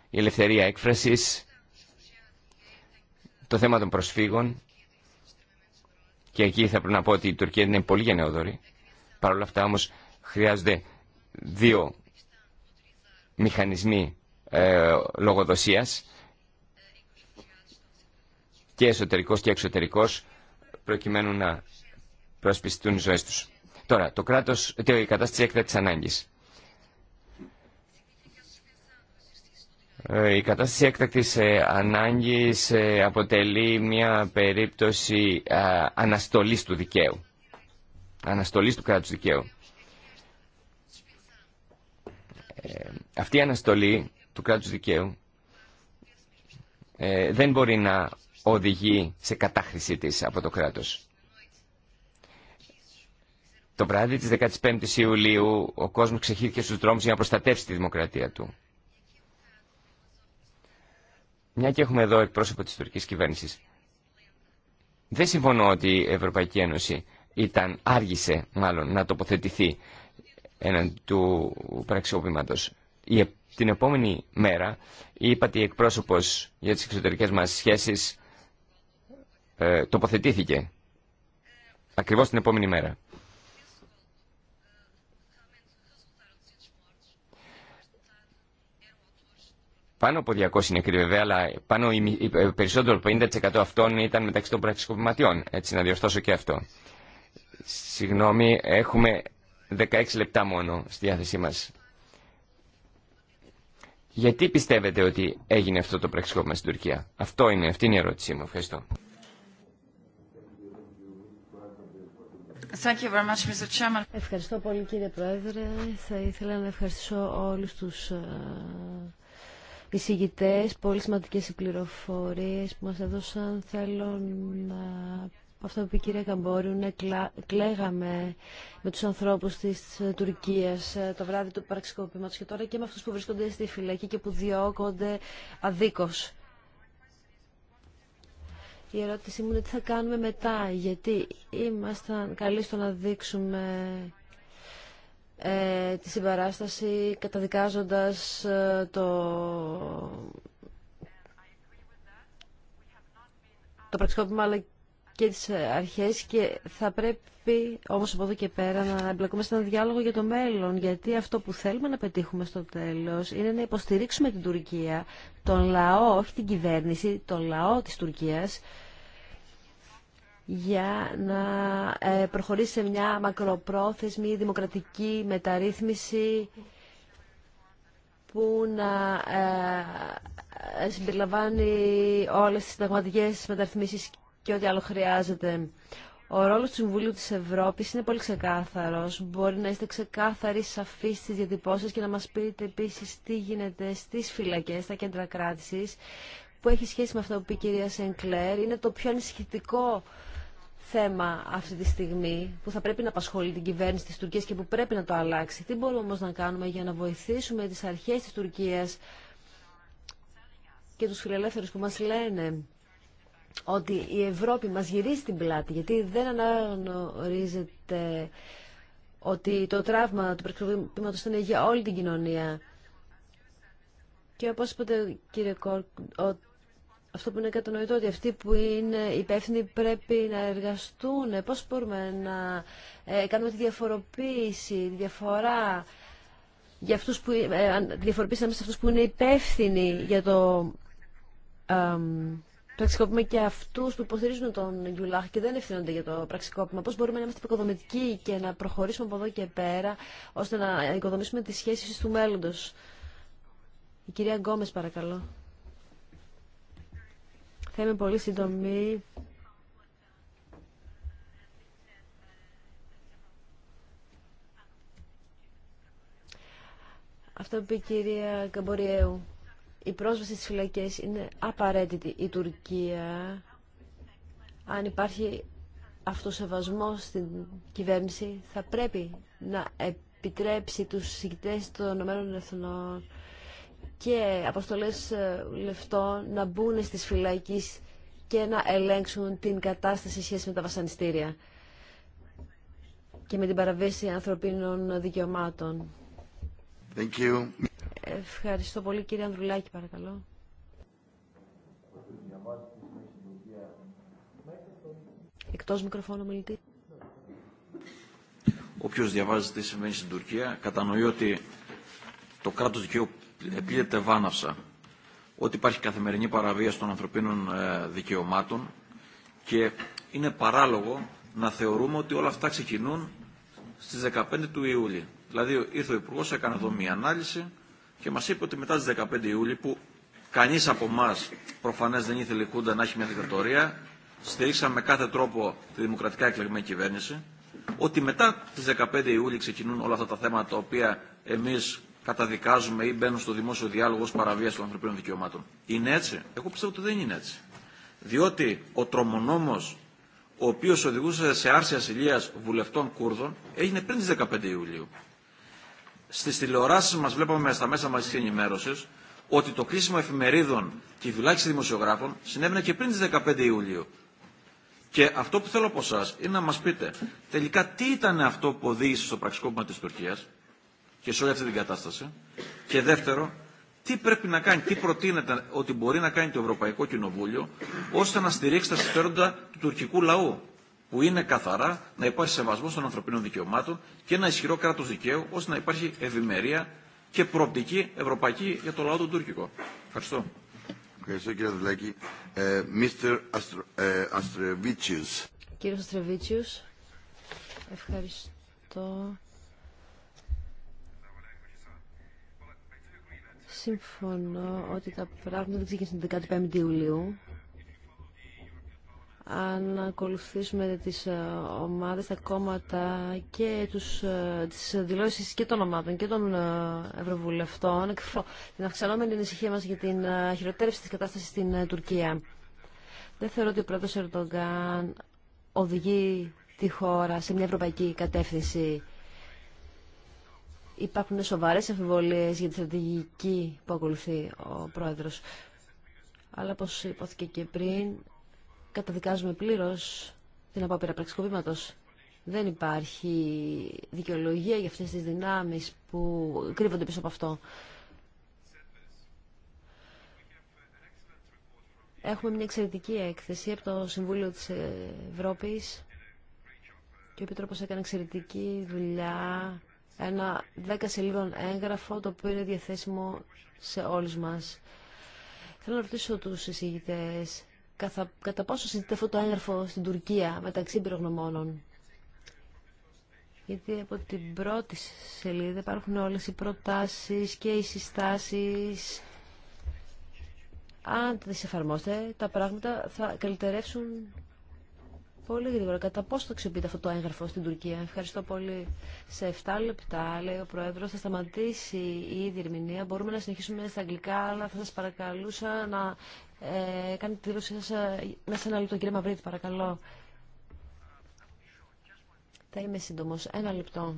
η ελευθερία έκφρασης, το θέμα των προσφύγων και εκεί θα πρέπει να πω ότι η Τουρκία είναι πολύ γενναιόδορη. Παρ' όλα αυτά όμως χρειάζονται δύο μηχανισμοί ε, λογοδοσίας και εσωτερικός και εξωτερικός προκειμένου να προσπιστούν οι ζωές τους. Τώρα, το κράτος, η κατάσταση έκτατης ανάγκης. Ε, η κατάσταση έκτακτης ανάγκης αποτελεί μια περίπτωση αναστολής του δικαίου. Αναστολής του κράτους δικαίου. Ε, αυτή η αναστολή του κράτους δικαίου ε, δεν μπορεί να οδηγεί σε κατάχρηση της από το κράτος. Το βράδυ της 15ης Ιουλίου ο κόσμος ξεχύθηκε στους δρόμους για να προστατεύσει τη δημοκρατία του. Μια και έχουμε εδώ εκπρόσωπο της τουρκικής κυβέρνησης. Δεν συμφωνώ ότι η Ευρωπαϊκή Ένωση ήταν, άργησε μάλλον να τοποθετηθεί έναν του πραξιοπήματος. Την επόμενη μέρα είπα ότι η εκπρόσωπος για τις εξωτερικές μας σχέσεις ε, τοποθετήθηκε ακριβώς την επόμενη μέρα. Πάνω από 200 νεκροί βέβαια, αλλά πάνω, ε, περισσότερο 50% αυτών ήταν μεταξύ των πραξικοπηματιών. Έτσι να διορθώσω και αυτό. Συγγνώμη, έχουμε 16 λεπτά μόνο στη διάθεσή μας. Γιατί πιστεύετε ότι έγινε αυτό το πραξικόπημα στην Τουρκία. Αυτό είναι, αυτή είναι η ερώτησή μου. Ευχαριστώ. Ευχαριστώ πολύ κύριε Πρόεδρε. Θα ήθελα να ευχαριστήσω όλους τους ε, εισηγητές, πολύ σημαντικέ οι πληροφορίε που μας έδωσαν. Θέλω να αυτό που είπε η κυρία Καμπόριου, ναι, κλαίγαμε με τους ανθρώπους της ε, Τουρκίας ε, το βράδυ του παραξικοπήματος και τώρα και με αυτούς που βρίσκονται στη φυλακή και που διώκονται αδίκως. Η ερώτησή μου είναι τι θα κάνουμε μετά, γιατί ήμασταν καλοί στο να δείξουμε ε, τη συμπαράσταση καταδικάζοντας ε, το... το πραξικόπημα αλλά και τις αρχές και θα πρέπει όμως από εδώ και πέρα να εμπλακούμε σε ένα διάλογο για το μέλλον γιατί αυτό που θέλουμε να πετύχουμε στο τέλος είναι να υποστηρίξουμε την Τουρκία, τον λαό, όχι την κυβέρνηση, τον λαό της Τουρκίας για να ε, προχωρήσει σε μια μακροπρόθεσμη δημοκρατική μεταρρύθμιση που να ε, ε, συμπεριλαμβάνει όλες τις συνταγματικές μεταρρυθμίσεις και ό,τι άλλο χρειάζεται. Ο ρόλος του Συμβουλίου της Ευρώπης είναι πολύ ξεκάθαρος. Μπορεί να είστε ξεκάθαροι, σαφείς στις διατυπώσεις και να μας πείτε επίσης τι γίνεται στις φυλακές, στα κέντρα κράτησης, που έχει σχέση με αυτό που είπε η κυρία Σενκλέρ. Είναι το πιο ανησυχητικό θέμα αυτή τη στιγμή που θα πρέπει να απασχολεί την κυβέρνηση της Τουρκίας και που πρέπει να το αλλάξει. Τι μπορούμε όμως να κάνουμε για να βοηθήσουμε τις αρχές της Τουρκίας και τους φιλελεύθερους που μας λένε ότι η Ευρώπη μας γυρίζει την πλάτη γιατί δεν αναγνωρίζεται ότι το τραύμα του προεξοπήματος είναι για όλη την κοινωνία. Και όπως είπατε κύριε Κόρκ, αυτό που είναι κατανοητό ότι αυτοί που είναι υπεύθυνοι πρέπει να εργαστούν. Πώς μπορούμε να ε, κάνουμε τη διαφοροποίηση, τη διαφορά για αυτούς που, ε, ε, διαφοροποίηση ανάμεσα σε αυτούς που είναι υπεύθυνοι για το πραξικόπημα και αυτούς που υποστηρίζουν τον Γιουλάχ και δεν ευθύνονται για το πραξικόπημα. Πώς μπορούμε να είμαστε υποδομητικοί και να προχωρήσουμε από εδώ και πέρα ώστε να οικοδομήσουμε τις σχέσεις του μέλλοντος. Η κυρία Γκόμες παρακαλώ. Θα είμαι πολύ σύντομη. Αυτό που είπε η κυρία Καμποριέου. Η πρόσβαση στις φυλακές είναι απαραίτητη. Η Τουρκία, αν υπάρχει αυτοσεβασμός στην κυβέρνηση, θα πρέπει να επιτρέψει τους συγκητές των ΗΠΑ και αποστολές ε, λεφτών να μπουν στις φυλακές και να ελέγξουν την κατάσταση σχέση με τα βασανιστήρια και με την παραβίαση ανθρωπίνων δικαιωμάτων. Ευχαριστώ πολύ κύριε Ανδρουλάκη παρακαλώ. Εκτός μικροφώνου μιλητή. Όποιος διαβάζει τι σημαίνει στην Τουρκία κατανοεί ότι το κράτος δικαίου επλήρεται βάναυσα ότι υπάρχει καθημερινή παραβίαση των ανθρωπίνων ε, δικαιωμάτων και είναι παράλογο να θεωρούμε ότι όλα αυτά ξεκινούν στις 15 του Ιούλη. Δηλαδή ήρθε ο υπουργό, έκανε εδώ μία ανάλυση και μας είπε ότι μετά τις 15 Ιούλη που κανείς από εμά προφανές δεν ήθελε η Κούντα να έχει μια δικτατορία, στηρίξαμε με κάθε τρόπο τη δημοκρατικά εκλεγμένη κυβέρνηση, ότι μετά τις 15 Ιούλη ξεκινούν όλα αυτά τα θέματα τα οποία εμείς καταδικάζουμε ή μπαίνουν στο δημόσιο διάλογο ω παραβίαση των ανθρωπίνων δικαιωμάτων. Είναι έτσι. Εγώ πιστεύω ότι δεν είναι έτσι. Διότι ο τρομονόμο ο οποίο οδηγούσε σε άρση ασυλία βουλευτών Κούρδων έγινε πριν τι 15 Ιουλίου. Στις τηλεοράσει μας βλέπαμε στα μέσα μαζική ενημέρωση, ότι το κλείσιμο εφημερίδων και η φυλάξη δημοσιογράφων συνέβαινε και πριν τι 15 Ιουλίου. Και αυτό που θέλω από εσά είναι να μα πείτε τελικά τι ήταν αυτό που οδήγησε στο πραξικόπημα τη Τουρκία και σε όλη αυτή την κατάσταση. Και δεύτερο, τι πρέπει να κάνει, τι προτείνεται ότι μπορεί να κάνει το Ευρωπαϊκό Κοινοβούλιο ώστε να στηρίξει τα συμφέροντα του τουρκικού λαού που είναι καθαρά να υπάρχει σεβασμό των ανθρωπίνων δικαιωμάτων και ένα ισχυρό κράτο δικαίου ώστε να υπάρχει ευημερία και προοπτική ευρωπαϊκή για το λαό του τουρκικό. Ευχαριστώ. Ευχαριστώ κύριε Δουλάκη. Ε, ε, ευχαριστώ. συμφωνώ ότι τα πράγματα δεν ξεκίνησαν την 15η Ιουλίου. Αν ακολουθήσουμε τις ε, ομάδες, τα κόμματα και τους, ε, τις δηλώσεις και των ομάδων και των ε, ευρωβουλευτών, την αυξανόμενη ανησυχία μας για την χειροτέρευση της κατάστασης στην Τουρκία. Δεν θεωρώ ότι ο πρόεδρος Ερντογκάν οδηγεί τη χώρα σε μια ευρωπαϊκή κατεύθυνση Υπάρχουν σοβαρές αμφιβολίες για τη στρατηγική που ακολουθεί ο Πρόεδρος. Αλλά όπως υπόθηκε και πριν, καταδικάζουμε πλήρως την απόπειρα πραξικοπήματος. Δεν υπάρχει δικαιολογία για αυτές τις δυνάμεις που κρύβονται πίσω από αυτό. Έχουμε μια εξαιρετική έκθεση από το Συμβούλιο της Ευρώπης και ο Επιτρόπος έκανε εξαιρετική δουλειά ένα δέκα σελίδων έγγραφο το οποίο είναι διαθέσιμο σε όλους μας. Θέλω να ρωτήσω τους εισηγητές κατά, κατά πόσο συζητείται αυτό το έγγραφο στην Τουρκία μεταξύ πυρογνωμόνων. Γιατί από την πρώτη σελίδα υπάρχουν όλες οι προτάσεις και οι συστάσεις. Αν τις εφαρμόσετε, τα πράγματα θα καλυτερεύσουν πολύ γρήγορα. Κατά πώ θα αξιοποιείται αυτό το έγγραφο στην Τουρκία. Ευχαριστώ πολύ. Σε 7 λεπτά, λέει ο Πρόεδρο, θα σταματήσει η διερμηνία. Μπορούμε να συνεχίσουμε στα αγγλικά, αλλά θα σα παρακαλούσα να ε, κάνετε τη δήλωσή σας ε, μέσα σε ένα λεπτό. Κύριε Μαυρίτη, παρακαλώ. Θα είμαι σύντομο, Ένα λεπτό.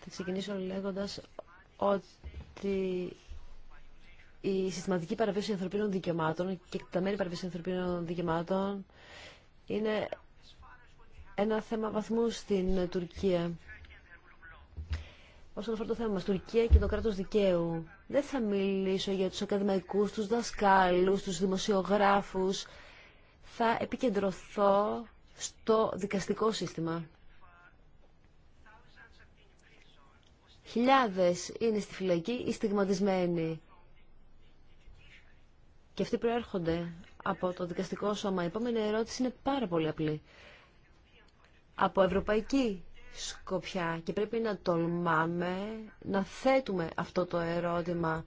Θα ξεκινήσω λέγοντα ότι η συστηματική παραβίωση ανθρωπίνων δικαιωμάτων και τα μέρη παραβίαση ανθρωπίνων δικαιωμάτων είναι ένα θέμα βαθμού στην Τουρκία. Όσον αφορά το θέμα μας, Τουρκία και το κράτος δικαίου. Δεν θα μιλήσω για τους ακαδημαϊκούς, τους δασκάλους, τους δημοσιογράφους. Θα επικεντρωθώ στο δικαστικό σύστημα. Χιλιάδες είναι στη φυλακή ή στιγματισμένοι. Και αυτοί προέρχονται από το δικαστικό σώμα. Η επόμενη ερώτηση είναι πάρα πολύ απλή. Από ευρωπαϊκή σκοπιά και πρέπει να τολμάμε να θέτουμε αυτό το ερώτημα.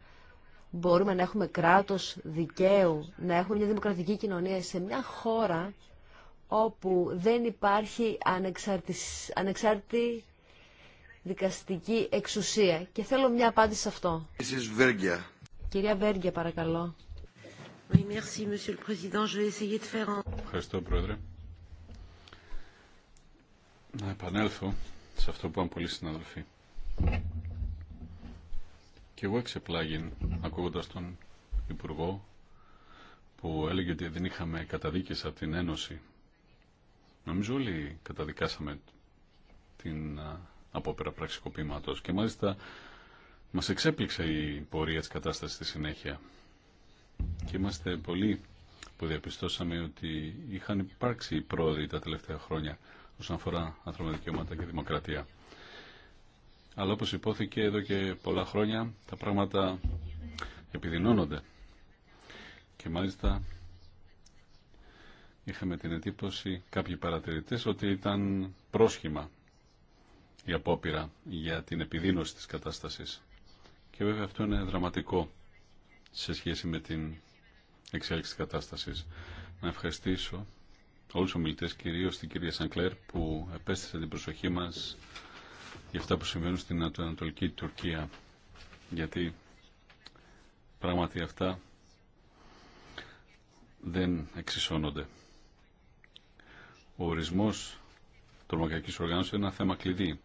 Μπορούμε να έχουμε κράτος δικαίου, να έχουμε μια δημοκρατική κοινωνία σε μια χώρα όπου δεν υπάρχει ανεξάρτητη δικαστική εξουσία. Και θέλω μια απάντηση σε αυτό. Κυρία Βέργια, παρακαλώ. Ευχαριστώ, Πρόεδρε. Να επανέλθω σε αυτό που είπαν πολλοί συναδελφοί. Και εγώ εξεπλάγιν ακούγοντα τον Υπουργό που έλεγε ότι δεν είχαμε καταδίκες από την Ένωση. Νομίζω όλοι καταδικάσαμε την απόπειρα πραξικοπήματος και μάλιστα μας εξέπληξε η πορεία της κατάστασης στη συνέχεια και είμαστε πολλοί που διαπιστώσαμε ότι είχαν υπάρξει πρόοδοι τα τελευταία χρόνια όσον αφορά ανθρώπινα δικαιώματα και δημοκρατία. Αλλά όπως υπόθηκε εδώ και πολλά χρόνια τα πράγματα επιδεινώνονται. Και μάλιστα είχαμε την εντύπωση κάποιοι παρατηρητές ότι ήταν πρόσχημα η απόπειρα για την επιδείνωση της κατάστασης. Και βέβαια αυτό είναι δραματικό σε σχέση με την εξέλιξη της κατάστασης. Να ευχαριστήσω όλους τους ομιλητές, κυρίως την κυρία Σανκλέρ, που επέστησε την προσοχή μας για αυτά που συμβαίνουν στην Ανατολική Τουρκία. Γιατί πράγματι αυτά δεν εξισώνονται. Ο ορισμός τρομοκρατικής οργάνωσης είναι ένα θέμα κλειδί.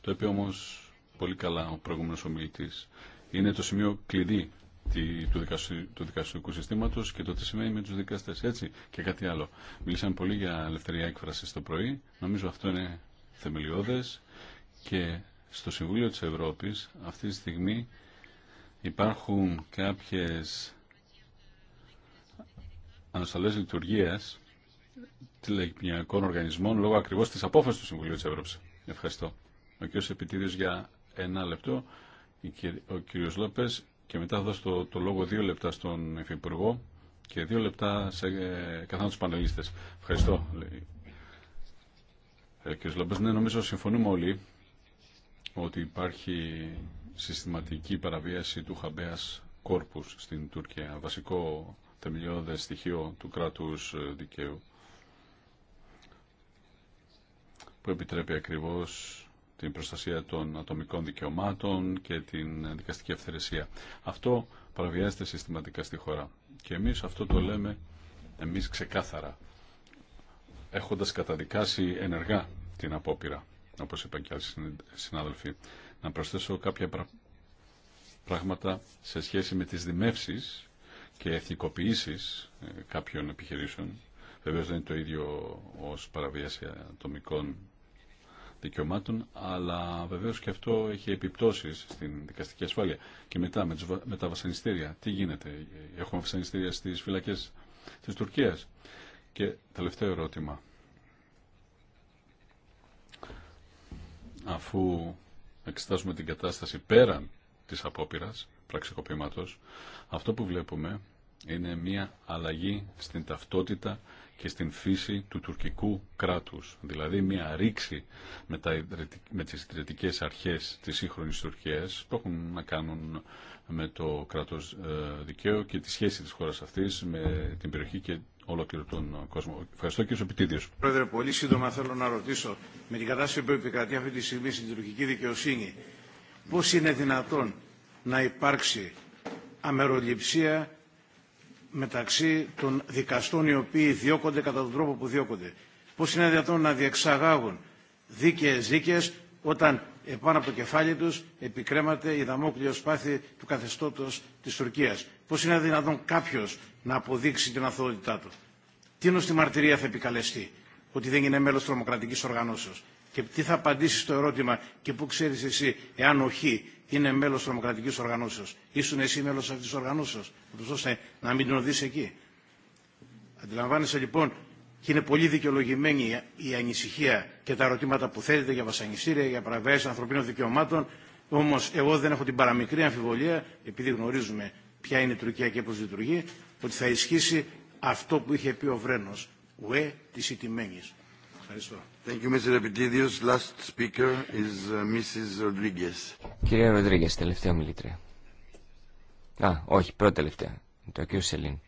Το είπε όμως πολύ καλά ο προηγούμενος ομιλητής. Είναι το σημείο κλειδί του, δικαστου, του δικαστικού συστήματο και το τι σημαίνει με του δικαστέ. Έτσι και κάτι άλλο. Μιλήσαμε πολύ για ελευθερία έκφραση το πρωί. Νομίζω αυτό είναι θεμελιώδε και στο Συμβούλιο τη Ευρώπη, αυτή τη στιγμή υπάρχουν κάποιε ανασταλές λειτουργία τηλεκμιακών οργανισμών λόγω ακριβώ τη απόφαση του Συμβουλίου τη Ευρώπη. Ευχαριστώ. Ο κ. επιτήριο για ένα λεπτό, ο κ. Λόπε και μετά θα δώσω το, το λόγο δύο λεπτά στον Υφυπουργό και δύο λεπτά σε ε, τους πανελίστες. Ευχαριστώ. Ε, κύριε Λαμπέ, ναι, νομίζω συμφωνούμε όλοι ότι υπάρχει συστηματική παραβίαση του χαμπέας κόρπους στην Τουρκία, βασικό θεμελιώδε στοιχείο του κράτους ε, δικαίου που επιτρέπει ακριβώς την προστασία των ατομικών δικαιωμάτων και την δικαστική ευθερεσία. Αυτό παραβιάζεται συστηματικά στη χώρα. Και εμείς αυτό το λέμε εμείς ξεκάθαρα, έχοντας καταδικάσει ενεργά την απόπειρα, όπως είπαν και άλλοι συνάδελφοι. Να προσθέσω κάποια πράγματα σε σχέση με τις δημεύσεις και εθνικοποιήσεις ε, κάποιων επιχειρήσεων. Βεβαίω δεν είναι το ίδιο ως παραβίαση ατομικών δικαιωμάτων, αλλά βεβαίω και αυτό έχει επιπτώσει στην δικαστική ασφάλεια. Και μετά με, τα βασανιστήρια, τι γίνεται, έχουμε βασανιστήρια στι φυλακέ τη Τουρκία. Και τελευταίο ερώτημα. Αφού εξετάζουμε την κατάσταση πέραν της απόπειρας, πραξικοπήματος, αυτό που βλέπουμε είναι μια αλλαγή στην ταυτότητα και στην φύση του τουρκικού κράτους. Δηλαδή μια ρήξη με, τα, με τις ιδρυτικές αρχές της σύγχρονης Τουρκίας που έχουν να κάνουν με το κράτος ε, δικαίου και τη σχέση της χώρας αυτής με την περιοχή και ολόκληρο τον κόσμο. Ευχαριστώ κύριε Σοπιτίδιος. Πρόεδρε, πολύ σύντομα θέλω να ρωτήσω με την κατάσταση που επικρατεί αυτή τη στιγμή στην τουρκική δικαιοσύνη πώς είναι δυνατόν να υπάρξει αμεροληψία μεταξύ των δικαστών οι οποίοι διώκονται κατά τον τρόπο που διώκονται. Πώς είναι δυνατόν να διεξαγάγουν δίκαιες δίκες όταν επάνω από το κεφάλι τους επικρέμαται η δαμόκλειο σπάθη του καθεστώτος της Τουρκίας. Πώς είναι δυνατόν κάποιος να αποδείξει την αθωότητά του. Τι στη μαρτυρία θα επικαλεστεί ότι δεν είναι μέλος τρομοκρατικής οργανώσεως και τι θα απαντήσει στο ερώτημα και πού ξέρει εσύ εάν όχι είναι μέλο τρομοκρατική οργανώσεω. Ήσουν εσύ μέλος τη της οργανώσεως, ώστε να μην τον δει εκεί. Αντιλαμβάνεσαι λοιπόν και είναι πολύ δικαιολογημένη η ανησυχία και τα ερωτήματα που θέλετε για βασανιστήρια, για παραβιάσει ανθρωπίνων δικαιωμάτων. όμω εγώ δεν έχω την παραμικρή αμφιβολία, επειδή γνωρίζουμε ποια είναι η Τουρκία και πώ λειτουργεί, ότι θα ισχύσει αυτό που είχε πει ο Βρένο. ουέ τη ιτημένης. Ευχαριστώ. Thank you, uh, Κυρία τελευταία μιλήτρια. Α, όχι, πρώτη τελευταία. Το κύριο Σελήν.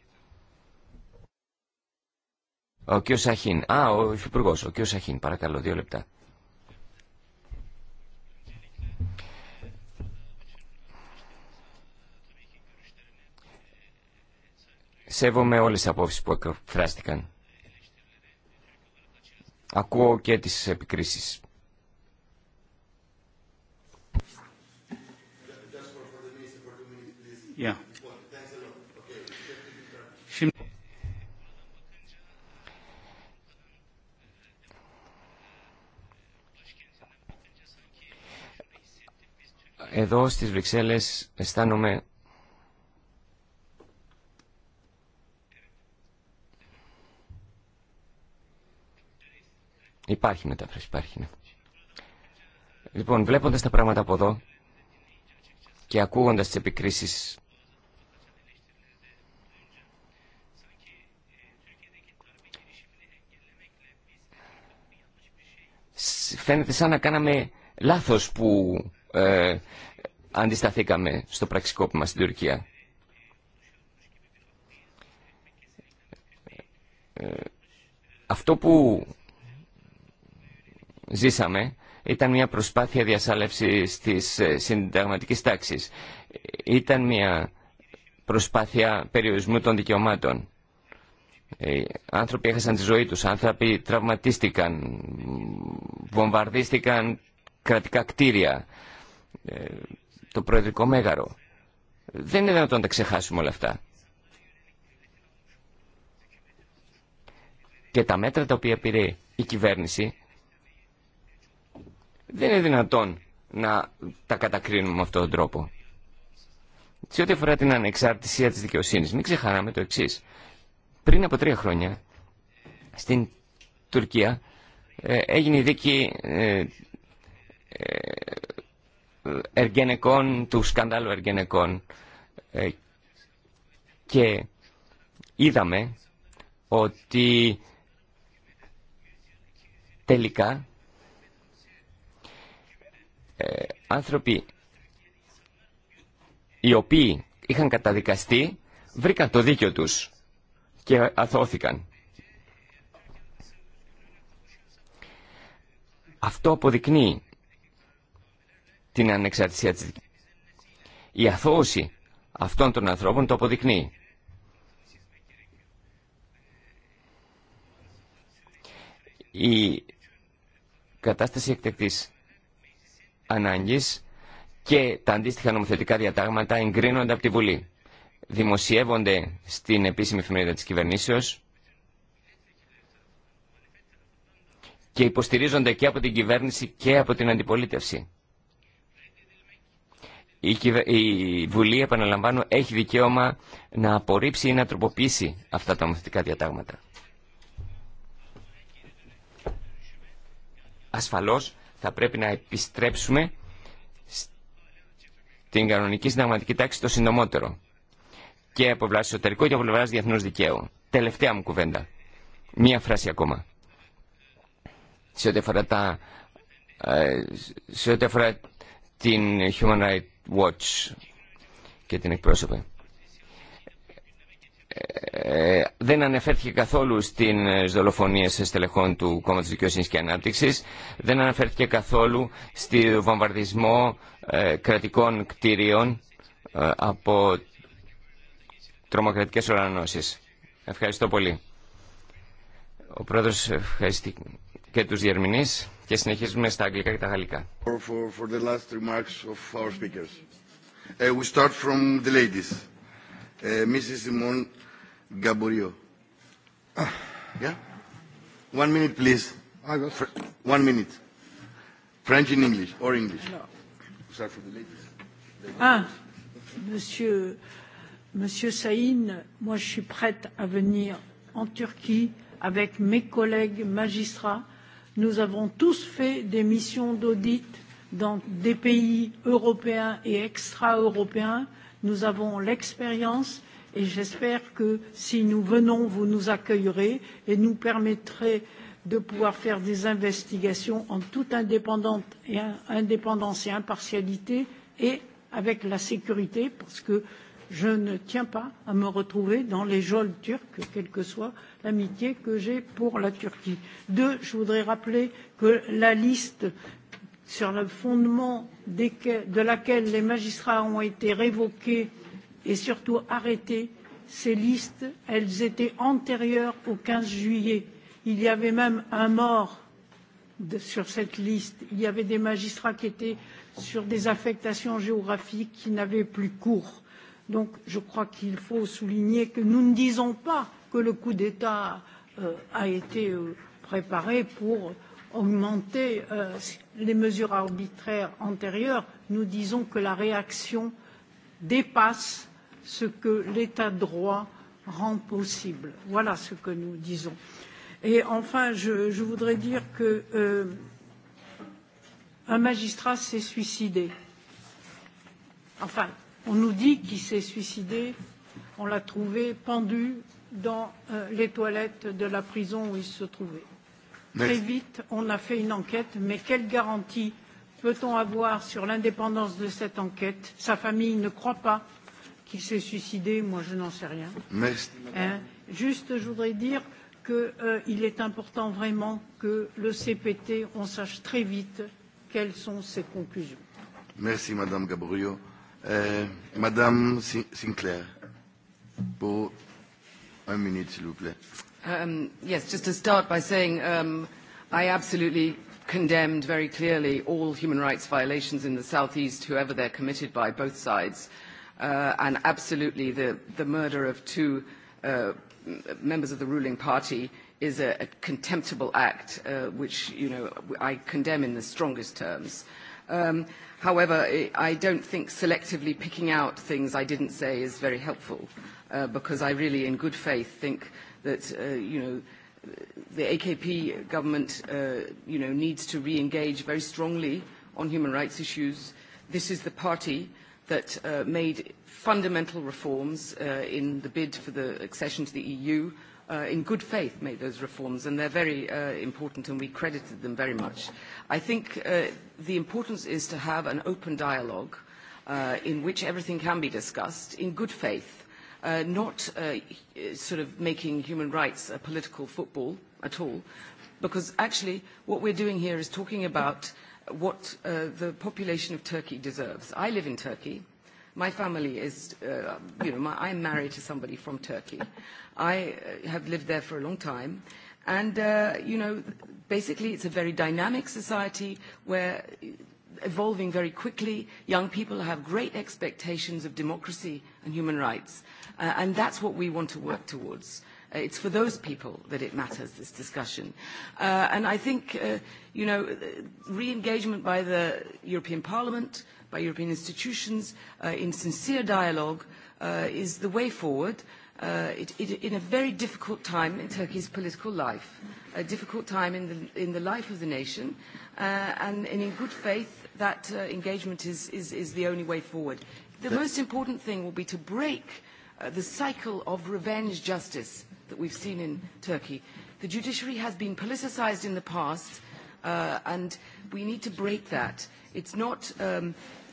Ο κύριο Σαχίν. Α, ο υφυπουργό. Ο κύριο Σαχίν, παρακαλώ, δύο λεπτά. Σέβομαι όλες τις απόψεις που εκφράστηκαν. Ακούω και τις επικρίσεις. Εδώ στις Βρυξέλλες αισθάνομαι Υπάρχει μετάφραση, υπάρχει. Ναι. Λοιπόν, βλέποντας τα πράγματα από εδώ και ακούγοντας τις επικρίσεις φαίνεται σαν να κάναμε λάθος που ε, αντισταθήκαμε στο πραξικόπημα στην Τουρκία. Ε, αυτό που ζήσαμε ήταν μια προσπάθεια διασάλευσης της ε, συνταγματικής τάξης. Ήταν μια προσπάθεια περιορισμού των δικαιωμάτων. Οι ε, άνθρωποι έχασαν τη ζωή τους, άνθρωποι τραυματίστηκαν, βομβαρδίστηκαν κρατικά κτίρια, ε, το προεδρικό μέγαρο. Δεν είναι δυνατόν να τα ξεχάσουμε όλα αυτά. Και τα μέτρα τα οποία πήρε η κυβέρνηση δεν είναι δυνατόν να τα κατακρίνουμε με αυτόν τον τρόπο. Σε ό,τι αφορά την ανεξαρτησία της δικαιοσύνης, μην ξεχαράμε το εξής. Πριν από τρία χρόνια, στην Τουρκία, ε, έγινε η δίκη ε, ε, εργενεκών, του σκανδάλου εργενεκών και είδαμε ότι τελικά ε, άνθρωποι οι οποίοι είχαν καταδικαστεί βρήκαν το δίκιο τους και αθώθηκαν. Αυτό αποδεικνύει την ανεξαρτησία της Η αθώωση αυτών των ανθρώπων το αποδεικνύει. Η κατάσταση εκτεκτής ανάγκης και τα αντίστοιχα νομοθετικά διατάγματα εγκρίνονται από τη Βουλή. Δημοσιεύονται στην επίσημη εφημερίδα της κυβερνήσεως και υποστηρίζονται και από την κυβέρνηση και από την αντιπολίτευση. Η Βουλή, επαναλαμβάνω, έχει δικαίωμα να απορρίψει ή να τροποποιήσει αυτά τα νομοθετικά διατάγματα. Ασφαλώς θα πρέπει να επιστρέψουμε στην κανονική συνταγματική τάξη το συντομότερο. Και από πλευρά εσωτερικό και από πλευρά διεθνού δικαίου. Τελευταία μου κουβέντα. Μία φράση ακόμα. Σε ό,τι αφορά, τα, ε, σε την Human Rights Watch και την εκπρόσωπη. Ε, δεν αναφέρθηκε καθόλου στις ε, σε στελεχών του Κόμματος Δικαιοσύνης και Ανάπτυξης, δεν αναφέρθηκε καθόλου στη βομβαρδισμό ε, κρατικών κτίριων από τρομοκρατικές οργανώσεις. Ευχαριστώ πολύ. Ο πρόεδρος ευχαριστεί και τους διερμηνείς και συνεχίζουμε στα αγγλικά και τα γαλλικά. Mrs. Gaborio. One minute, please. One minute. French in English or English. Ah, monsieur, monsieur Saïn, moi je suis prête à venir en Turquie avec mes collègues magistrats. Nous avons tous fait des missions d'audit dans des pays européens et extra-européens. Nous avons l'expérience et j'espère que si nous venons, vous nous accueillerez et nous permettrez de pouvoir faire des investigations en toute indépendance et impartialité et avec la sécurité, parce que je ne tiens pas à me retrouver dans les geôles turques, quelle que soit l'amitié que j'ai pour la Turquie. Deux, je voudrais rappeler que la liste sur le fondement de laquelle les magistrats ont été révoqués et surtout arrêter ces listes. Elles étaient antérieures au 15 juillet. Il y avait même un mort sur cette liste. Il y avait des magistrats qui étaient sur des affectations géographiques qui n'avaient plus cours. Donc je crois qu'il faut souligner que nous ne disons pas que le coup d'État a été préparé pour augmenter les mesures arbitraires antérieures. Nous disons que la réaction dépasse ce que l'état de droit rend possible. Voilà ce que nous disons. Et enfin, je, voudrais dire que un magistrat s'est suicidé. Enfin, on nous dit qu'il s'est suicidé. On l'a trouvé pendu dans les toilettes de la prison où il se trouvait. Très vite, on a fait une enquête, mais quelle garantie peut-on avoir sur l'indépendance de cette enquête Sa famille ne croit pas qui s'est suicidé, moi je n'en sais rien. Juste, je voudrais dire qu'il est important vraiment que le CPT, on sache très vite quelles sont ses conclusions. Merci, Madame Gabriel. Madame Sinclair, pour un minute, s'il vous plaît. Yes, just to start by saying um, I absolutely condemned very clearly all human rights violations in the Southeast, whoever they're committed by, both sides and absolutely the the murder of two members of the ruling party is a contemptible act which you know I condemn in the strongest terms. However, I don't think selectively picking out things I didn't say is very helpful because I really in good faith think that you know the AKP government you know needs to re-engage very strongly on human rights issues. This is the party that made fundamental reforms in the bid for the accession to the EU, in good faith made those reforms, and they're very important, and we credited them very much. I think the importance is to have an open dialogue in which everything can be discussed in good faith, not sort of making human rights a political football at all, because actually what we're doing here is talking about what the population of Turkey deserves. I live in Turkey. My family is, you know, I'm married to somebody from Turkey. I have lived there for a long time. And, you know, basically it's a very dynamic society where evolving very quickly. Young people have great expectations of democracy and human rights. And that's what we want to work towards. It's for those people that it matters, this discussion. And I think, you know, re-engagement by the European Parliament, by European institutions, in sincere dialogue is the way forward in a very difficult time in Turkey's political life, a difficult time in the life of the nation, and in good faith that engagement is the only way forward. The most important thing will be to break the cycle of revenge justice that we've seen in Turkey. The judiciary has been politicized in the past, and we need to break that. It's not,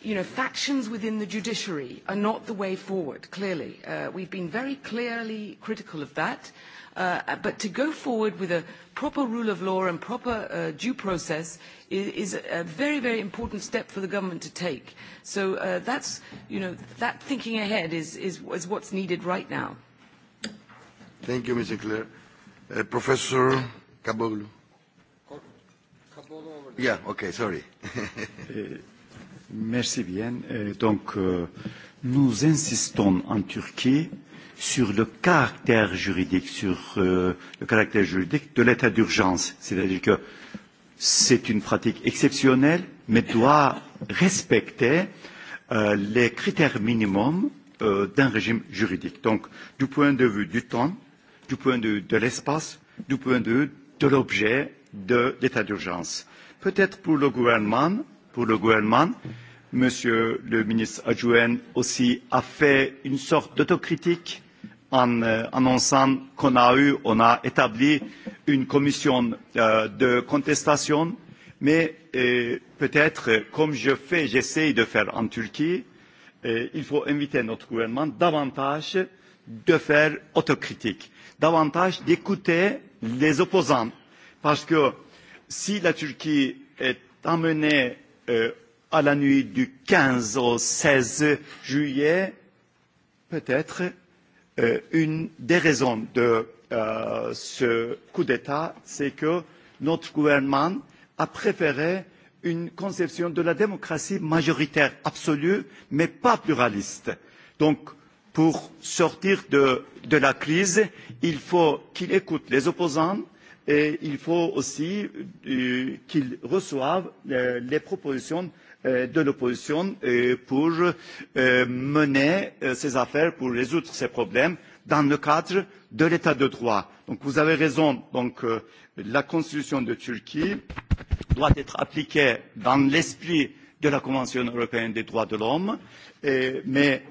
you know, factions within the judiciary are not the way forward, clearly. We've been very clearly critical of that. But to go forward with a proper rule of law and proper due process is a very, very important step for the government to take. So that's, you know, that thinking ahead is what's needed right now. Thank you, Mr. Clare. Uh, Professor Kaboglu. Yeah, okay, sorry. Merci bien. Donc, nous insistons en Turquie sur le caractère juridique, sur le caractère juridique de l'état d'urgence. C'est-à-dire que c'est une pratique exceptionnelle, mais doit respecter les critères minimums d'un régime juridique. Donc, du point de vue du temps, du point de vue de l'espace, du point de vue de l'objet de l'état d'urgence. Peut-être pour le gouvernement, pour le gouvernement, Monsieur le ministre adjoint aussi a fait une sorte d'autocritique en annonçant qu'on a eu, on a établi une commission de contestation, mais peut-être, comme je fais, j'essaye de faire en Turquie, il faut inviter notre gouvernement davantage de faire autocritique davantage d'écouter les opposants. Parce que si la Turquie est amenée à la nuit du 15 au 16 juillet, peut-être une des raisons de ce coup d'État, c'est que notre gouvernement a préféré une conception de la démocratie majoritaire absolue, mais pas pluraliste. Donc, pour sortir de la crise il faut qu'il écoute les opposants et il faut aussi qu'il reçoive les propositions de l'opposition pour mener ses affaires pour résoudre ses problèmes dans le cadre de l'état de droit. donc vous avez raison donc la constitution de turquie doit être appliquée dans l'esprit de la convention européenne des droits de l'homme mais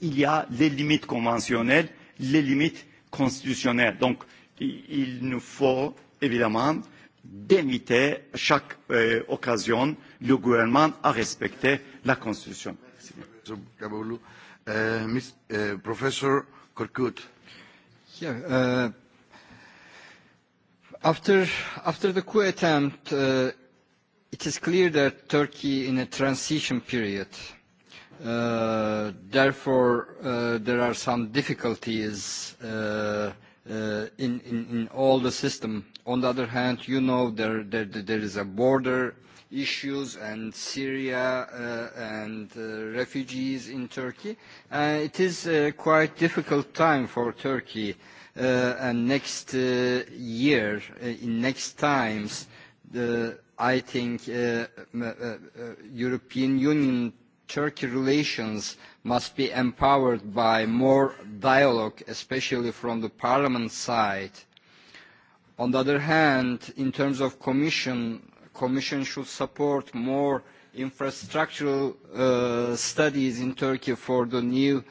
il y a les limites conventionnelles, les limites constitutionnelles. Donc, il nous faut évidemment d'inviter chaque occasion le gouvernement à respecter la Constitution. Professor Korkut. After the coup attempt, it is clear that Turkey in a transition period Therefore, there are some difficulties in all the system. On the other hand, you know there is a border issues and Syria and refugees in Turkey. It is a quite difficult time for Turkey. And next year, in next times, I think European Union Turkey relations must be empowered by more dialogue, especially from the Parliament side. On the other hand, in terms of Commission, Commission should support more infrastructural studies in Turkey for the new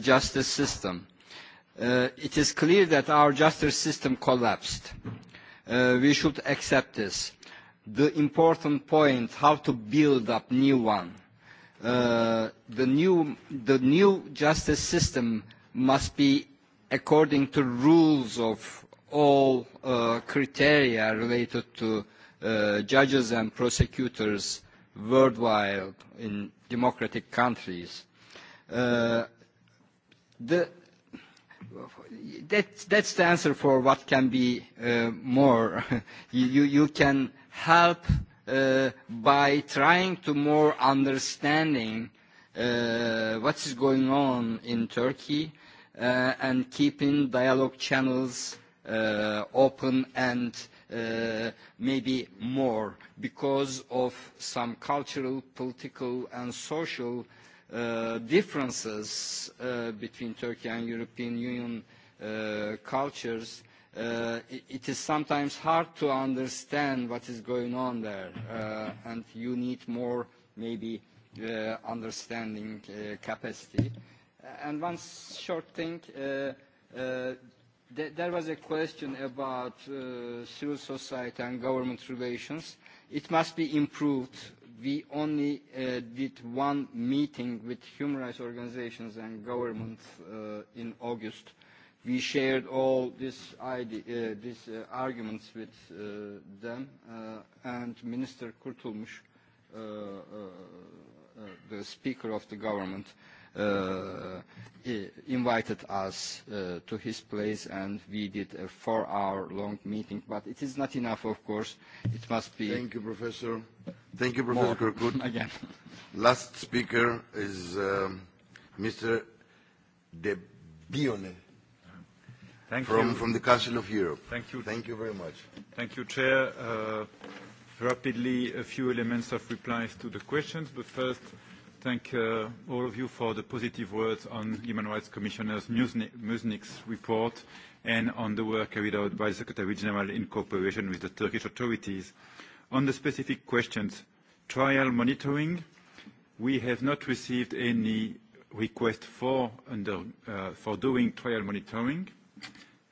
justice system. It is clear that our justice system collapsed. We should accept this. The important point, how to build up new one the new justice system must be according to rules of all criteria related to judges and prosecutors worldwide in democratic countries. That's the answer for what can be more. You can help by trying to more understanding what is going on in Turkey and keeping dialogue channels open and maybe more because of some cultural, political and social differences between Turkey and European Union cultures it is sometimes hard to understand what is going on there, and you need more maybe understanding capacity. And one short thing, there was a question about civil society and government relations. It must be improved. We only did one meeting with human rights organizations and government in August We shared all these arguments with them, and Minister Kurtulmuş, the Speaker of the Government, invited us to his place, and we did a four-hour-long meeting. But it is not enough, of course. It must be. Thank you, Professor. Thank you, Professor Kurkut. Again. Last speaker is Mr. De Bione from, from the Council of Europe. Thank you. Thank you very much. Thank you, Chair. Uh, rapidly, a few elements of replies to the questions. But first, thank all of you for the positive words on Human Rights Commissioner's Musnik's report and on the work carried out by the Secretary General in cooperation with the Turkish authorities. On the specific questions, trial monitoring, we have not received any request for, under, for doing trial monitoring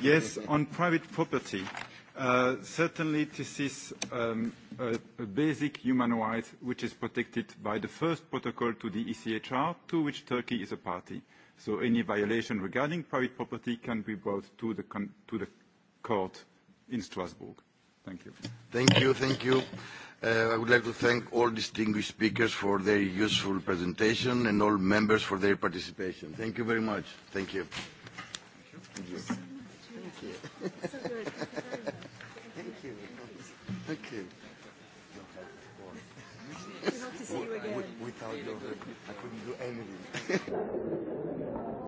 Yes, on private property. Certainly, this is a basic human right which is protected by the first protocol to the ECHR, to which Turkey is a party. So any violation regarding private property can be brought to the court in Strasbourg. Thank you. Thank you. Thank you. I would like to thank all distinguished speakers for their useful presentation and all members for their participation. Thank you very much. Thank you. Thank you. Thank you. Thank you. you I couldn't do anything.